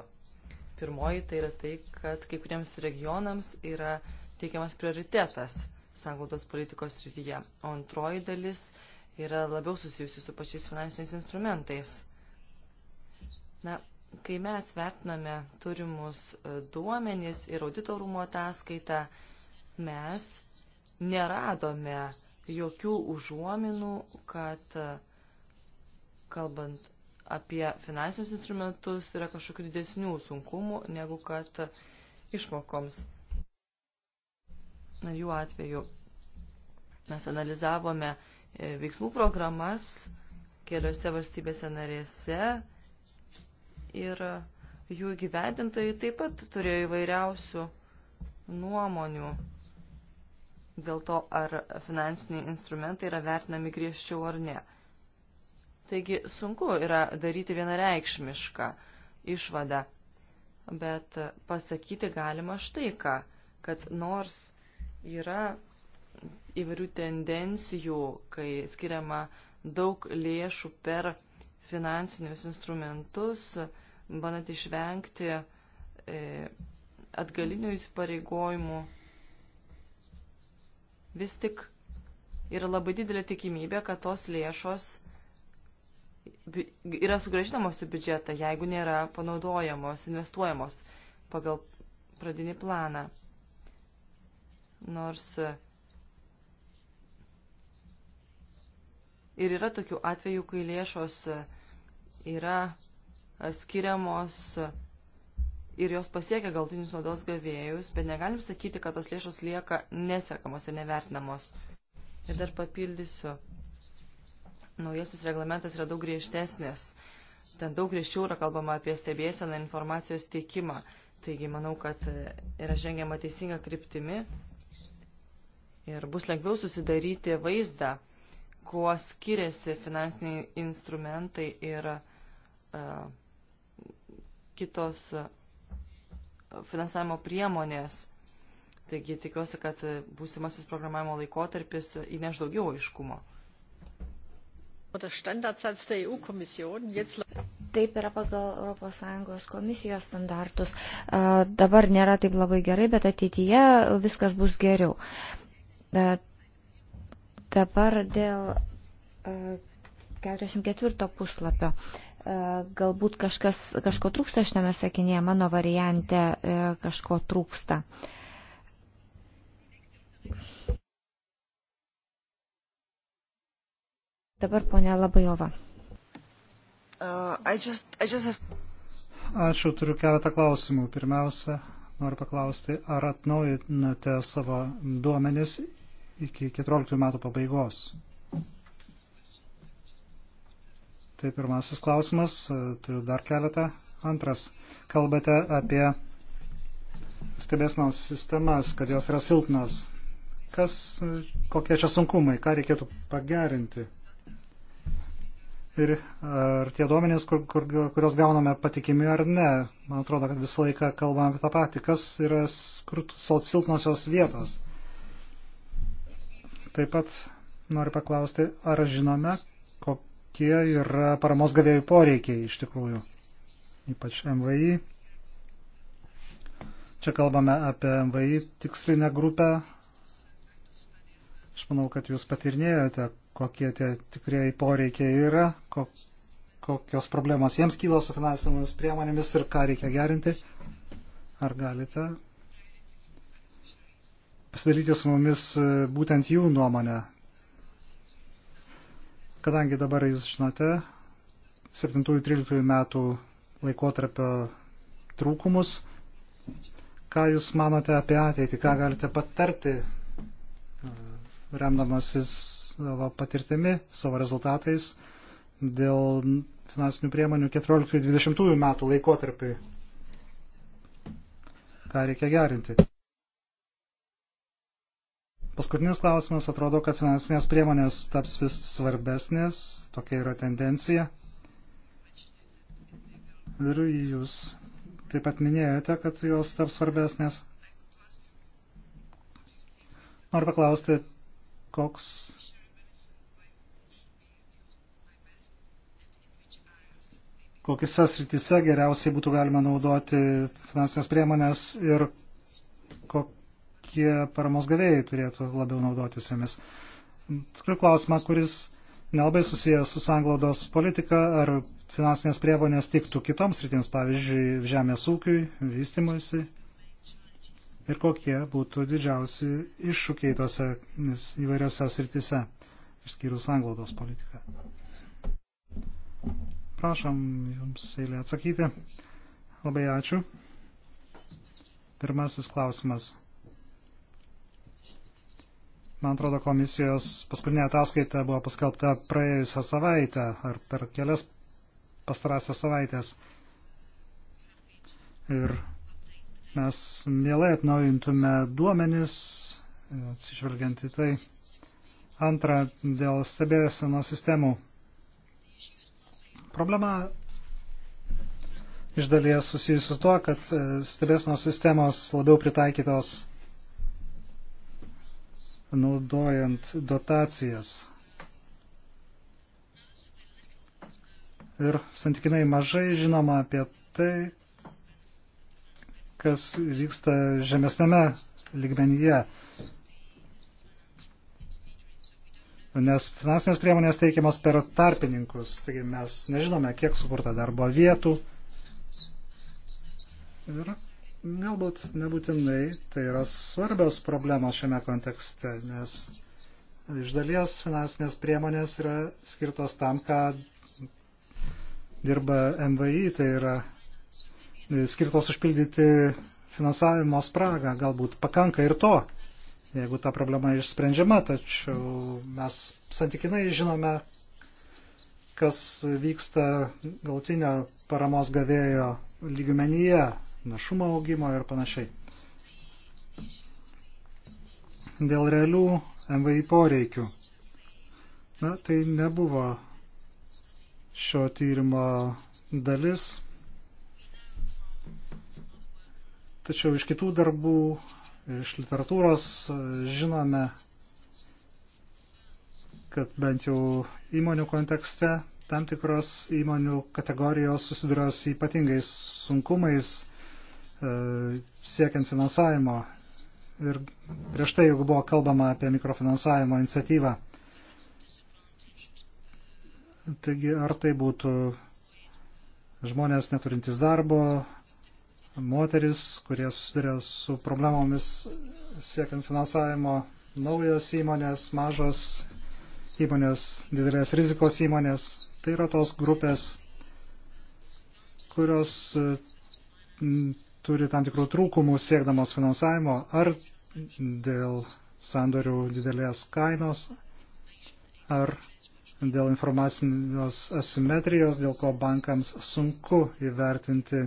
Pirmoji tai yra tai, kad kai kuriems regionams yra teikiamas prioritetas sanglaudos politikos srityje, o antroji dalis yra labiau susijusi su pačiais finansiniais instrumentais. Na, kai mes vertiname turimus e, duomenys ir auditorumo ataskaitą, mes neradome jokių užuominų, kad e, kalbant apie finansinius instrumentus yra kažkokių didesnių sunkumų negu kad išmokoms. Na, jų atveju mes analizavome e, veiksmų programas keliose valstybėse narėse ir jų gyvendintojai taip pat turėjo įvairiausių nuomonių dėl to, ar finansiniai instrumentai yra vertinami griežčiau ar ne. Taigi sunku yra daryti vienareikšmišką išvadą, bet pasakyti galima štai ką, kad nors yra įvairių tendencijų, kai skiriama daug lėšų per finansinius instrumentus, bandant išvengti e, atgalinių įsipareigojimų, vis tik yra labai didelė tikimybė, kad tos lėšos yra sugražinamos į biudžetą, jeigu nėra panaudojamos, investuojamos pagal pradinį planą. Nors e, ir yra tokių atvejų, kai lėšos e, yra e, skiriamos ir jos pasiekia galtinius naudos gavėjus, bet negalim sakyti, kad tos lėšos lieka nesekamos ir nevertinamos. Ir dar papildysiu Naujasis reglamentas yra daug griežtesnis. Ten daug griežčiau yra kalbama apie stebėseną informacijos teikimą. Taigi manau, kad e, yra žengiama teisinga kryptimi ir bus lengviau susidaryti vaizdą, kuo skiriasi finansiniai instrumentai ir uh, kitos e, finansavimo priemonės. Taigi tikiuosi, kad būsimasis programavimo laikotarpis įneš daugiau aiškumo. Taip yra pagal ES komisijos standartus. Dabar nėra taip labai gerai, bet ateityje viskas bus geriau. Dabar dėl 44 puslapio galbūt kažkas, kažko trūksta šitame sakinėje, mano variante e, kažko trūksta. Dabar ponia Labajova. Uh, I just, I just have... Ačiū, turiu keletą klausimų. Pirmiausia, noriu paklausti, ar atnaujinate savo duomenis iki 14 metų pabaigos? Tai pirmasis klausimas, turiu dar keletą. Antras, kalbate apie stebėsnos sistemas, kad jos yra silpnos. Kas, kokie čia sunkumai, ką reikėtų pagerinti? ir ar tie duomenys, kur, kur, kurios gauname patikimi ar ne. Man atrodo, kad visą laiką kalbame apie tą patį, kas yra silpnosios vietos. Taip pat noriu paklausti, ar žinome, kokie yra paramos gavėjų poreikiai iš tikrųjų, ypač MVI. Čia kalbame apie MVI tikslinę grupę. Aš manau, kad jūs patirnėjote, kokie tie tikrieji poreikiai yra, kokios problemos jiems kyla su finansinėmis priemonėmis ir ką reikia gerinti. Ar galite pasidalyti su mumis e, būtent jų nuomonę? Kadangi dabar jūs žinote 7-13 metų laikotarpio trūkumus, ką jūs manote apie ateitį, ką galite patarti, e, remdamasis savo patirtimi, savo rezultatais? dėl finansinių priemonių 14-20 metų laikotarpiui. Ką reikia gerinti? Paskutinis klausimas atrodo, kad finansinės priemonės taps vis svarbesnės, tokia yra tendencija. Ir jūs taip pat minėjote, kad jos taps svarbesnės. Noriu paklausti, koks kokiuose srityse geriausiai būtų galima naudoti finansinės priemonės ir kokie paramos gavėjai turėtų labiau naudotis jomis. Tikrai klausimą, kuris nelabai susijęs su sanglaudos politika ar finansinės priemonės tiktų kitoms rytims, pavyzdžiui, žemės ūkiui, vystimuisi ir kokie būtų didžiausi iššūkiai tose įvairiose srityse, išskyrus anglaudos politiką. Prašom jums eilė atsakyti. Labai ačiū. Pirmasis klausimas. Man atrodo, komisijos paskutinė ataskaita buvo paskelbta praėjusią savaitę ar per kelias pastarąsias savaitės. Ir mes mielai atnaujintume duomenis, atsižvelgiant į tai. Antra, dėl stebėsenos sistemų Problema iš dalies susijusi su tuo, kad e, stebėsnos sistemos labiau pritaikytos naudojant dotacijas. Ir santykinai mažai žinoma apie tai, kas vyksta žemesnėme lygmenyje nes finansinės priemonės teikiamas per tarpininkus, taigi mes nežinome, kiek sukurta darbo vietų. Ir galbūt nebūtinai tai yra svarbios problemos šiame kontekste, nes iš dalies finansinės priemonės yra skirtos tam, ką dirba MVI, tai yra skirtos užpildyti finansavimo spragą, galbūt pakanka ir to jeigu ta problema išsprendžiama, tačiau mes santykinai žinome, kas vyksta galtinio paramos gavėjo lygmenyje, našumo augimo ir panašiai. Dėl realių MVI poreikių. Na, tai nebuvo šio tyrimo dalis. Tačiau iš kitų darbų iš literatūros e, žinome, kad bent jau įmonių kontekste tam tikros įmonių kategorijos susiduria su ypatingais sunkumais e, siekiant finansavimo. Ir prieš tai, jeigu buvo kalbama apie mikrofinansavimo iniciatyvą. Taigi, ar tai būtų žmonės neturintys darbo, moteris, kurie susiduria su problemomis siekiant finansavimo naujos įmonės, mažos įmonės, didelės rizikos įmonės. Tai yra tos grupės, kurios turi tam tikrų trūkumų siekdamos finansavimo ar dėl sandorių didelės kainos, ar dėl informacinės asimetrijos, dėl ko bankams sunku įvertinti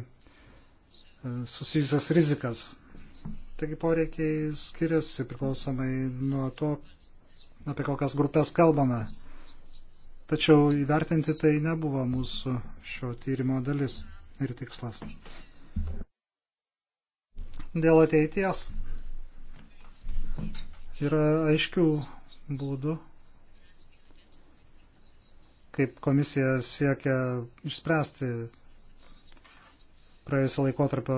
susijusias rizikas. Taigi poreikiai skiriasi priklausomai nuo to, apie kokias grupės kalbame. Tačiau įvertinti tai nebuvo mūsų šio tyrimo dalis ir tikslas. Dėl ateities yra aiškių būdų, kaip komisija siekia išspręsti praėjusio laikotarpio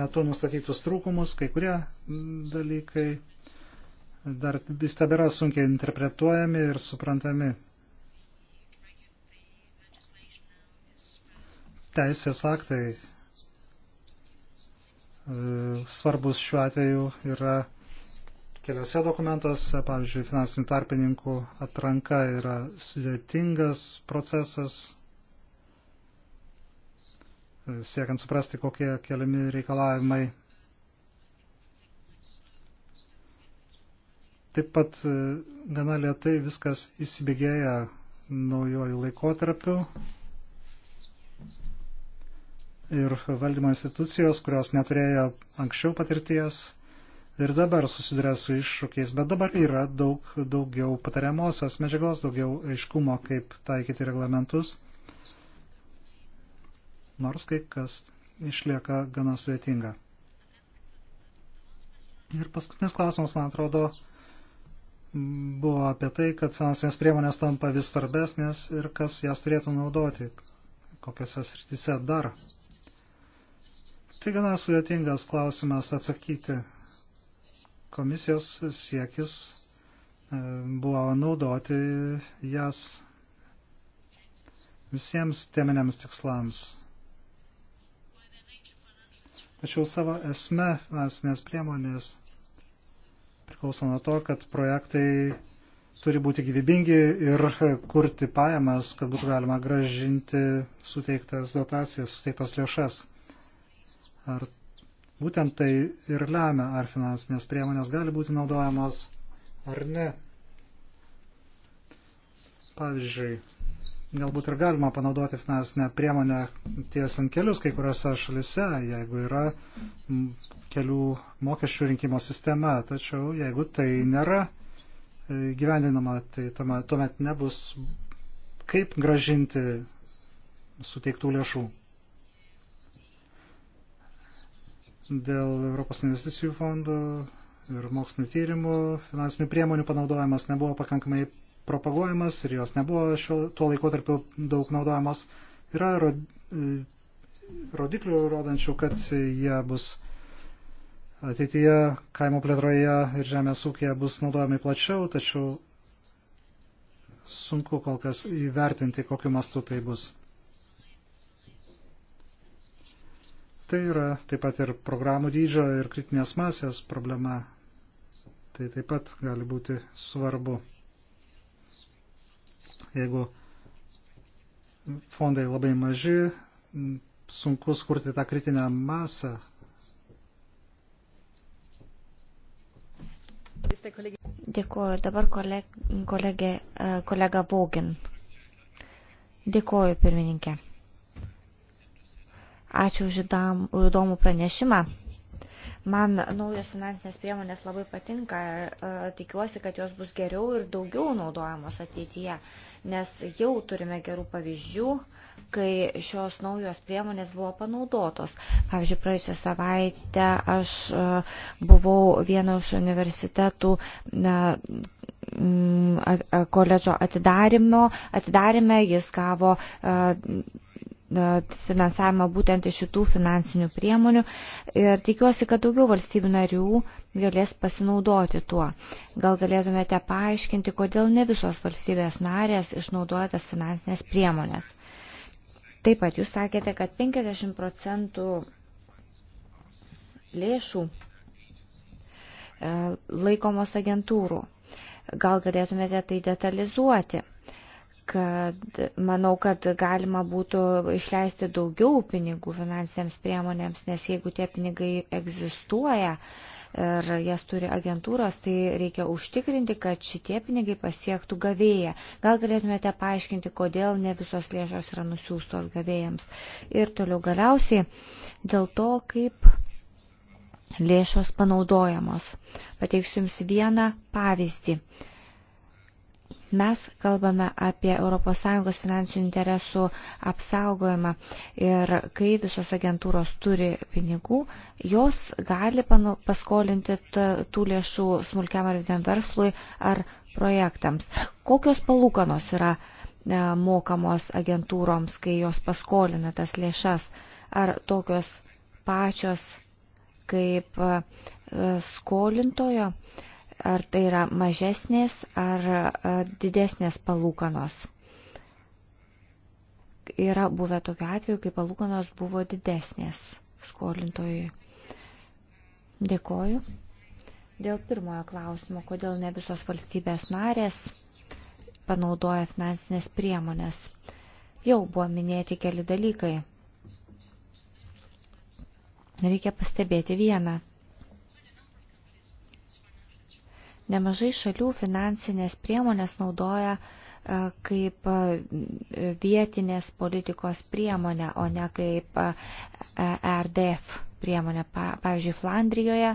metu nustatytus trūkumus, kai kurie dalykai dar vis tebėra sunkiai interpretuojami ir suprantami. Teisės aktai e, svarbus šiuo atveju yra keliose dokumentuose, pavyzdžiui, finansinių tarpininkų atranka yra sudėtingas procesas, siekiant suprasti, kokie keliami reikalavimai. Taip pat e, gana lietai viskas įsibėgėja naujojų laikotarpių ir valdymo institucijos, kurios neturėjo anksčiau patirties ir dabar susiduria su iššūkiais, bet dabar yra daug daugiau patariamosios medžiagos, daugiau aiškumo, kaip taikyti reglamentus nors kai kas išlieka gana sudėtinga. Ir paskutinis klausimas, man atrodo, buvo apie tai, kad finansinės priemonės tampa vis svarbesnės ir kas jas turėtų naudoti, kokiose srityse dar. Tai gana sudėtingas klausimas atsakyti. Komisijos siekis e, buvo naudoti jas visiems teminiams tikslams Tačiau savo esme finansinės priemonės priklauso nuo to, kad projektai turi būti gyvybingi ir kurti pajamas, kad būtų galima gražinti suteiktas dotacijas, suteiktas lėšas. Ar būtent tai ir lemia, ar finansinės priemonės gali būti naudojamos ar ne. Pavyzdžiui, galbūt ir galima panaudoti finansinę priemonę tiesant kelius kai kuriuose šalise, jeigu yra kelių mokesčių rinkimo sistema. Tačiau jeigu tai nėra e, gyvendinama, tai tuomet nebus kaip gražinti suteiktų lėšų. Dėl Europos investicijų fondų ir mokslinių tyrimų finansinių priemonių panaudojimas nebuvo pakankamai propaguojamas ir jos nebuvo šio, tuo laikotarpiu daug naudojamos. Yra e, rodiklių rodančių, kad jie bus ateityje kaimo plėtroje ir žemės ūkėje bus naudojami plačiau, tačiau sunku kol kas įvertinti, kokiu mastu tai bus. Tai yra taip pat ir programų dydžio ir kritinės masės problema. Tai taip pat gali būti svarbu. Jeigu fondai labai maži, sunku skurti tą kritinę masą. Dėkuoju. Dabar kolegė, e, kolega Bogin. Dėkuoju, pirmininkė. Ačiū už įdomų pranešimą. Man naujos finansinės priemonės labai patinka ir e, tikiuosi, kad jos bus geriau ir daugiau naudojamos ateityje, nes jau turime gerų pavyzdžių, kai šios naujos priemonės buvo panaudotos. Pavyzdžiui, praėjusią savaitę aš e, buvau vieno iš universitetų koledžo atidarimo, atidarime, jis gavo e, E, finansavimą būtent iš šitų finansinių priemonių ir tikiuosi, kad daugiau valstybių narių galės pasinaudoti tuo. Gal galėtumėte paaiškinti, kodėl ne visos valstybės narės išnaudoja tas finansinės priemonės. Taip pat jūs sakėte, kad 50 procentų lėšų e, laikomos agentūrų. Gal galėtumėte tai detalizuoti? kad manau, kad galima būtų išleisti daugiau pinigų finansinėms priemonėms, nes jeigu tie pinigai egzistuoja ir jas turi agentūros, tai reikia užtikrinti, kad šitie pinigai pasiektų gavėją. Gal galėtumėte paaiškinti, kodėl ne visos lėšos yra nusiūstos gavėjams. Ir toliau galiausiai dėl to, kaip lėšos panaudojamos. Pateiksiu Jums vieną pavyzdį. Mes kalbame apie ES finansinių interesų apsaugojimą ir kai visos agentūros turi pinigų, jos gali paskolinti tų lėšų smulkiam ar vidiniam verslui ar projektams. Kokios palūkanos yra e, mokamos agentūroms, kai jos paskolina tas lėšas? Ar tokios pačios kaip e, skolintojo? ar tai yra mažesnės ar e, didesnės palūkanos. Yra buvę tokiu atveju, kai palūkanos buvo didesnės skolintojui. Dėkoju. Dėl pirmojo klausimo, kodėl ne visos valstybės narės panaudoja finansinės priemonės. Jau buvo minėti keli dalykai. Reikia pastebėti vieną Nemažai šalių finansinės priemonės naudoja e, kaip e, vietinės politikos priemonę, o ne kaip e, RDF priemonę. Pavyzdžiui, Flandrijoje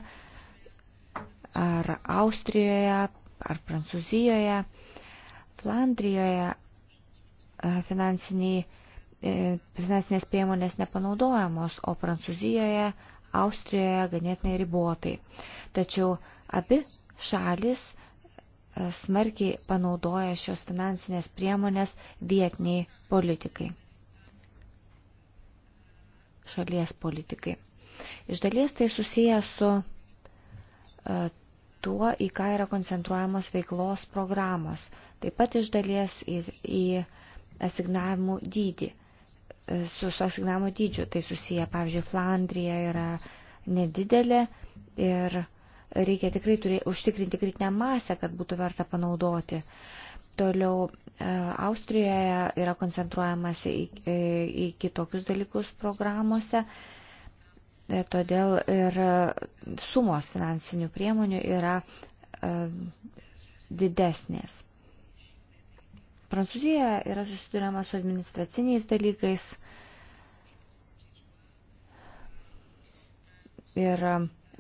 ar Austrijoje ar Prancūzijoje. Flandrijoje finansinės priemonės nepanaudojamos, o Prancūzijoje, Austrijoje ganėtinai ribotai. Tačiau abi šalis e, smarkiai panaudoja šios finansinės priemonės vietiniai politikai. Šalies politikai. Iš dalies tai susiję su e, tuo, į ką yra koncentruojamos veiklos programos. Taip pat iš dalies į, į asignavimų dydį. E, su, su asignavimo dydžiu tai susiję, pavyzdžiui, Flandrija yra nedidelė ir reikia tikrai turė, užtikrinti kritinę masę, kad būtų verta panaudoti. Toliau e, Austrijoje yra koncentruojamas į, į, e, į kitokius dalykus programuose. Ir e, todėl ir sumos finansinių priemonių yra didesnės. Prancūzijoje yra susiduriama su administraciniais dalykais ir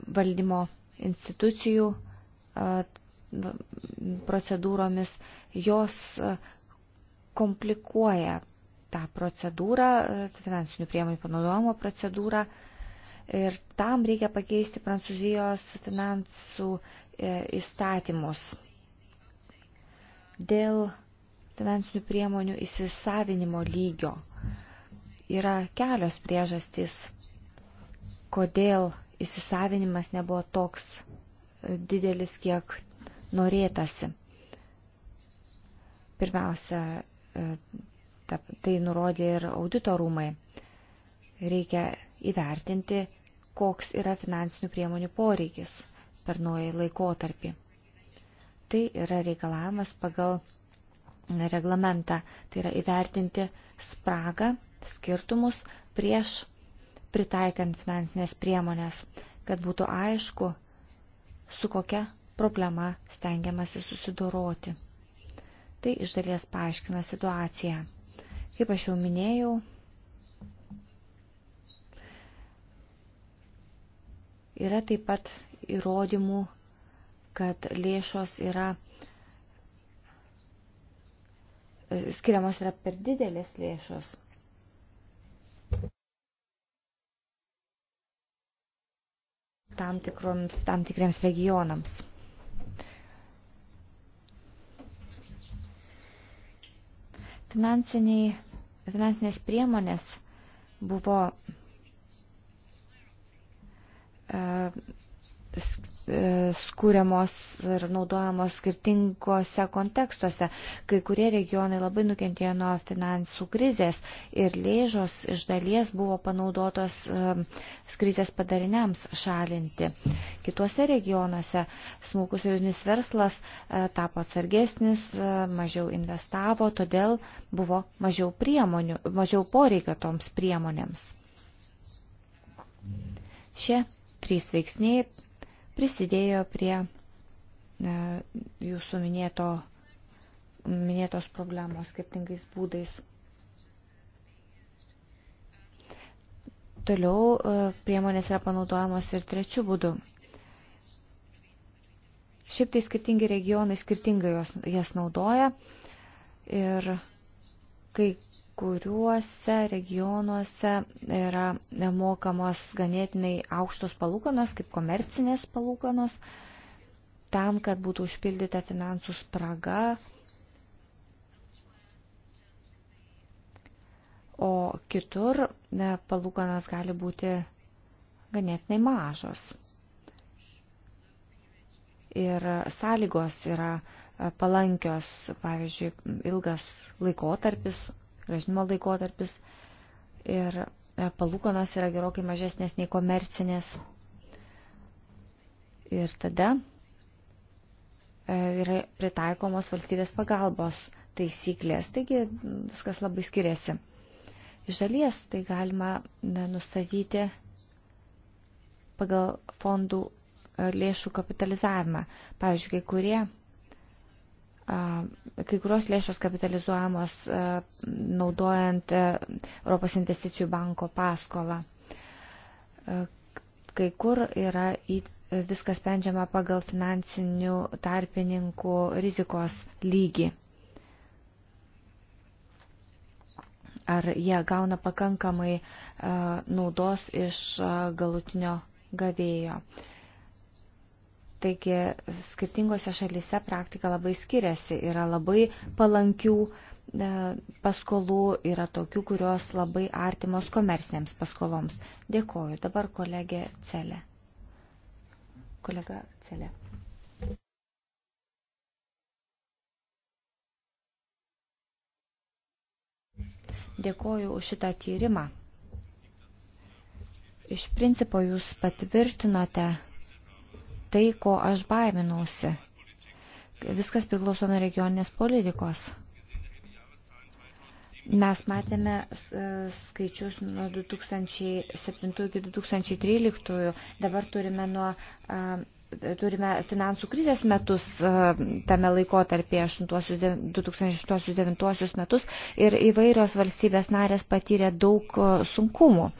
valdymo institucijų procedūromis, jos komplikuoja tą procedūrą, finansinių priemonių panaudojimo procedūrą. Ir tam reikia pakeisti Prancūzijos finansų e, įstatymus. Dėl finansinių priemonių įsisavinimo lygio yra kelios priežastys, kodėl įsisavinimas nebuvo toks e, didelis, kiek norėtasi. Pirmiausia, e, tai nurodė ir auditorumai. Reikia įvertinti, koks yra finansinių priemonių poreikis per naują laikotarpį. Tai yra reikalavimas pagal reglamentą, tai yra įvertinti spragą, skirtumus prieš pritaikant finansinės priemonės, kad būtų aišku, su kokia problema stengiamasi susidoroti. Tai iš dalies paaiškina situaciją. Kaip aš jau minėjau, yra taip pat įrodymų, kad lėšos yra skiriamos yra per didelės lėšos. tam, tikroms, tam tikriems regionams. Finansiniai, finansinės priemonės buvo uh, E, skūriamos ir naudojamos skirtingose kontekstuose. Kai kurie regionai labai nukentėjo nuo finansų krizės ir lėžos iš dalies buvo panaudotos e, krizės padariniams šalinti. Kituose regionuose smulkus ir jūsnis verslas e, tapo atsargesnis, mažiau investavo, todėl buvo mažiau, priemonių, mažiau poreikio toms priemonėms. Šie trys veiksniai prisidėjo prie e, jūsų minėto, minėtos problemos skirtingais būdais. Toliau e, priemonės yra panaudojamos ir trečių būdų. Šiaip tai skirtingi regionai skirtingai jos, jas naudoja ir kai kuriuose regionuose yra nemokamos ganėtinai aukštos palūkanos, kaip komercinės palūkanos, tam, kad būtų užpildyta finansų spraga. O kitur ne, palūkanos gali būti ganėtinai mažos. Ir sąlygos yra palankios, pavyzdžiui, ilgas laikotarpis, gražinimo laikotarpis ir e, palūkanos yra gerokai mažesnės nei komercinės. Ir tada e, yra pritaikomos valstybės pagalbos taisyklės, taigi viskas labai skiriasi. Iš dalies tai galima nustatyti pagal fondų e, lėšų kapitalizavimą. Pavyzdžiui, kai kurie kai kurios lėšos kapitalizuojamos naudojant Europos investicijų banko paskolą. Kai kur yra viskas sprendžiama pagal finansinių tarpininkų rizikos lygį. Ar jie gauna pakankamai naudos iš galutinio gavėjo. Uh, Taigi skirtingose šalyse praktika labai skiriasi. Yra labai palankių e, paskolų, yra tokių, kurios labai artimos komersinėms paskoloms. Dėkoju. Dabar kolegė Celė. Kolega Celė. Dėkoju už šitą tyrimą. Iš principo jūs patvirtinote tai, ko aš baiminausi. Viskas priklauso nuo regioninės politikos. Mes matėme skaičius nuo 2007 iki 2013, dabar turime, nuo, turime finansų krizės metus tame laikotarpėje 2008-2009 metus ir įvairios valstybės narės patyrė daug sunkumų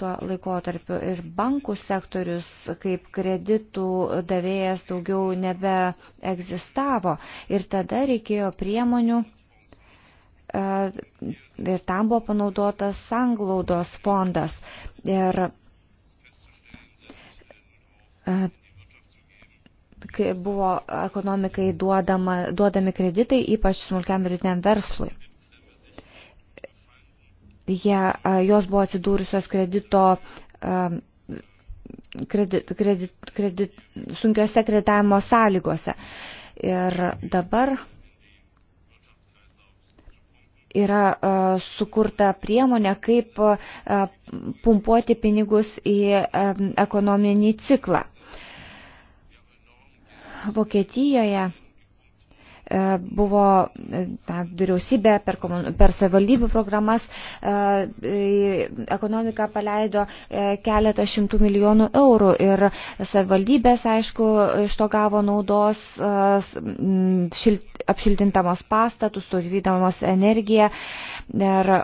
tuo laikotarpiu ir bankų sektorius kaip kreditų davėjas daugiau nebeegzistavo ir tada reikėjo priemonių e, ir tam buvo panaudotas sanglaudos fondas. Ir e, buvo ekonomikai duodama, duodami kreditai, ypač smulkiam vidutiniam verslui jie, jos buvo atsidūrusios kredito, kredit, kredit, kredit, sunkiose kreditavimo sąlygose. Ir dabar yra sukurta priemonė, kaip pumpuoti pinigus į ekonominį ciklą. Vokietijoje E, buvo na, e, vyriausybė per, per savivaldybių programas e, ekonomiką paleido keletą šimtų milijonų eurų ir savivaldybės, aišku, iš to gavo naudos apšiltintamos pastatus, taupydamos energiją. Ir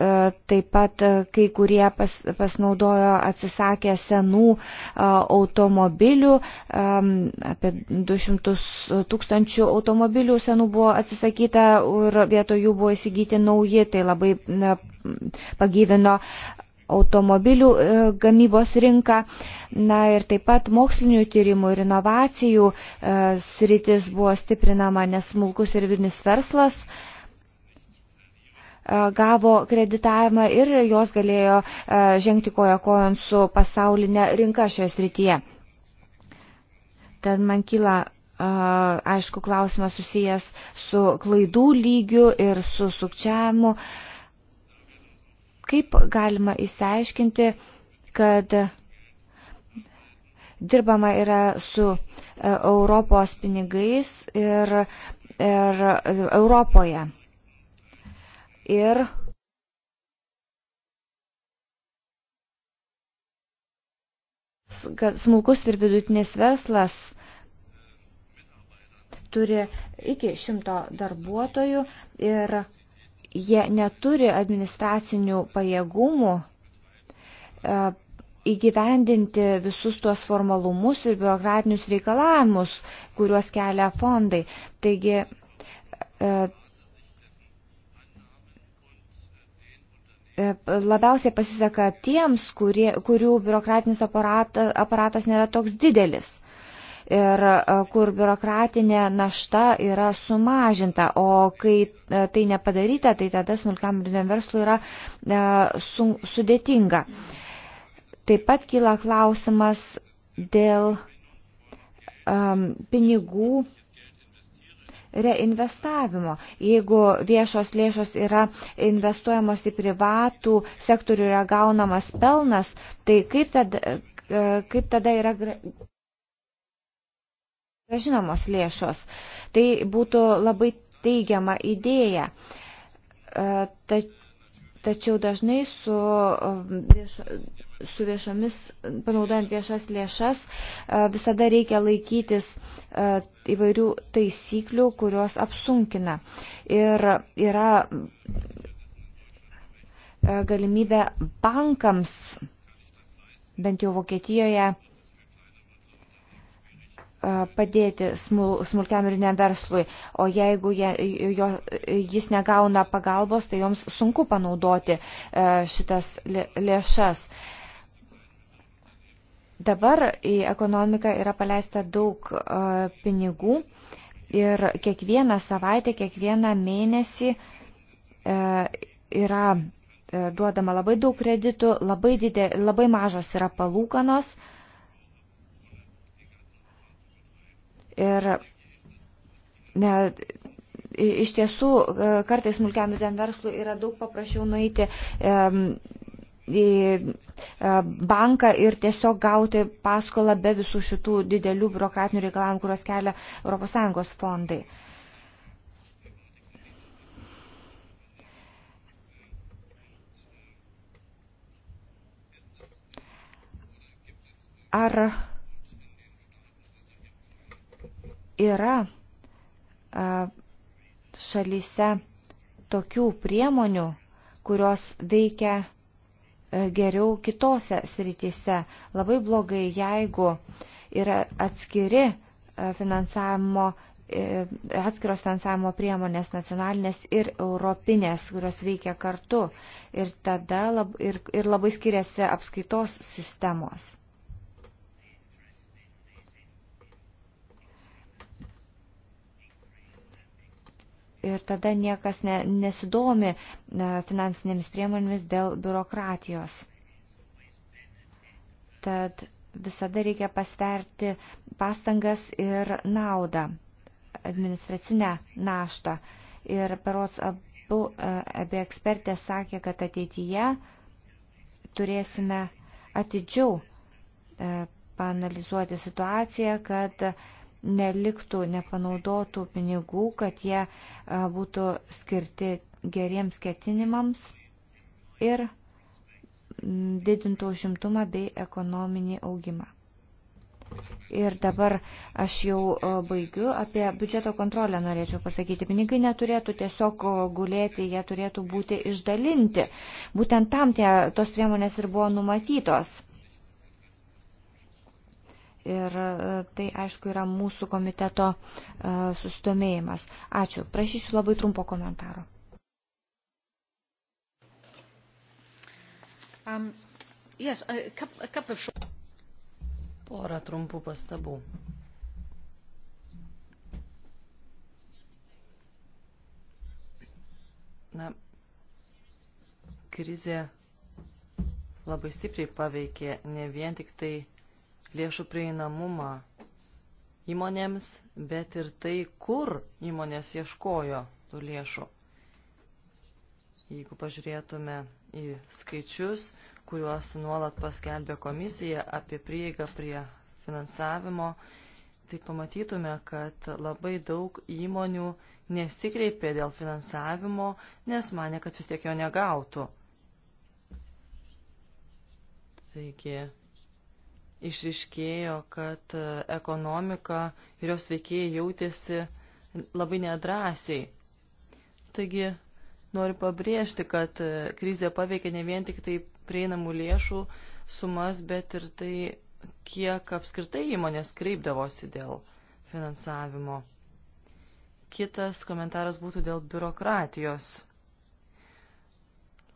E, taip pat e, kai kurie pas, pasinaudojo atsisakę senų e, automobilių, apie 200 tūkstančių automobilių senų buvo atsisakyta ir vietoj jų buvo įsigyti nauji, tai labai pagyvino automobilių gamybos rinką. Na ir taip pat mokslinių tyrimų ir inovacijų sritis buvo stiprinama, nes smulkus ir vidnis verslas E, gavo kreditavimą ir jos galėjo e, žengti koja kojon su pasaulinė rinka šioje srityje. Tad man kyla e, aišku klausimas susijęs su klaidų lygiu ir su sukčiavimu. Kaip galima įsiaiškinti, kad dirbama yra su Europos pinigais ir, ir Europoje? ir kad smulkus ir vidutinis verslas turi iki šimto darbuotojų ir jie neturi administracinių pajėgumų e, įgyvendinti visus tuos formalumus ir biurokratinius reikalavimus, kuriuos kelia fondai. Taigi e, E, labiausiai pasiseka tiems, kurie, kurių biurokratinis aparata, aparatas nėra toks didelis ir e, kur biurokratinė našta yra sumažinta, o kai e, tai nepadaryta, tai tada smulkiam vidiniam verslui yra su, sudėtinga. Taip pat kyla klausimas dėl um, pinigų reinvestavimo. Jeigu viešos lėšos yra investuojamos į privatų sektorių yra gaunamas pelnas, tai kaip tada, e, kaip tada yra gražinamos lėšos? Tai būtų labai teigiama idėja. E, Tačiau Tačiau dažnai su, um, su viešomis, panaudojant viešas lėšas, uh, visada reikia laikytis uh, įvairių taisyklių, kurios apsunkina. Ir yra uh, galimybė bankams, bent jau Vokietijoje, padėti smul, smulkiam ir neverslui, o jeigu je, jo, jis negauna pagalbos, tai joms sunku panaudoti šitas lėšas. Dabar į ekonomiką yra paleista daug pinigų ir kiekvieną savaitę, kiekvieną mėnesį yra duodama labai daug kreditų, labai, didė, labai mažos yra palūkanos. Uh, Ir ne, iš tiesų e, kartais smulkiam vidėm verslui yra daug paprasčiau nueiti į e, banką ir tiesiog gauti paskolą be visų šitų didelių biurokratinių reikalavimų, kuriuos kelia ES fondai. Ar Yra šalyse tokių priemonių, kurios veikia e, geriau kitose srityse. Labai blogai, jeigu yra atskiri e, finansavimo e, atskiros finansavimo priemonės nacionalinės ir europinės, kurios veikia kartu ir tada lab, ir, ir labai skiriasi apskaitos sistemos. ir tada niekas ne, nesidomi e, finansinėmis priemonėmis dėl biurokratijos. Tad visada reikia pasverti pastangas ir naudą, administracinę naštą. Ir perots abu, e, abi ekspertės sakė, kad ateityje turėsime atidžiau e, panalizuoti situaciją, kad neliktų nepanaudotų pinigų, kad jie e, būtų skirti geriems ketinimams ir didintų užimtumą bei ekonominį augimą. Ir dabar aš jau e, baigiu. Apie biudžeto kontrolę norėčiau pasakyti. Pinigai neturėtų tiesiog e, gulėti, jie turėtų būti išdalinti. Būtent tam tie, tos priemonės ir buvo numatytos. Ir e, tai, aišku, yra mūsų komiteto e, susidomėjimas. Ačiū. Prašysiu labai trumpo komentaro. Um, yes, a couple, a couple of... Porą trumpų pastabų. Na, krizė labai stipriai paveikė ne vien tik tai lėšų prieinamumą įmonėms, bet ir tai, kur įmonės ieškojo tų lėšų. Jeigu pažiūrėtume į skaičius, kuriuos nuolat paskelbė komisija apie prieigą prie finansavimo, tai pamatytume, kad labai daug įmonių nesikreipė dėl finansavimo, nes mane, kad vis tiek jo negautų. Taigi, išriškėjo, kad e, ekonomika ir jos veikėjai jautėsi labai nedrasiai. Taigi noriu pabrėžti, kad e, krizė paveikė ne vien tik tai prieinamų lėšų sumas, bet ir tai, kiek apskritai įmonės kreipdavosi dėl finansavimo. Kitas komentaras būtų dėl biurokratijos.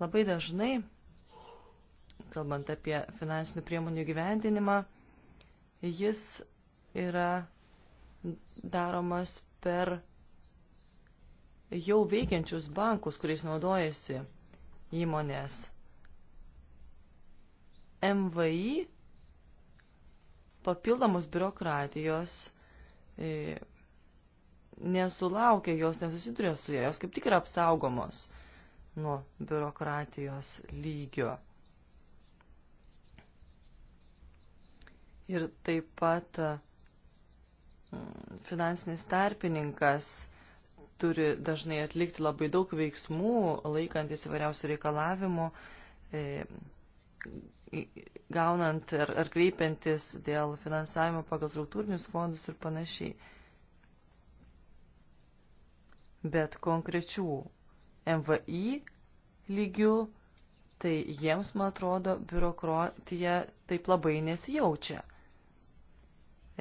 Labai dažnai kalbant apie finansinių priemonių gyvendinimą, jis yra daromas per jau veikiančius bankus, kuriais naudojasi įmonės. MVI papildomos biurokratijos e, nesulaukia, jos nesusiduria su jais, jos kaip tik yra apsaugomos nuo biurokratijos lygio. ir taip pat finansinis tarpininkas turi dažnai atlikti labai daug veiksmų, laikantis įvairiausių reikalavimų, e, gaunant ar, ar kreipiantis dėl finansavimo pagal struktūrinius fondus ir panašiai. Bet konkrečių MVI lygių, tai jiems, man atrodo, biurokratija taip labai nesijaučia.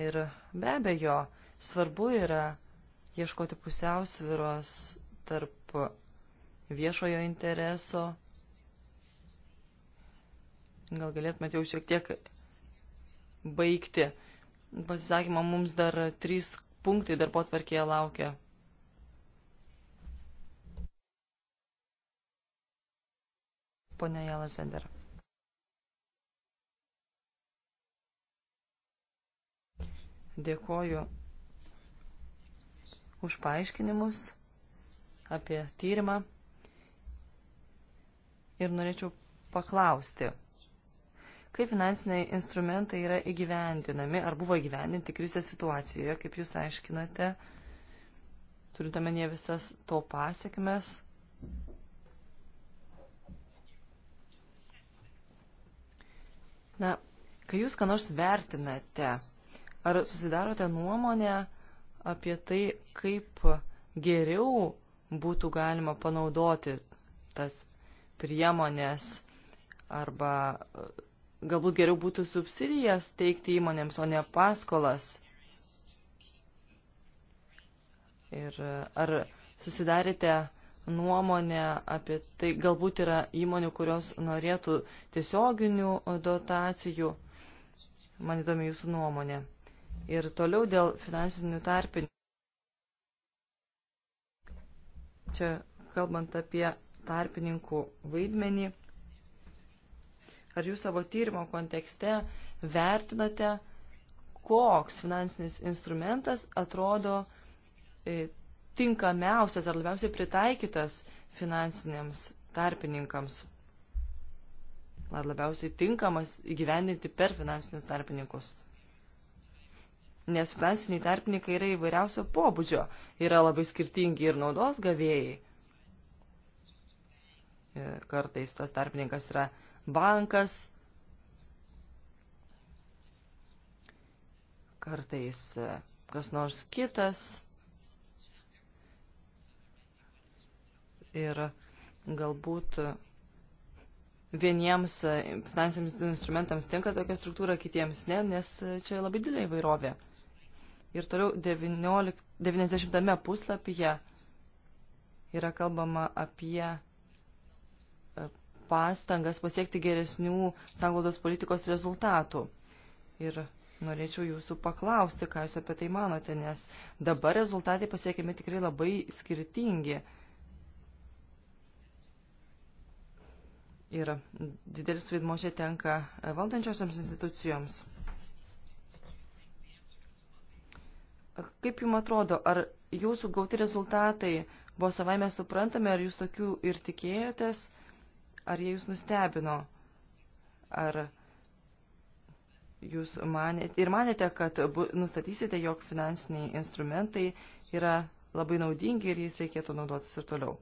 Ir be abejo, svarbu yra ieškoti pusiausviros tarp viešojo intereso. Gal galėtumėte jau šiek tiek baigti. Pasisakymą mums dar trys punktai darbo tvarkėje laukia. Pone Jala Sender. Dėkoju už paaiškinimus apie tyrimą ir norėčiau paklausti, kaip finansiniai instrumentai yra įgyvendinami ar buvo įgyvendinti krizės situacijoje, kaip jūs aiškinate, turint omenyje visas to pasiekmes. Na, kai jūs ką nors vertinate, Ar susidarote nuomonę apie tai, kaip geriau būtų galima panaudoti tas priemonės arba e, galbūt geriau būtų subsidijas teikti įmonėms, o ne paskolas? Ir e, ar susidarėte nuomonę apie tai, galbūt yra įmonių, kurios norėtų tiesioginių dotacijų. Man įdomi jūsų nuomonė. Ir toliau dėl finansinių tarpinių. Čia kalbant apie tarpininkų vaidmenį, ar jūs savo tyrimo kontekste vertinate, koks finansinis instrumentas atrodo e, tinkamiausias ar labiausiai pritaikytas finansiniams tarpininkams, ar labiausiai tinkamas įgyvendinti per finansinius tarpininkus nes finansiniai tarpininkai yra įvairiausio pobūdžio, yra labai skirtingi ir naudos gavėjai. Kartais tas tarpininkas yra bankas, kartais e, kas nors kitas. Ir galbūt e, vieniems e, finansiniams instrumentams tinka tokia struktūra, kitiems ne, nes čia labai didelė įvairovė. Ir toliau 19, 90 puslapyje yra kalbama apie e, pastangas pasiekti geresnių sanglaudos politikos rezultatų. Ir norėčiau jūsų paklausti, ką jūs apie tai manote, nes dabar rezultatai pasiekiami tikrai labai skirtingi. Ir didelis vaidmo čia tenka valdančiosioms institucijoms. Kaip jums atrodo, ar jūsų gauti rezultatai buvo savaime suprantami, ar jūs tokių ir tikėjotės, ar jie jūs nustebino, ar jūs manėte, ir manėte, kad bu, nustatysite, jog finansiniai instrumentai yra labai naudingi ir jais reikėtų naudotis ir toliau.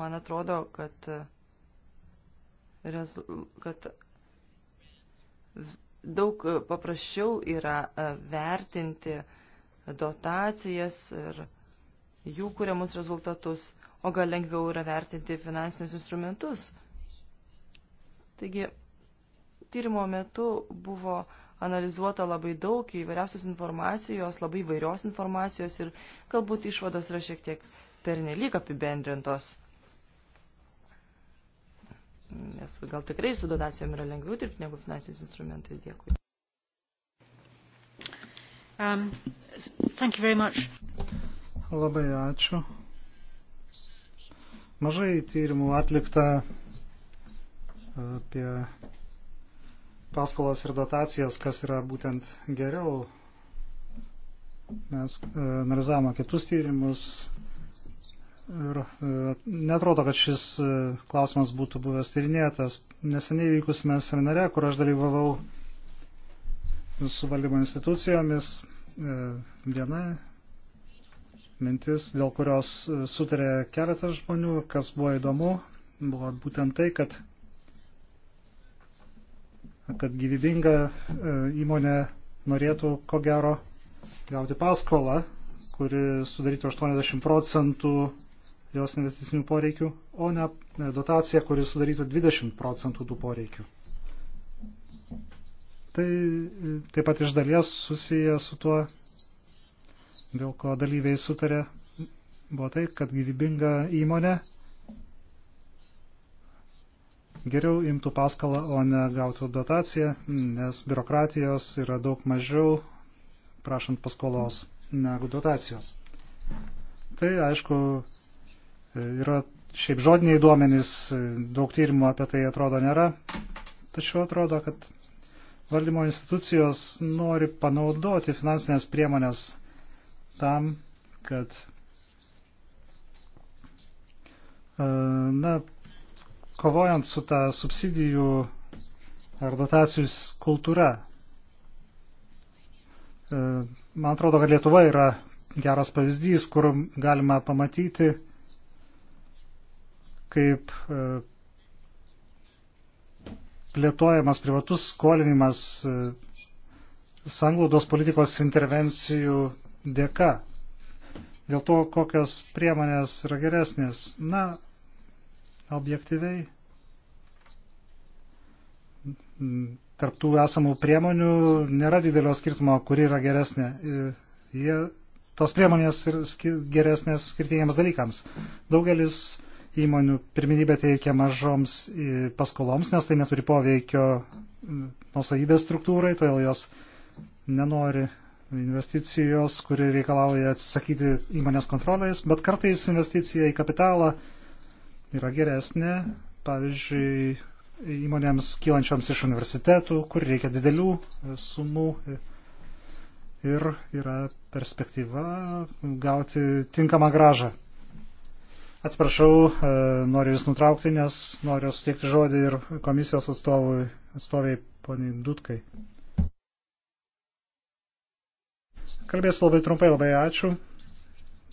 Man atrodo, kad, kad daug e, paprasčiau yra e, vertinti dotacijas ir jų kūriamus rezultatus, o gal lengviau yra vertinti finansinius instrumentus. Taigi, tyrimo metu buvo analizuota labai daug įvairiausios informacijos, labai įvairios informacijos ir galbūt išvados yra šiek tiek pernelyg apibendrintos. Nes gal tikrai su dotacijom yra lengviau dirbti negu finansiniais instrumentais. Dėkui. Um, thank you very much. Labai ačiū. Mažai tyrimų atlikta apie paskolas ir dotacijas, kas yra būtent geriau. Mes e, analizavome kitus tyrimus, Ir e, netrodo, kad šis e, klausimas būtų buvęs tyrinėtas. Neseniai vykusime seminare, kur aš dalyvavau su valdymo institucijomis. E, viena mintis, dėl kurios sutarė keletas žmonių, kas buvo įdomu, buvo būtent tai, kad, kad gyvybinga įmonė norėtų, ko gero, gauti paskolą, kuri sudarytų 80 procentų jos investicinių poreikių, o ne dotacija, kuris sudarytų 20 procentų tų poreikių. Tai taip pat iš dalies susiję su tuo, dėl ko dalyviai sutarė, buvo tai, kad gyvybinga įmonė geriau imtų paskalą, o ne gautų dotaciją, nes biurokratijos yra daug mažiau prašant paskolos negu dotacijos. Tai aišku, E, yra šiaip žodiniai duomenys, e, daug tyrimų apie tai atrodo nėra, tačiau atrodo, kad valdymo institucijos nori panaudoti finansinės priemonės tam, kad e, na, kovojant su tą subsidijų ar dotacijų kultūra. Man atrodo, kad Lietuva yra geras pavyzdys, kur galima pamatyti, kaip e, plėtojamas privatus skolinimas e, sanglaudos politikos intervencijų dėka. Dėl to, kokios priemonės yra geresnės. Na, objektyviai. Tarptų esamų priemonių nėra didelio skirtumo, kuri yra geresnė. E, jie, tos priemonės ir skir, geresnės skirtingiems dalykams. Daugelis įmonių pirminybė teikia mažoms paskoloms, nes tai neturi poveikio nusavybės struktūrai, todėl jos nenori investicijos, kuri reikalauja atsisakyti įmonės kontrolės, bet kartais investicija į kapitalą yra geresnė, pavyzdžiui, įmonėms kylančioms iš universitetų, kur reikia didelių e, sumų e, ir yra perspektyva gauti tinkamą gražą. Atsiprašau, e, noriu Jūs nutraukti, nes noriu suteikti žodį ir komisijos atstovui, atstoviai poniai Dutkai. Kalbėsiu labai trumpai, labai ačiū.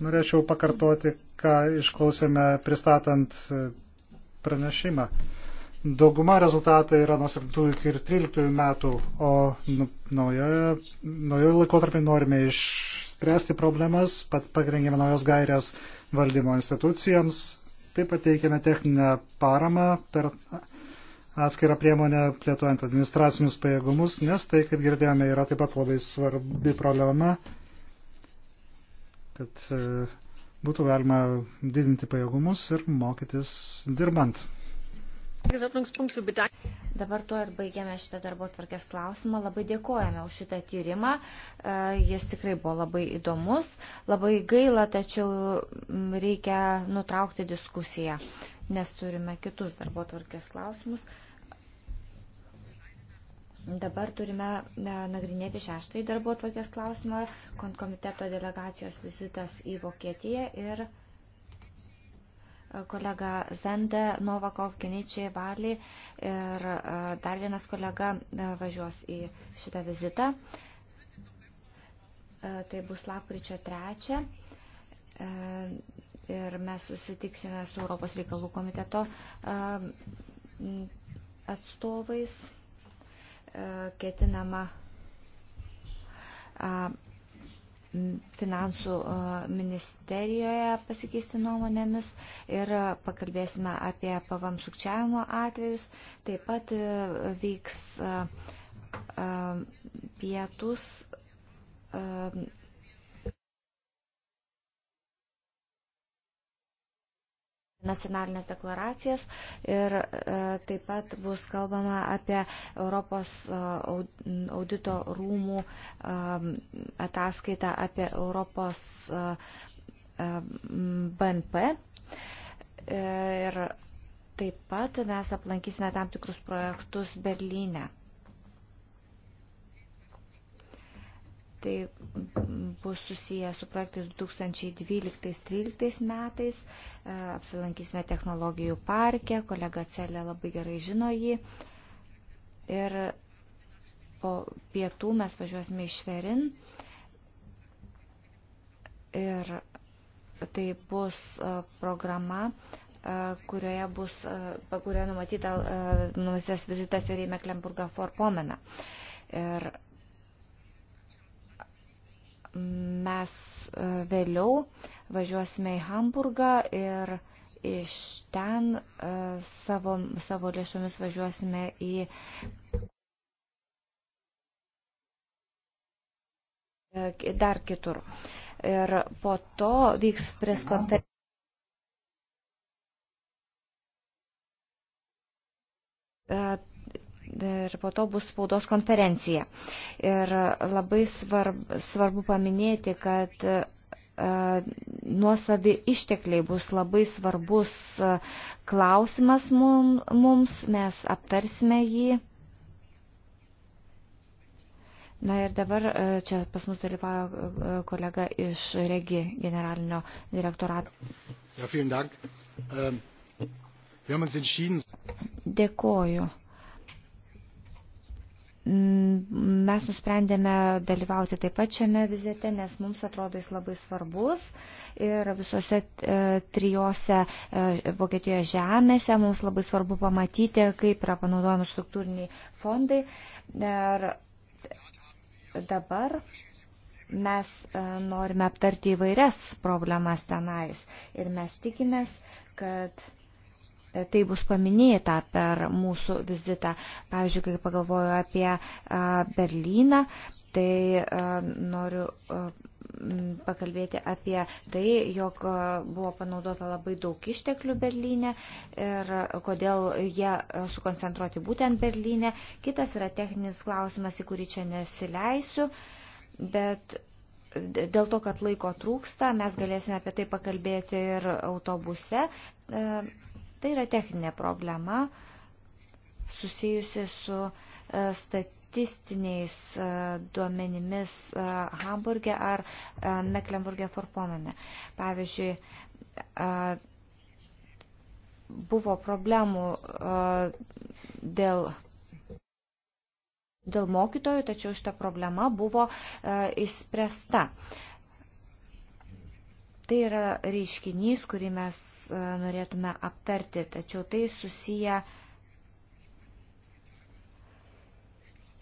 Norėčiau pakartoti, ką išklausėme pristatant e, pranešimą. Dauguma rezultatai yra nuo 7 iki 13 metų, o nu, naujoje, naujoje laikotarpį norime iš spręsti problemas, pat pagrengėme naujos gairias valdymo institucijoms, taip pat teikėme techninę paramą per atskirą priemonę plėtojant administracinius pajėgumus, nes tai, kaip girdėjome, yra taip pat labai svarbi problema, kad e, būtų galima didinti pajėgumus ir mokytis dirbant. Dabar tuo ir baigiame šitą darbo tvarkės klausimą. Labai dėkojame už šitą tyrimą. E, jis tikrai buvo labai įdomus. Labai gaila, tačiau reikia nutraukti diskusiją, nes turime kitus darbo tvarkės klausimus. Dabar turime e, nagrinėti šeštąjį darbo tvarkės klausimą, komiteto delegacijos vizitas į Vokietiją ir kolega Zende, Novakov, Geničiai, Valį ir e, dar vienas kolega e, važiuos į šitą vizitą. E, tai bus lapkričio 3 ir mes susitiksime su Europos reikalų komiteto atstovais. Ketinama finansų ministerijoje pasikeisti nuomonėmis ir pakalbėsime apie pavam sukčiavimo atvejus. Taip pat vyks pietus nacionalinės deklaracijas ir e, taip pat bus kalbama apie Europos e, audito rūmų e, ataskaitą apie Europos BNP. Ir taip pat mes aplankysime tam tikrus projektus Berlyne. Tai bus susiję su projektais 2012-2013 metais. E, apsilankysime technologijų parke, kolega Celė labai gerai žino jį. Ir po pietų mes važiuosime į Šverin. Ir tai bus e, programa e, kurioje bus, kurioje numatyta numatytas vizitas ir į Mecklenburgą Forpomeną. Ir mes e, vėliau važiuosime į Hamburgą ir iš ten e, savo, savo lėšomis važiuosime į. E, dar kitur. Ir po to vyks preskonferencija ir po to bus spaudos konferencija. Ir labai svarbu, svarbu paminėti, kad e, nuosavi ištekliai bus labai svarbus e, klausimas mums, mes aptarsime jį. Na ir dabar e, čia pas mus dalyvauja kolega iš Regi generalinio direktorato. Ja, ähm, Dėkoju. Mes nusprendėme dalyvauti taip pat šiame vizite, nes mums atrodo jis labai svarbus ir visose e, trijose e, Vokietijoje žemėse mums labai svarbu pamatyti, kaip yra panaudojami struktūriniai fondai. Ir dabar mes e, norime aptarti įvairias problemas tenais ir mes tikimės, kad E, tai bus paminėta per mūsų vizitą. Pavyzdžiui, kai pagalvoju apie e, Berlyną, tai e, noriu pakalbėti apie tai, jog buvo panaudota labai daug išteklių Berlyne ir kodėl jie sukoncentruoti būtent Berlyne. Kitas yra techninis klausimas, į kurį čia nesileisiu, bet dėl to, kad laiko trūksta, mes galėsime apie tai pakalbėti ir autobuse Tai yra techninė problema susijusi su e, statistiniais e, duomenimis e, Hamburgė ar Mecklenburgė Forpomene. Pavyzdžiui, buvo problemų dėl dėl mokytojų, tačiau šita problema buvo e, išspręsta. Tai yra reiškinys, kurį mes E, norėtume aptarti, tačiau tai susiję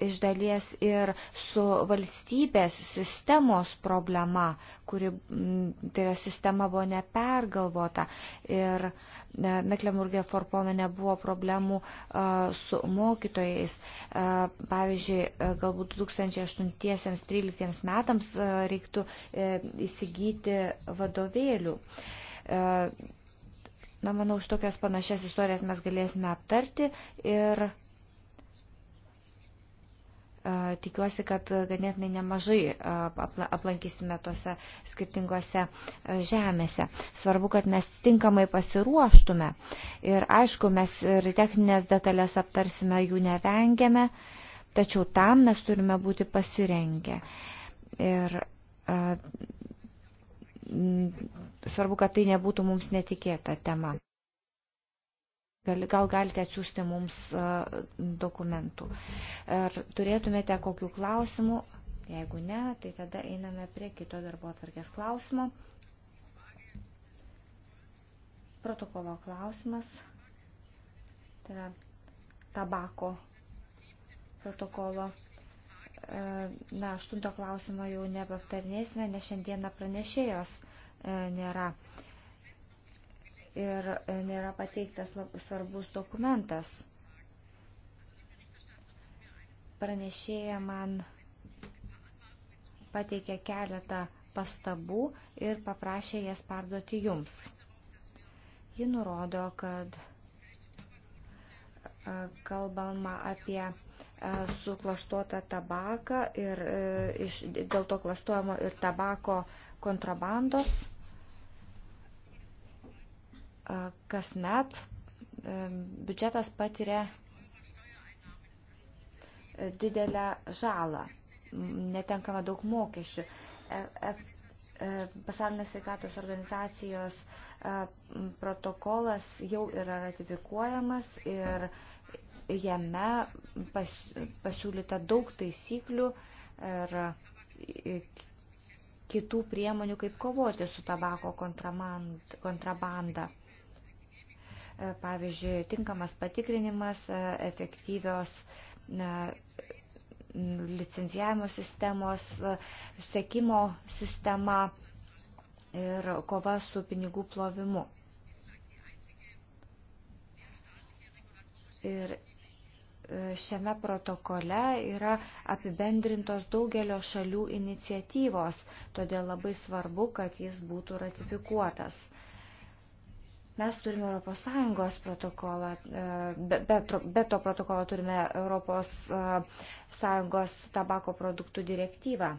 iš dalies ir su valstybės sistemos problema, kuri, tai yra sistema buvo nepergalvota ir e, Meklemurgė forpomene buvo problemų e, su mokytojais. Pavyzdžiui, galbūt 2008-2013 metams reiktų įsigyti vadovėlių Na, manau, už tokias panašias istorijas mes galėsime aptarti ir e, tikiuosi, kad ganėtinai nemažai e, aplankysime tose skirtingose e, žemėse. Svarbu, kad mes tinkamai pasiruoštume. Ir aišku, mes ir techninės detalės aptarsime, jų nevengiame, tačiau tam mes turime būti pasirengę. Ir Mm, svarbu, kad tai nebūtų mums netikėta tema. Gal galite atsiųsti mums dokumentų. Ar turėtumėte kokių klausimų? Jeigu ne, tai tada einame prie kito darbo atvarkės klausimo. Protokolo klausimas. Tai yra tabako protokolo E, na, aštunto klausimo jau neaptarnėsime, nes šiandieną pranešėjos e, nėra. Ir e, nėra pateiktas svarbus dokumentas. Pranešėja man pateikė keletą pastabų ir paprašė jas perduoti jums. Ji nurodo, kad kalbama apie E, suklastotą tabaką ir e, iš, dėl to klastojamo ir tabako kontrabandos. E, kasmet biudžetas patiria didelę žalą, netenkama daug mokesčių. Pasaulinės sveikatos organizacijos protokolas jau yra ratifikuojamas ir uh, jame pas, pasiūlyta daug taisyklių ir kitų priemonių, kaip kovoti su tabako kontrabanda. E, pavyzdžiui, tinkamas patikrinimas, e, efektyvios licencijavimo sistemos, e, sekimo sistema ir kova su pinigų plovimu. Ir šiame protokole yra apibendrintos daugelio šalių iniciatyvos, todėl labai svarbu, kad jis būtų ratifikuotas. Mes turime ES protokolą, e, be, be, be to protokolo turime ES e, tabako produktų direktyvą.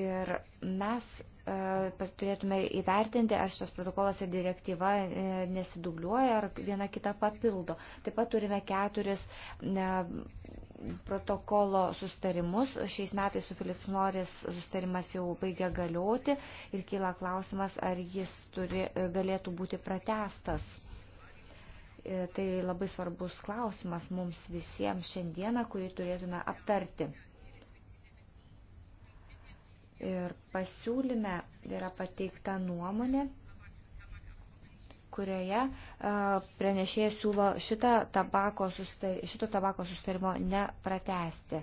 Ir mes E, turėtume įvertinti, ar šitas protokolas ir direktyva e, nesidubliuoja, ar viena kita papildo. Taip pat turime keturis protokolo sustarimus. Šiais metais su Philips Noris sustarimas jau baigia galioti ir kyla klausimas, ar jis turi, e, galėtų būti pratestas. Tai labai svarbus klausimas mums visiems šiandieną, kurį turėtume aptarti. Ir pasiūlyme yra pateikta nuomonė, kurioje e, pranešėjas siūlo šitą tabako sustar, šito tabako sustarimo nepratesti.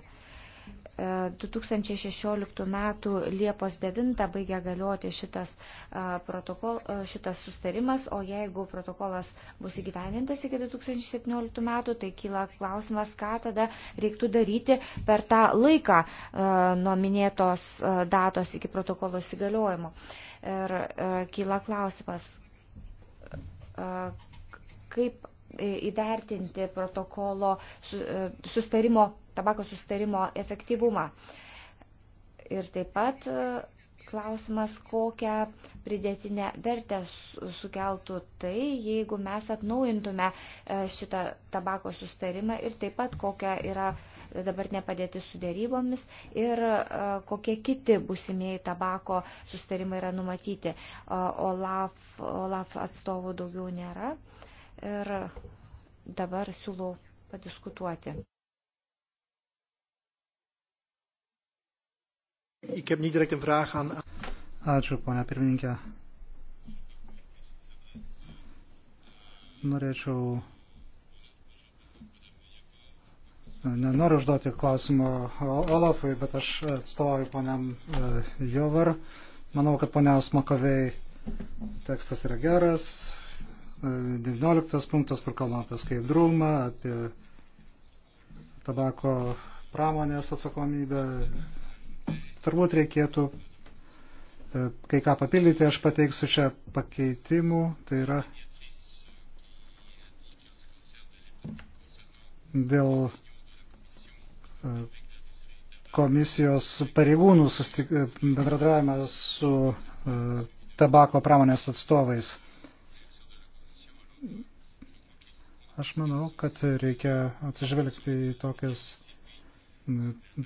2016 e, m. Liepos 9 baigia galioti šitas, e, protokol, e, šitas sustarimas, o jeigu protokolas bus įgyvenintas iki 2017 m., tai kyla klausimas, ką tada reiktų daryti per tą laiką nuo minėtos datos iki protokolo įsigaliojimo. Ir kyla klausimas, kaip įvertinti protokolo sustarimo tabako sustarimo efektyvumą. Ir taip pat e, klausimas, kokią pridėtinę vertę sukeltų tai, jeigu mes atnaujintume e, šitą tabako sustarimą ir taip pat kokia yra dabartinė padėtis su dėrybomis ir e, kokie kiti busimieji tabako sustarimai yra numatyti. OLAF, OLAF atstovų daugiau nėra ir dabar siūlau padiskutuoti. Ačiū, ponia pirmininkė. Norėčiau. Nenoriu užduoti klausimo Olafui, bet aš atstovauju poniam e, Jovar. Manau, kad poniaus Makovei tekstas yra geras. 19 e, punktas, kur kalbama apie skaidrumą, apie tabako pramonės atsakomybę Turbūt reikėtų e, kai ką papildyti, aš pateiksiu čia pakeitimų, tai yra dėl e, komisijos pareigūnų e, bendradravimą su tabako pramonės atstovais. Aš manau, kad reikia atsižvelgti į tokius,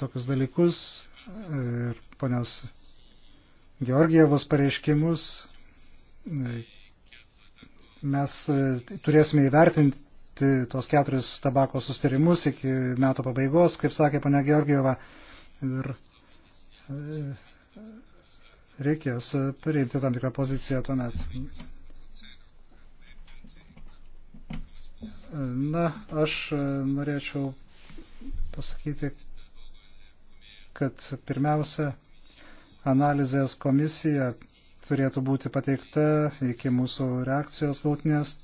tokius dalykus ir ponios Georgievos pareiškimus. Mes e, turėsime įvertinti tuos keturis tabako sustarimus iki metų pabaigos, kaip sakė ponia Georgieva. Ir e, reikės priimti tam tikrą poziciją tuomet. Na, aš norėčiau pasakyti, kad pirmiausia analizės komisija turėtų būti pateikta iki mūsų reakcijos gautinės.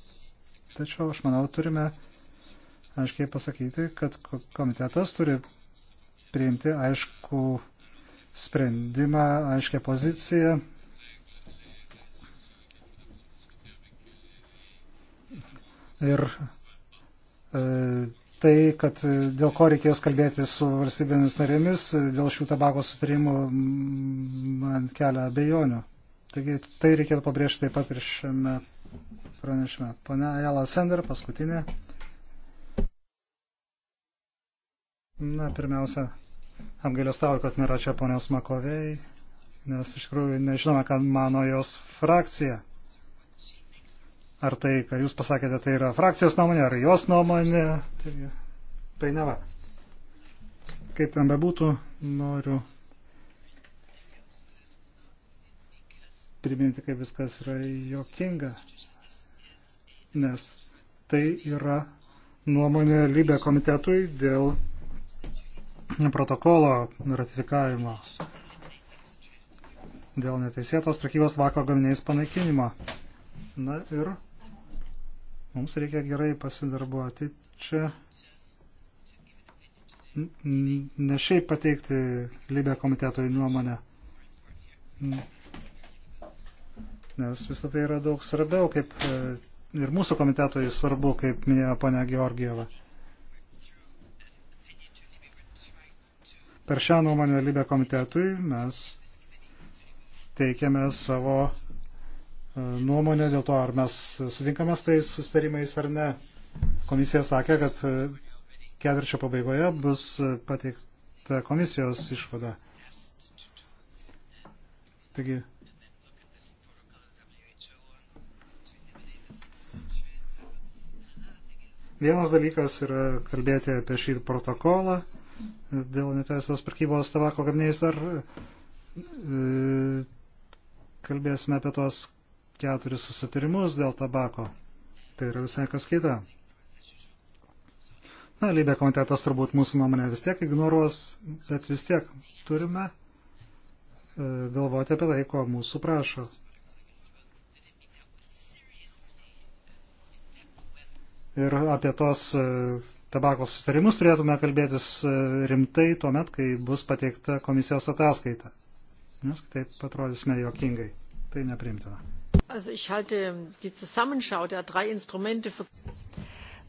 Tačiau aš manau, turime aiškiai pasakyti, kad komitetas turi priimti aišku sprendimą, aiškę poziciją. Ir e, tai, kad dėl ko reikės kalbėti su valstybėmis narėmis, dėl šių tabako sutarimų man kelia abejonių. Taigi tai reikėtų pabrėžti taip pat ir šiame pranešime. Pane Ajala Sender, paskutinė. Na, pirmiausia, apgailestauju, kad nėra čia ponios Makovei, nes iš tikrųjų nežinome, ką mano jos frakcija. Ar tai, ką jūs pasakėte, tai yra frakcijos nuomonė, ar jos nuomonė, tai painiava. Kaip ten bebūtų, noriu priminti, kaip viskas yra jokinga, nes tai yra nuomonė lybė komitetui dėl protokolo ratifikavimo dėl neteisėtos prekybos vako gaminiais panaikinimo. Na ir Mums reikia gerai pasidarbuoti čia. Ne šiaip pateikti Libė komitetoj nuomonę. Nes visą tai yra daug svarbiau, kaip e, ir mūsų komitetoj svarbu, kaip minėjo ponia Georgieva. Per šią nuomonę Libė komitetui mes teikiame savo E, nuomonę dėl to, ar mes sutinkame su tais sustarimais ar ne. Komisija sakė, kad e, ketvirčio pabaigoje bus pateikta komisijos išvada. Taigi, vienas dalykas yra kalbėti apie šį protokolą dėl neteisės prekybos tabako gaminiais ar e, kalbėsime apie tos keturis susitarimus dėl tabako. Tai yra visai kas kita. Na, lybė komitetas turbūt mūsų nuomonę vis tiek ignoruos, bet vis tiek turime e, galvoti apie tai, ko mūsų prašo. Ir apie tos e, tabako sustarimus turėtume kalbėtis e, rimtai tuomet, kai bus pateikta komisijos ataskaita. Nes taip atrodysime jokingai. Tai neprimtina. Also ich halte die Zusammenschau der drei Instrumente für.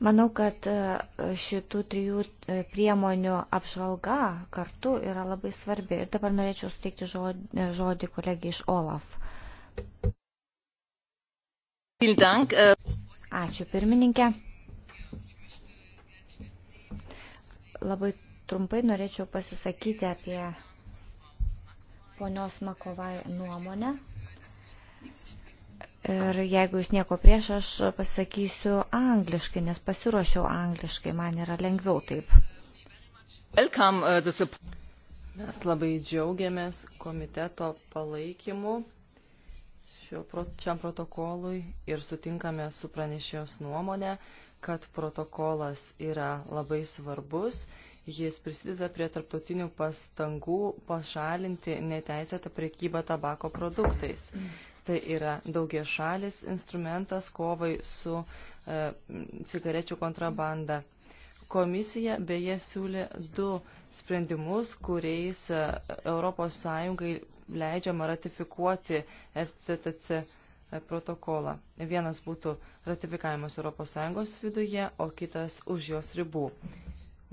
Manau, kad e, šitų trijų e, priemonių apžvalga kartu yra labai svarbi. Ir dabar norėčiau suteikti e, žodį, žodį kolegiai iš OLAF. Äh, Ačiū pirmininkė. Labai trumpai norėčiau pasisakyti apie ponios Makovai nuomonę Ir jeigu jūs nieko prieš, aš pasakysiu angliškai, nes pasiruošiau angliškai, man yra lengviau taip. Uh, Mes labai džiaugiamės komiteto palaikymu šiam protokolui ir sutinkame su pranešėjos nuomonė, kad protokolas yra labai svarbus jis prisideda prie tarptautinių pastangų pašalinti neteisėtą prekybą tabako produktais. Tai yra daugie šalis instrumentas kovai su e, cigarečių kontrabanda. Komisija beje siūlė du sprendimus, kuriais ES leidžiama ratifikuoti FCTC e, protokolą. Vienas būtų ratifikavimas ES viduje, o kitas už jos ribų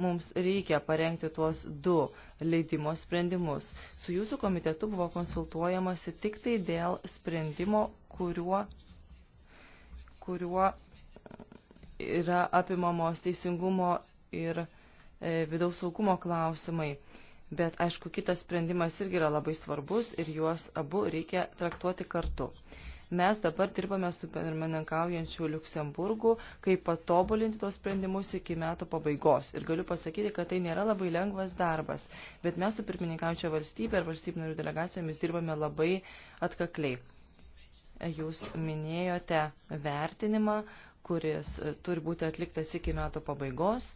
mums reikia parengti tuos du leidimo sprendimus. Su jūsų komitetu buvo konsultuojamasi tik tai dėl sprendimo, kuriuo, kuriuo yra apimamos teisingumo ir e, vidaus saugumo klausimai. Bet aišku, kitas sprendimas irgi yra labai svarbus ir juos abu reikia traktuoti kartu. Mes dabar dirbame su pirmininkaujančiu Luksemburgu, kaip patobulinti tos sprendimus iki metų pabaigos. Ir galiu pasakyti, kad tai nėra labai lengvas darbas, bet mes su pirmininkaujančia valstybė ir valstybinarių delegacijomis dirbame labai atkakliai. Jūs minėjote vertinimą, kuris turi būti atliktas iki metų pabaigos.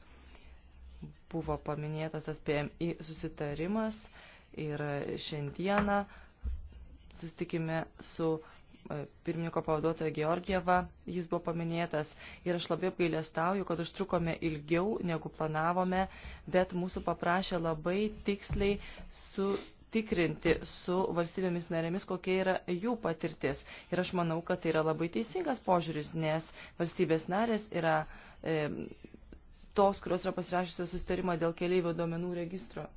Buvo paminėtas tas PMI susitarimas ir šiandieną sustikime su E, pirmininko pavaduotoja Georgieva, jis buvo paminėtas ir aš labai apgailestauju, kad užtrukome ilgiau negu planavome, bet mūsų paprašė labai tiksliai su tikrinti su valstybėmis narėmis, kokia yra jų patirtis. Ir aš manau, kad tai yra labai teisingas požiūris, nes valstybės narės yra e, tos, kurios yra pasirašusios sustarimą dėl keleivių duomenų registro.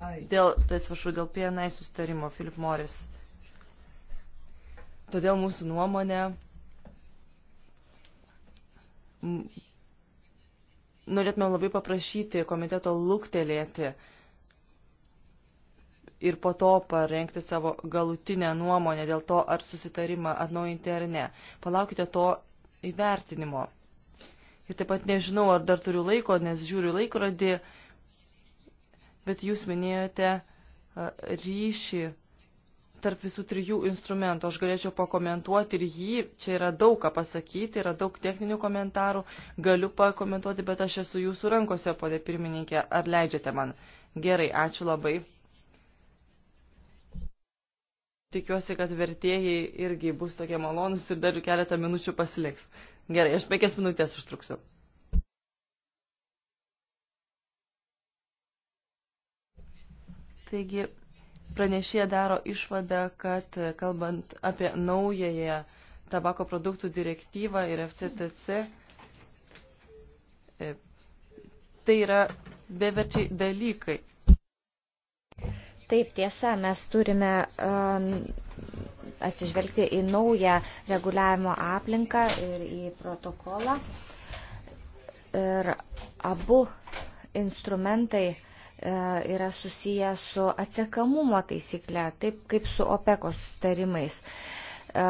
Dėl, tai svašu, dėl PNI sustarimo, Philip Morris. Todėl mūsų nuomonė norėtume labai paprašyti komiteto luktelėti ir po to parengti savo galutinę nuomonę dėl to, ar susitarimą atnaujinti ar ne. Palaukite to įvertinimo. Ir taip pat nežinau, ar dar turiu laiko, nes žiūriu laikrodį bet jūs minėjote ryšį tarp visų trijų instrumentų. Aš galėčiau pakomentuoti ir jį, čia yra daug ką pasakyti, yra daug techninių komentarų, galiu pakomentuoti, bet aš esu jūsų rankose, podė pirmininkė, ar leidžiate man. Gerai, ačiū labai. Tikiuosi, kad vertėjai irgi bus tokie malonus ir dar keletą minučių pasiliks. Gerai, aš penkias minutės užtruksiu. Taigi pranešė daro išvadą, kad kalbant apie naująją tabako produktų direktyvą ir FCTC, e, tai yra beverčiai dalykai. Taip, tiesa, mes turime um, atsižvelgti į naują reguliavimo aplinką ir į protokolą. Ir abu instrumentai uh, E, yra susiję su atsekamumo taisykle, taip kaip su OPECO sustarimais. E,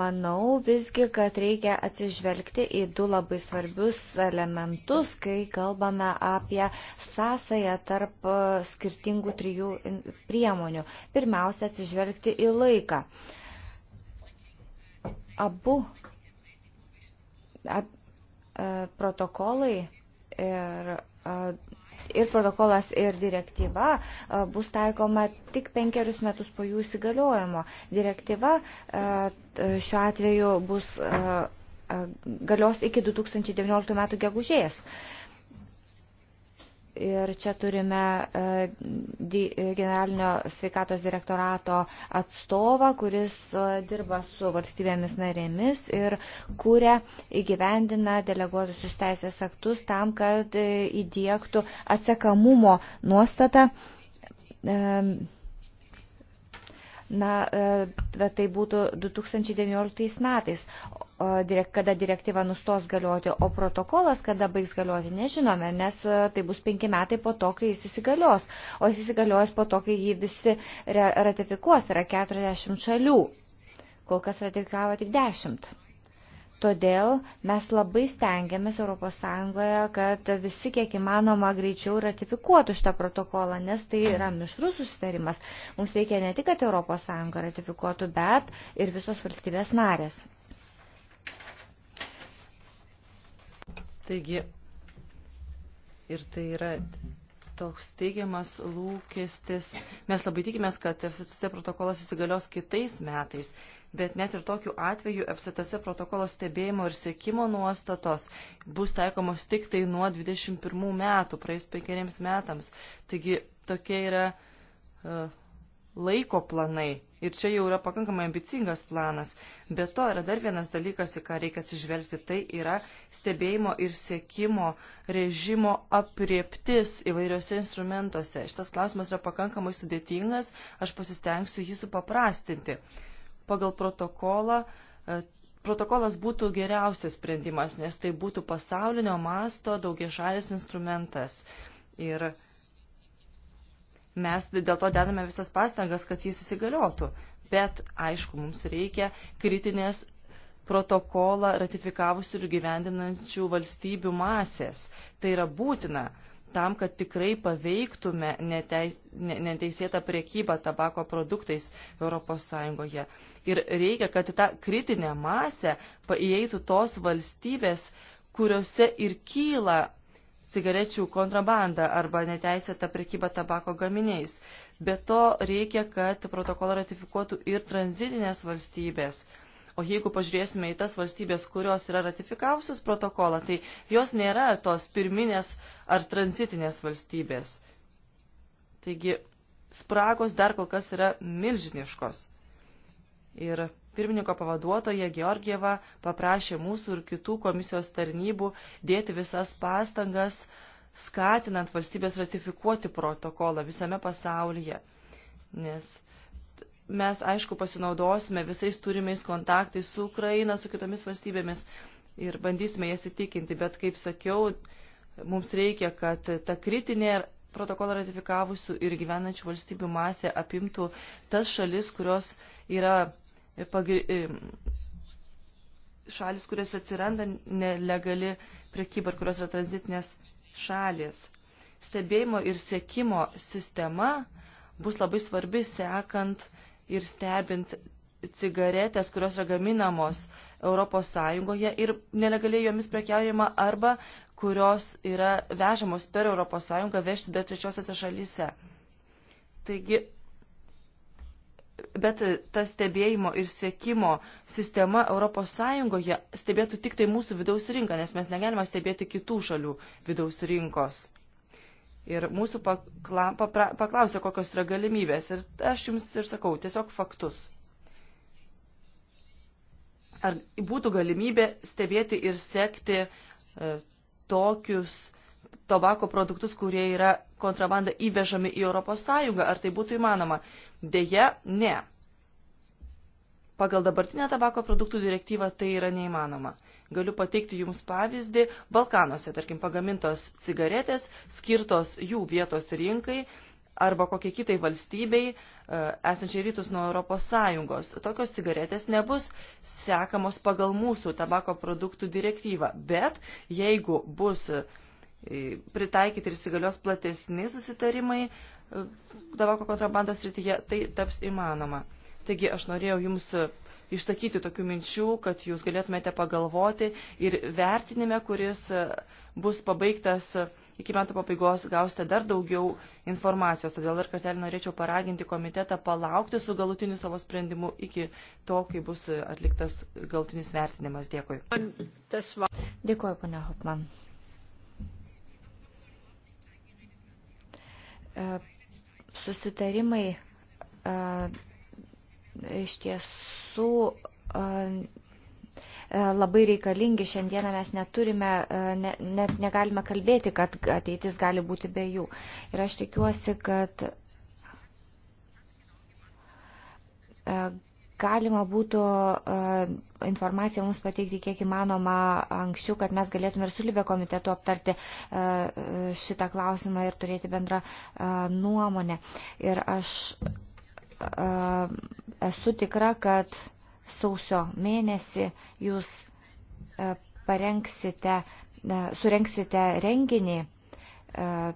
manau visgi, kad reikia atsižvelgti į du labai svarbius elementus, kai kalbame apie sąsąją tarp e, skirtingų trijų priemonių. Pirmiausia, atsižvelgti į laiką. Abu ab, protokolai ir. A, ir protokolas ir direktyva e, bus taikoma tik penkerius metus po jų įsigaliojimo. Direktyva e, šiuo atveju bus e, galios iki 2019 metų gegužės. Ir čia turime e, generalinio sveikatos direktorato atstovą, kuris e, dirba su valstybėmis narėmis ir kūrė įgyvendina deleguotusius teisės aktus tam, kad e, įdėktų atsekamumo nuostatą. Na, bet tai būtų 2019 metais kada direktyva nustos galioti, o protokolas, kada baigs galioti, nežinome, nes e, tai bus penki metai po to, kai jis įsigalios, o jis įsigalios po to, kai jį visi ratifikuos, tai yra 40 šalių, kol kas ratifikavo tik 10. Todėl mes labai stengiamės ES, kad visi kiek įmanoma greičiau ratifikuotų šitą protokolą, nes tai yra mišrus susitarimas. Mums reikia ne tik, kad ES ratifikuotų, bet ir visos valstybės narės. Taigi, ir tai yra toks teigiamas lūkestis. Mes labai tikimės, kad FCTC protokolas įsigalios kitais metais, bet net ir tokiu atveju FCTC protokolo stebėjimo ir sėkimo nuostatos bus taikomos tik tai nuo 21 metų, praėjus penkeriems metams. Taigi tokie yra uh, laiko planai Ir čia jau yra pakankamai ambicingas planas. Be to yra dar vienas dalykas, į ką reikia atsižvelgti, tai yra stebėjimo ir sėkimo režimo apriektis įvairiose instrumentuose. Šitas klausimas yra pakankamai sudėtingas, aš pasistengsiu jį supaprastinti. Pagal protokolą e, protokolas būtų geriausias sprendimas, nes tai būtų pasaulinio masto daugiešalis instrumentas. Ir Mes dėl to dedame visas pastangas, kad jis įsigaliotų. Bet, aišku, mums reikia kritinės protokolą ratifikavusių ir gyvendinančių valstybių masės. Tai yra būtina tam, kad tikrai paveiktume neteis, neteisėtą priekybą tabako produktais ES. Ir reikia, kad į tą kritinę masę įeitų tos valstybės, kuriuose ir kyla cigarečių kontrabandą arba neteisėtą prekybą tabako gaminiais. Be to reikia, kad protokolą ratifikuotų ir tranzitinės valstybės. O jeigu pažiūrėsime į tas valstybės, kurios yra ratifikavusios protokolą, tai jos nėra tos pirminės ar tranzitinės valstybės. Taigi spragos dar kol kas yra milžiniškos. Ir pirmininko pavaduotoja Georgieva paprašė mūsų ir kitų komisijos tarnybų dėti visas pastangas, skatinant valstybės ratifikuoti protokolą visame pasaulyje. Nes mes, aišku, pasinaudosime visais turimais kontaktais su Ukraina, su kitomis valstybėmis ir bandysime jas įtikinti, bet, kaip sakiau, mums reikia, kad ta kritinė protokolą ratifikavusių ir gyvenančių valstybių masė apimtų tas šalis, kurios yra E, šalis, kuriuose atsiranda nelegali prekyba ir kurios yra tranzitinės šalis. Stebėjimo ir sėkimo sistema bus labai svarbi sekant ir stebint cigaretės, kurios yra gaminamos Europos Sąjungoje ir nelegaliai jomis prekiaujama arba kurios yra vežamos per Europos Sąjungą vežti dar trečiosiose šalyse. Taigi bet e, ta stebėjimo ir sekimo sistema Europos Sąjungoje stebėtų tik tai mūsų vidaus rinką, nes mes negalime stebėti kitų šalių vidaus rinkos. Ir mūsų pakla, papra, paklausė, kokios yra galimybės. Ir aš jums ir sakau, tiesiog faktus. Ar būtų galimybė stebėti ir sekti e, tokius tabako produktus, kurie yra kontrabanda įvežami į ES. Ar tai būtų įmanoma? Deja, ne. Pagal dabartinę tabako produktų direktyvą tai yra neįmanoma. Galiu pateikti Jums pavyzdį. Balkanuose, tarkim, pagamintos cigaretės, skirtos jų vietos rinkai arba kokiai kitai valstybei, e, esančiai rytus nuo Europos Sąjungos. Tokios cigaretės nebus sekamos pagal mūsų tabako produktų direktyvą, bet jeigu bus uh, pritaikyti ir įsigalios platesni susitarimai tabako e, kontrabandos rytyje, tai taps įmanoma. Taigi aš norėjau Jums e, išsakyti tokių minčių, kad Jūs galėtumėte pagalvoti ir vertinime, kuris e, bus pabaigtas iki metų pabaigos, gausite dar daugiau informacijos. Todėl dar kartelį norėčiau paraginti komitetą palaukti su galutiniu savo sprendimu iki to, kai bus atliktas galutinis vertinimas. Dėkui. Dėkuoju, ponia Hopman. E, susitarimai e, iš tiesų e, labai reikalingi. Šiandieną mes neturime, ne, net negalime kalbėti, kad ateitis gali būti be jų. Ir aš tikiuosi, kad galima būtų e, informaciją mums pateikti kiek įmanoma anksčiau, kad mes galėtume ir su Libė komitetu aptarti e, e, šitą klausimą ir turėti bendrą nuomonę. Ir aš esu tikra, kad sausio mėnesį jūs parengsite, surenksite renginį E,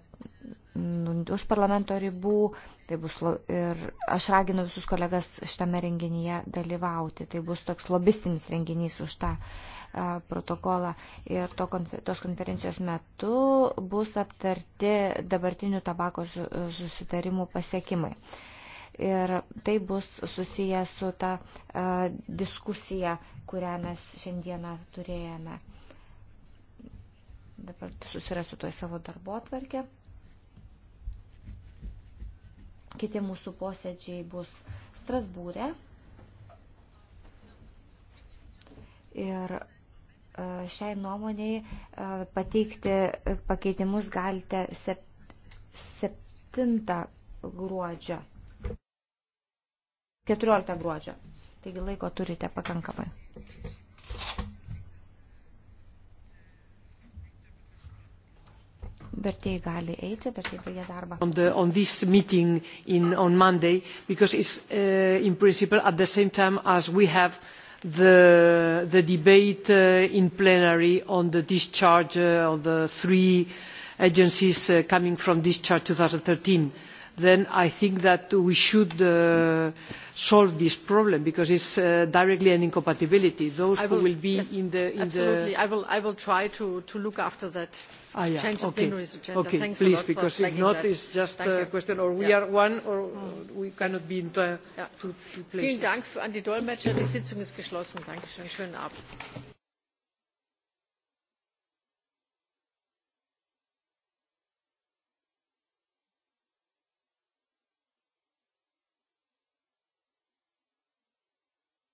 nu, už parlamento ribų. Tai bus, ir aš raginu visus kolegas šitame renginyje dalyvauti. Tai bus toks lobistinis renginys už tą e, protokolą. Ir to, tos konferencijos metu bus aptarti dabartinių tabako susitarimų pasiekimai. Ir tai bus susiję su ta uh, diskusija, kurią mes šiandieną turėjome. Uh, Dabar susirasiu toj savo darbo atvarkę. Kiti mūsų posėdžiai bus Strasbūrė. Ir e, šiai nuomoniai e, pateikti pakeitimus galite 7 gruodžio. 14 gruodžio. Taigi laiko turite pakankamai. vertėjai gali eiti, vertėjai baigė darbą. On, the, on this meeting in, on Monday, because it's uh, in principle at the same time as we have the, the debate uh, in plenary on the discharge uh, of the three agencies uh, coming from discharge 2013 then i think that we should uh, solve this problem because it is uh, directly an incompatibility. those will, who will be yes, in the. In absolutely the... I, will, i will try to, to look after that ah, yeah. change the okay. plenary's agenda. Okay, Thanks please, a lot because for if not, that. it's just Danke. a question, or we yeah. are one, or mm. we cannot be in two, yeah. two places. Vielen Dank an die Dolmetscher. Die Sitzung ist geschlossen. Dankeschön. Schönen Abend.